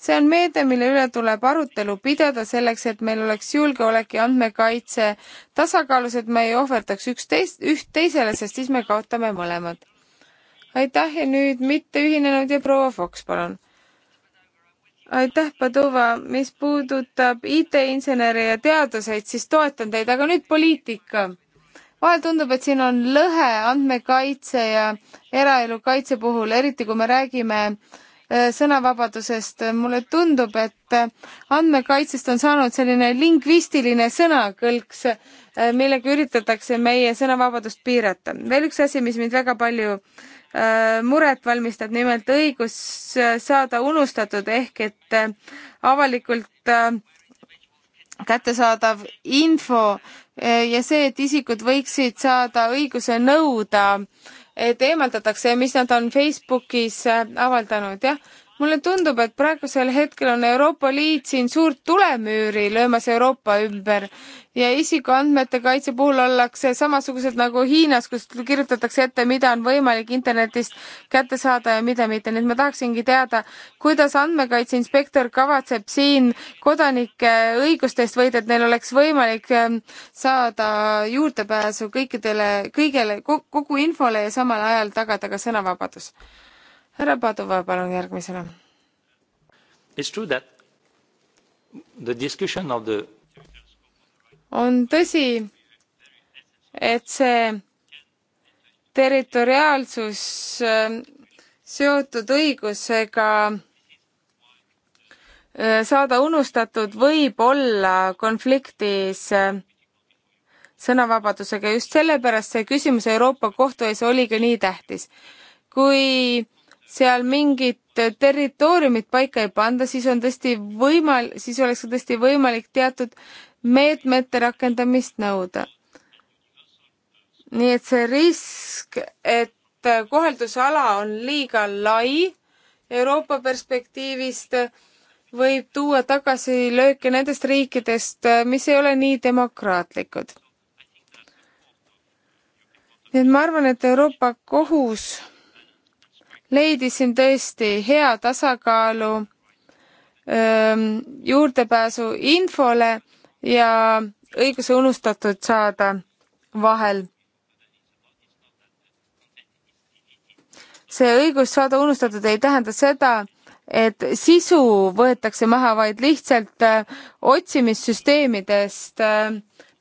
[SPEAKER 4] see on meede, mille üle tuleb arutelu pidada selleks, et meil oleks julgeolek ja andmekaitse tasakaalus, et me ei ohverdaks üksteist, üht teisele, sest siis me kaotame mõlemad. aitäh ja nüüd mitteühinenud ja proua Fox, palun. aitäh, Padova, mis puudutab IT-inseneri ja teaduseid, siis toetan teid, aga nüüd poliitika vahel tundub, et siin on lõhe andmekaitse ja eraelu kaitse puhul, eriti kui me räägime äh, Äh, sõnavabadusest. mulle tundub, et äh, andmekaitsest on saanud selline lingvistiline sõnakõlks, äh, millega üritatakse meie sõnavabadust piirata. veel üks asi, mis mind väga palju muret valmistab, nimelt õigus saada unustatud ehk et avalikult kättesaadav info ja see, et isikud võiksid saada õiguse nõuda äh, et eemaldatakse, mis nad on Facebookis äh, avaldanud, jah mulle tundub, et praegusel hetkel on Euroopa Liit siin suurt tulemüüri löömas Euroopa ümber ja isikuandmete kaitse puhul ollakse samasugused nagu Hiinas, kus kirjutatakse ette, mida on võimalik internetist kätte saada ja mida mitte. nüüd ma tahaksingi teada, kuidas andmekaitse inspektor kavatseb siin kodanike õigustest võida, et neil oleks võimalik ähm, saada juurdepääsu kõikidele, kõigele, kogu infole ja samal ajal tagada ka sõnavabadus härra Padova, palun järgmisena.
[SPEAKER 1] It's true that the discussion of the
[SPEAKER 4] on tõsi, et see territoriaalsus äh, seotud õigusega äh, saada unustatud võib olla konfliktis äh, sõnavabadusega, just sellepärast see küsimus Euroopa Kohtu ees oligi nii tähtis. kui seal mingit territooriumit paika ei panda, siis on tõesti võimal-, siis oleks tõesti võimalik teatud meetmete rakendamist nõuda. nii et see risk, et kohaldusala on liiga lai Euroopa perspektiivist, võib tuua tagasilööke nendest riikidest, mis ei ole nii demokraatlikud. nii et ma arvan, et Euroopa Kohus leidis siin tõesti hea tasakaalu juurdepääsu infole ja õiguse unustatud saada vahel. see õigus saada unustatud ei tähenda seda, et sisu võetakse maha, vaid lihtsalt otsimissüsteemidest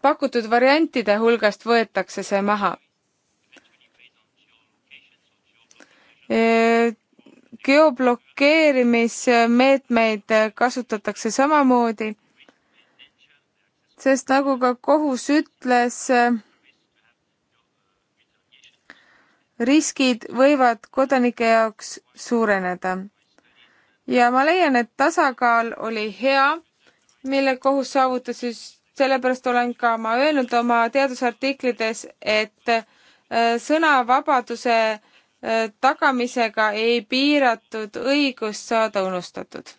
[SPEAKER 4] pakutud variantide hulgast võetakse see maha geoblokeerimismeetmeid kasutatakse samamoodi, sest nagu ka kohus ütles, riskid võivad kodanike jaoks suureneda. ja ma leian, et tasakaal oli hea, mille kohus saavutas, siis sellepärast olen ka ma öelnud oma teadusartiklites, et äh, sõnavabaduse Äh, tagamisega ei piiratud õigust saada unustatud.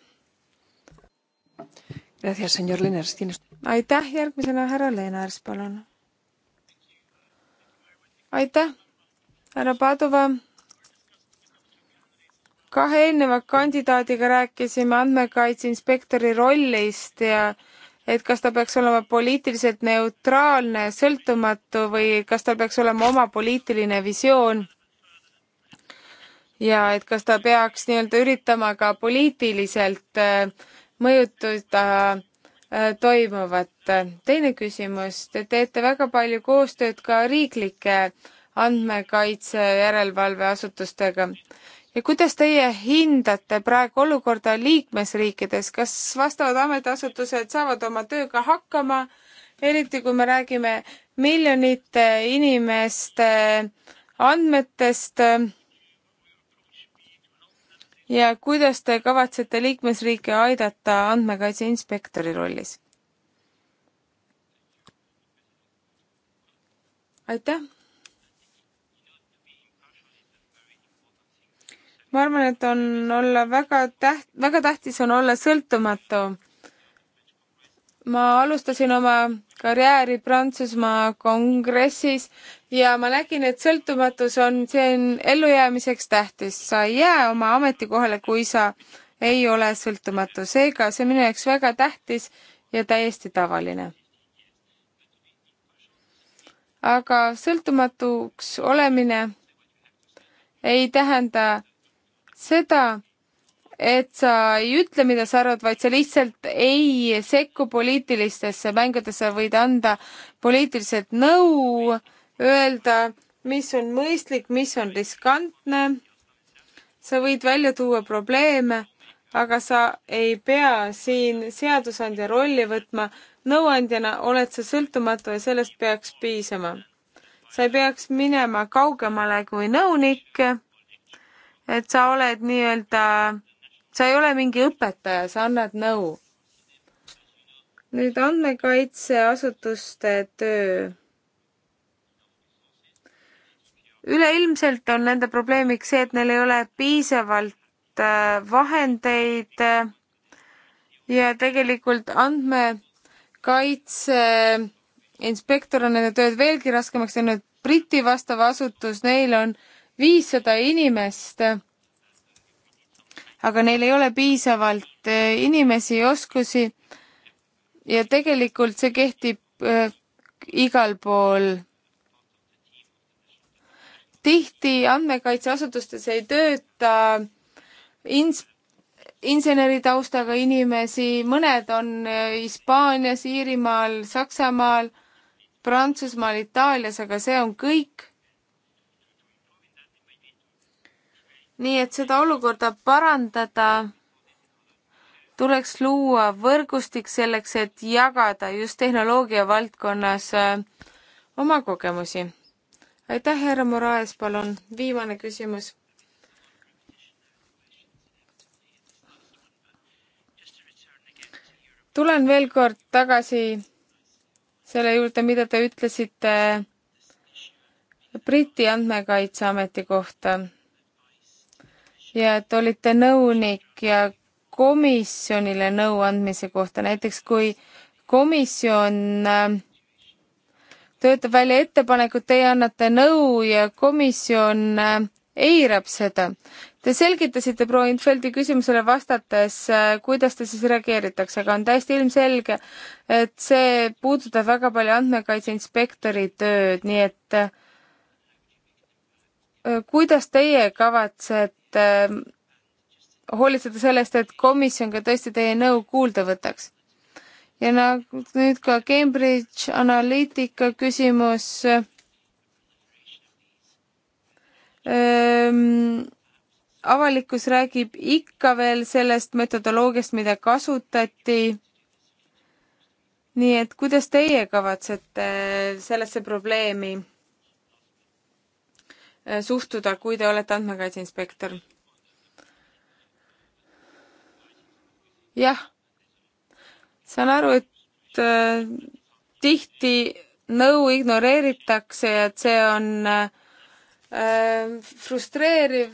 [SPEAKER 4] aitäh, järgmisena härra Leenars, palun. aitäh, härra Padova. kahe eelneva kandidaadiga rääkisime andmekaitse inspektori rollist ja et kas ta peaks olema poliitiliselt neutraalne, sõltumatu või kas tal peaks olema oma poliitiline visioon ja et kas ta peaks nii-öelda üritama ka poliitiliselt äh, mõjutada äh, toimuvat. teine küsimus, te teete väga palju koostööd ka riiklike andmekaitse järelevalveasutustega ja kuidas teie hindate praegu olukorda liikmesriikides, kas vastavad ametiasutused saavad oma tööga hakkama, eriti kui me räägime miljonite inimeste andmetest äh, ja kuidas te kavatsete liikmesriike aidata andmekaitse inspektori rollis? aitäh! ma arvan, et on olla väga täht-, väga tähtis on olla sõltumatu. ma alustasin oma karjääri Prantsusmaa kongressis ja ma nägin, et sõltumatus on, see on ellujäämiseks tähtis, sa ei jää oma ametikohale, kui sa ei ole sõltumatu, seega see on minu jaoks väga tähtis ja täiesti tavaline. aga sõltumatuks olemine ei tähenda seda, et sa ei ütle, mida sa arvad, vaid sa lihtsalt ei sekku poliitilistesse mängudesse, võid anda poliitiliselt nõu no, öelda, mis on mõistlik, mis on riskantne. sa võid välja tuua probleeme, aga sa ei pea siin seadusandja rolli võtma. nõuandjana oled sa sõltumatu ja sellest peaks piisama. sa ei peaks minema kaugemale kui nõunik. et sa oled nii-öelda, sa ei ole mingi õpetaja, sa annad nõu. nüüd andmekaitseasutuste töö üleilmselt on nende probleemiks see, et neil ei ole piisavalt äh, vahendeid äh, ja tegelikult andmekaitse inspektor on nende tööd veelgi raskemaks teinud. Briti vastav asutus, neil on viissada inimest, äh, aga neil ei ole piisavalt inimesi ja oskusi ja tegelikult see kehtib igal pool tihti andmekaitseasutustes ei tööta ins-, inseneri taustaga inimesi, mõned on Hispaanias, Iirimaal, Saksamaal, Prantsusmaal, Itaalias, aga see on kõik. nii et seda olukorda parandada tuleks luua võrgustik selleks, et jagada just tehnoloogia valdkonnas äh, oma kogemusi aitäh, härra Moraes, palun, viimane küsimus. tulen veel kord tagasi selle juurde, mida te ütlesite Briti andmekaitseameti kohta ja et olite nõunik ja komisjonile nõu andmise kohta, näiteks kui komisjon äh, töötab välja ettepanekud, teie annate nõu ja komisjon äh, eirab seda. Te selgitasite proua Infeldi küsimusele vastates, äh, kuidas ta siis reageeritakse, aga on täiesti ilmselge, et see puudutab väga palju andmekaitse inspektori tööd, nii et äh, kuidas teie kavatsete hoolitseda sellest, et komisjon ka tõesti teie nõu kuulda võtaks? ja nagu nüüd ka Cambridge Analytica küsimus. Ähm, avalikkus räägib ikka veel sellest metodoloogiast, mida kasutati. nii et kuidas teie kavatsete sellesse probleemi äh, suhtuda, kui te olete andmekaitse inspektor? jah saan aru, et äh, tihti nõu ignoreeritakse ja et see on äh, frustreeriv.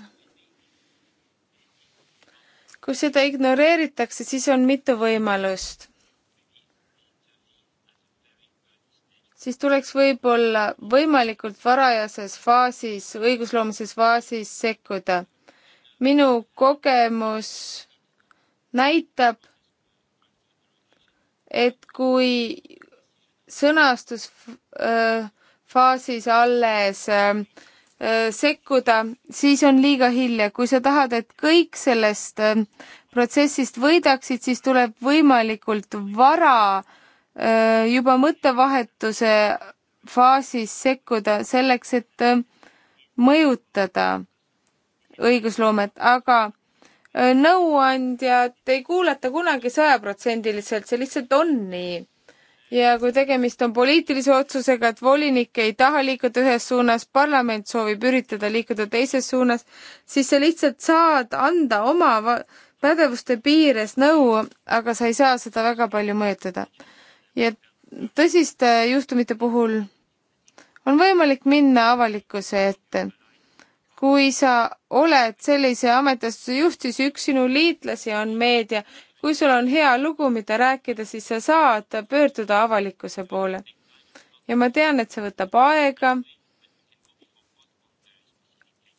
[SPEAKER 4] kui seda ignoreeritakse, siis on mitu võimalust. siis tuleks võib-olla võimalikult varajases faasis, õigusloomises faasis sekkuda. minu kogemus näitab et kui sõnastusfaasis äh, alles äh, äh, sekkuda, siis on liiga hilja. kui sa tahad, et kõik sellest protsessist võidaksid, siis tuleb võimalikult vara juba mõttevahetuse faasis sekkuda selleks, et mõjutada õigusloomet, aga Äh, nõuandjat ei kuulata kunagi sajaprotsendiliselt, see lihtsalt on nii. ja kui tegemist on poliitilise otsusega, et volinik ei taha liikuda ühes suunas, parlament soovib üritada liikuda teises suunas, siis sa lihtsalt saad anda oma pädevuste piires nõu, aga sa ei saa seda väga palju mõjutada. ja tõsiste juhtumite puhul on võimalik minna avalikkuse ette kui sa oled sellise ametiasutuse juht, siis üks sinu liitlasi on meedia. kui sul on hea lugu, mida rääkida, siis sa saad pöörduda avalikkuse poole. ja ma tean, et see võtab aega.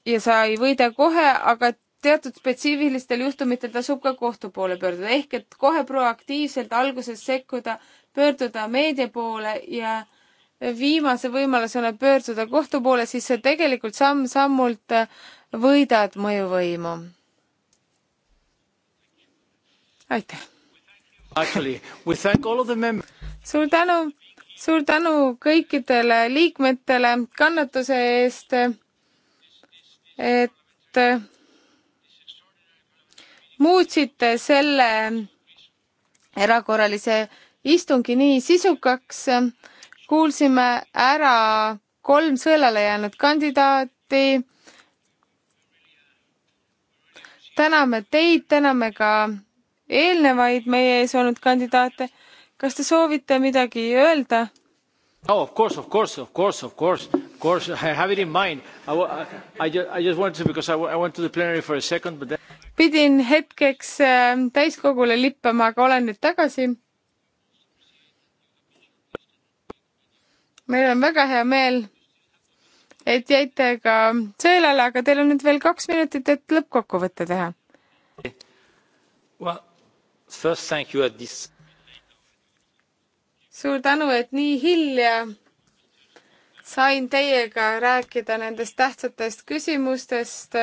[SPEAKER 4] ja sa ei võida kohe, aga teatud spetsiifilistel juhtumitel tasub ka kohtu poole pöörduda, ehk et kohe proaktiivselt alguses sekkuda, pöörduda meedia poole ja äh, viimase võimalusena pöörduda kohtu poole, siis sa tegelikult samm-sammult võidad mõjuvõimu. aitäh! suur tänu, suur tänu kõikidele liikmetele kannatuse eest, et muutsite selle erakorralise istungi nii sisukaks kuulsime ära kolm sõelale jäänud kandidaati. täname teid, täname ka eelnevaid meie ees olnud kandidaate. kas te soovite midagi öelda?
[SPEAKER 1] Oh, of course, of course, of course, of course, of course, I have it in mind. I, I, I, just, I just wanted to, because I, I went to the plenary for a second, but then.
[SPEAKER 4] pidin hetkeks äh, täiskogule lippama, aga olen nüüd tagasi meil on väga hea meel, et jäite ka sõelale, aga teil on nüüd veel kaks minutit, et lõppkokkuvõte teha. suur tänu, et nii hilja sain teiega rääkida nendest tähtsatest küsimustest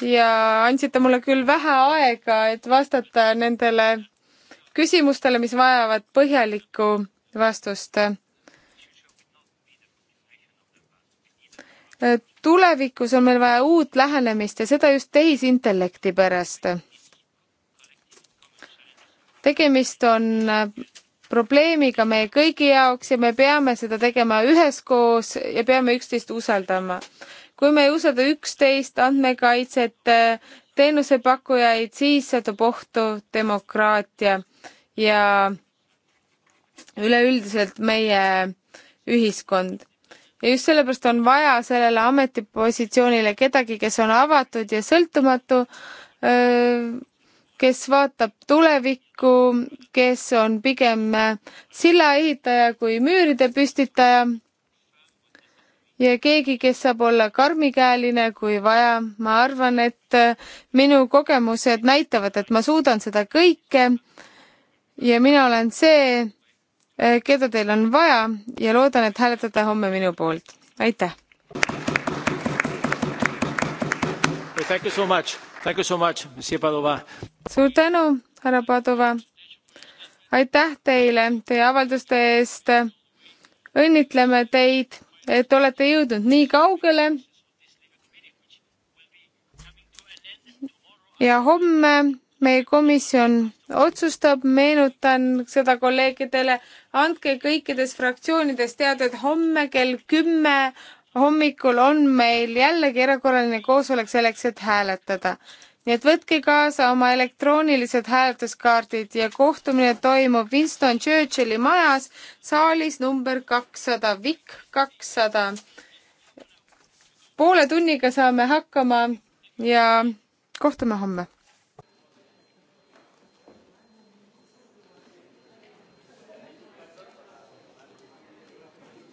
[SPEAKER 4] ja andsite mulle küll vähe aega, et vastata nendele küsimustele, mis vajavad põhjalikku vastust Äh, tulevikus on meil vaja uut lähenemist ja seda just tehisintellekti pärast. tegemist on äh, probleemiga meie kõigi jaoks ja me peame seda tegema üheskoos ja peame üksteist usaldama. kui me ei usalda üksteist andmekaitset, äh, teenusepakkujaid, siis satub ohtu demokraatia ja üleüldiselt meie ühiskond ja just sellepärast on vaja sellele ametipositsioonile kedagi, kes on avatud ja sõltumatu, kes vaatab tulevikku, kes on pigem sillaehitaja kui müüride püstitaja ja keegi, kes saab olla karmikäeline, kui vaja. ma arvan, et minu kogemused näitavad, et ma suudan seda kõike ja mina olen see, Eh, keda teil on vaja ja loodan, et hääletate homme minu poolt. aitäh! suur tänu, härra Padova! aitäh teile teie avalduste eest. õnnitleme teid, et olete jõudnud nii kaugele. ja homme meie komisjon otsustab, meenutan seda kolleegidele, andke kõikides fraktsioonides teada, et homme kell kümme hommikul on meil jällegi erakorraline koosolek selleks, et hääletada. nii et võtke kaasa oma elektroonilised hääletuskaardid ja kohtumine toimub Winston Churchilli majas saalis number kakssada, VIK kakssada. poole tunniga saame hakkama ja kohtume homme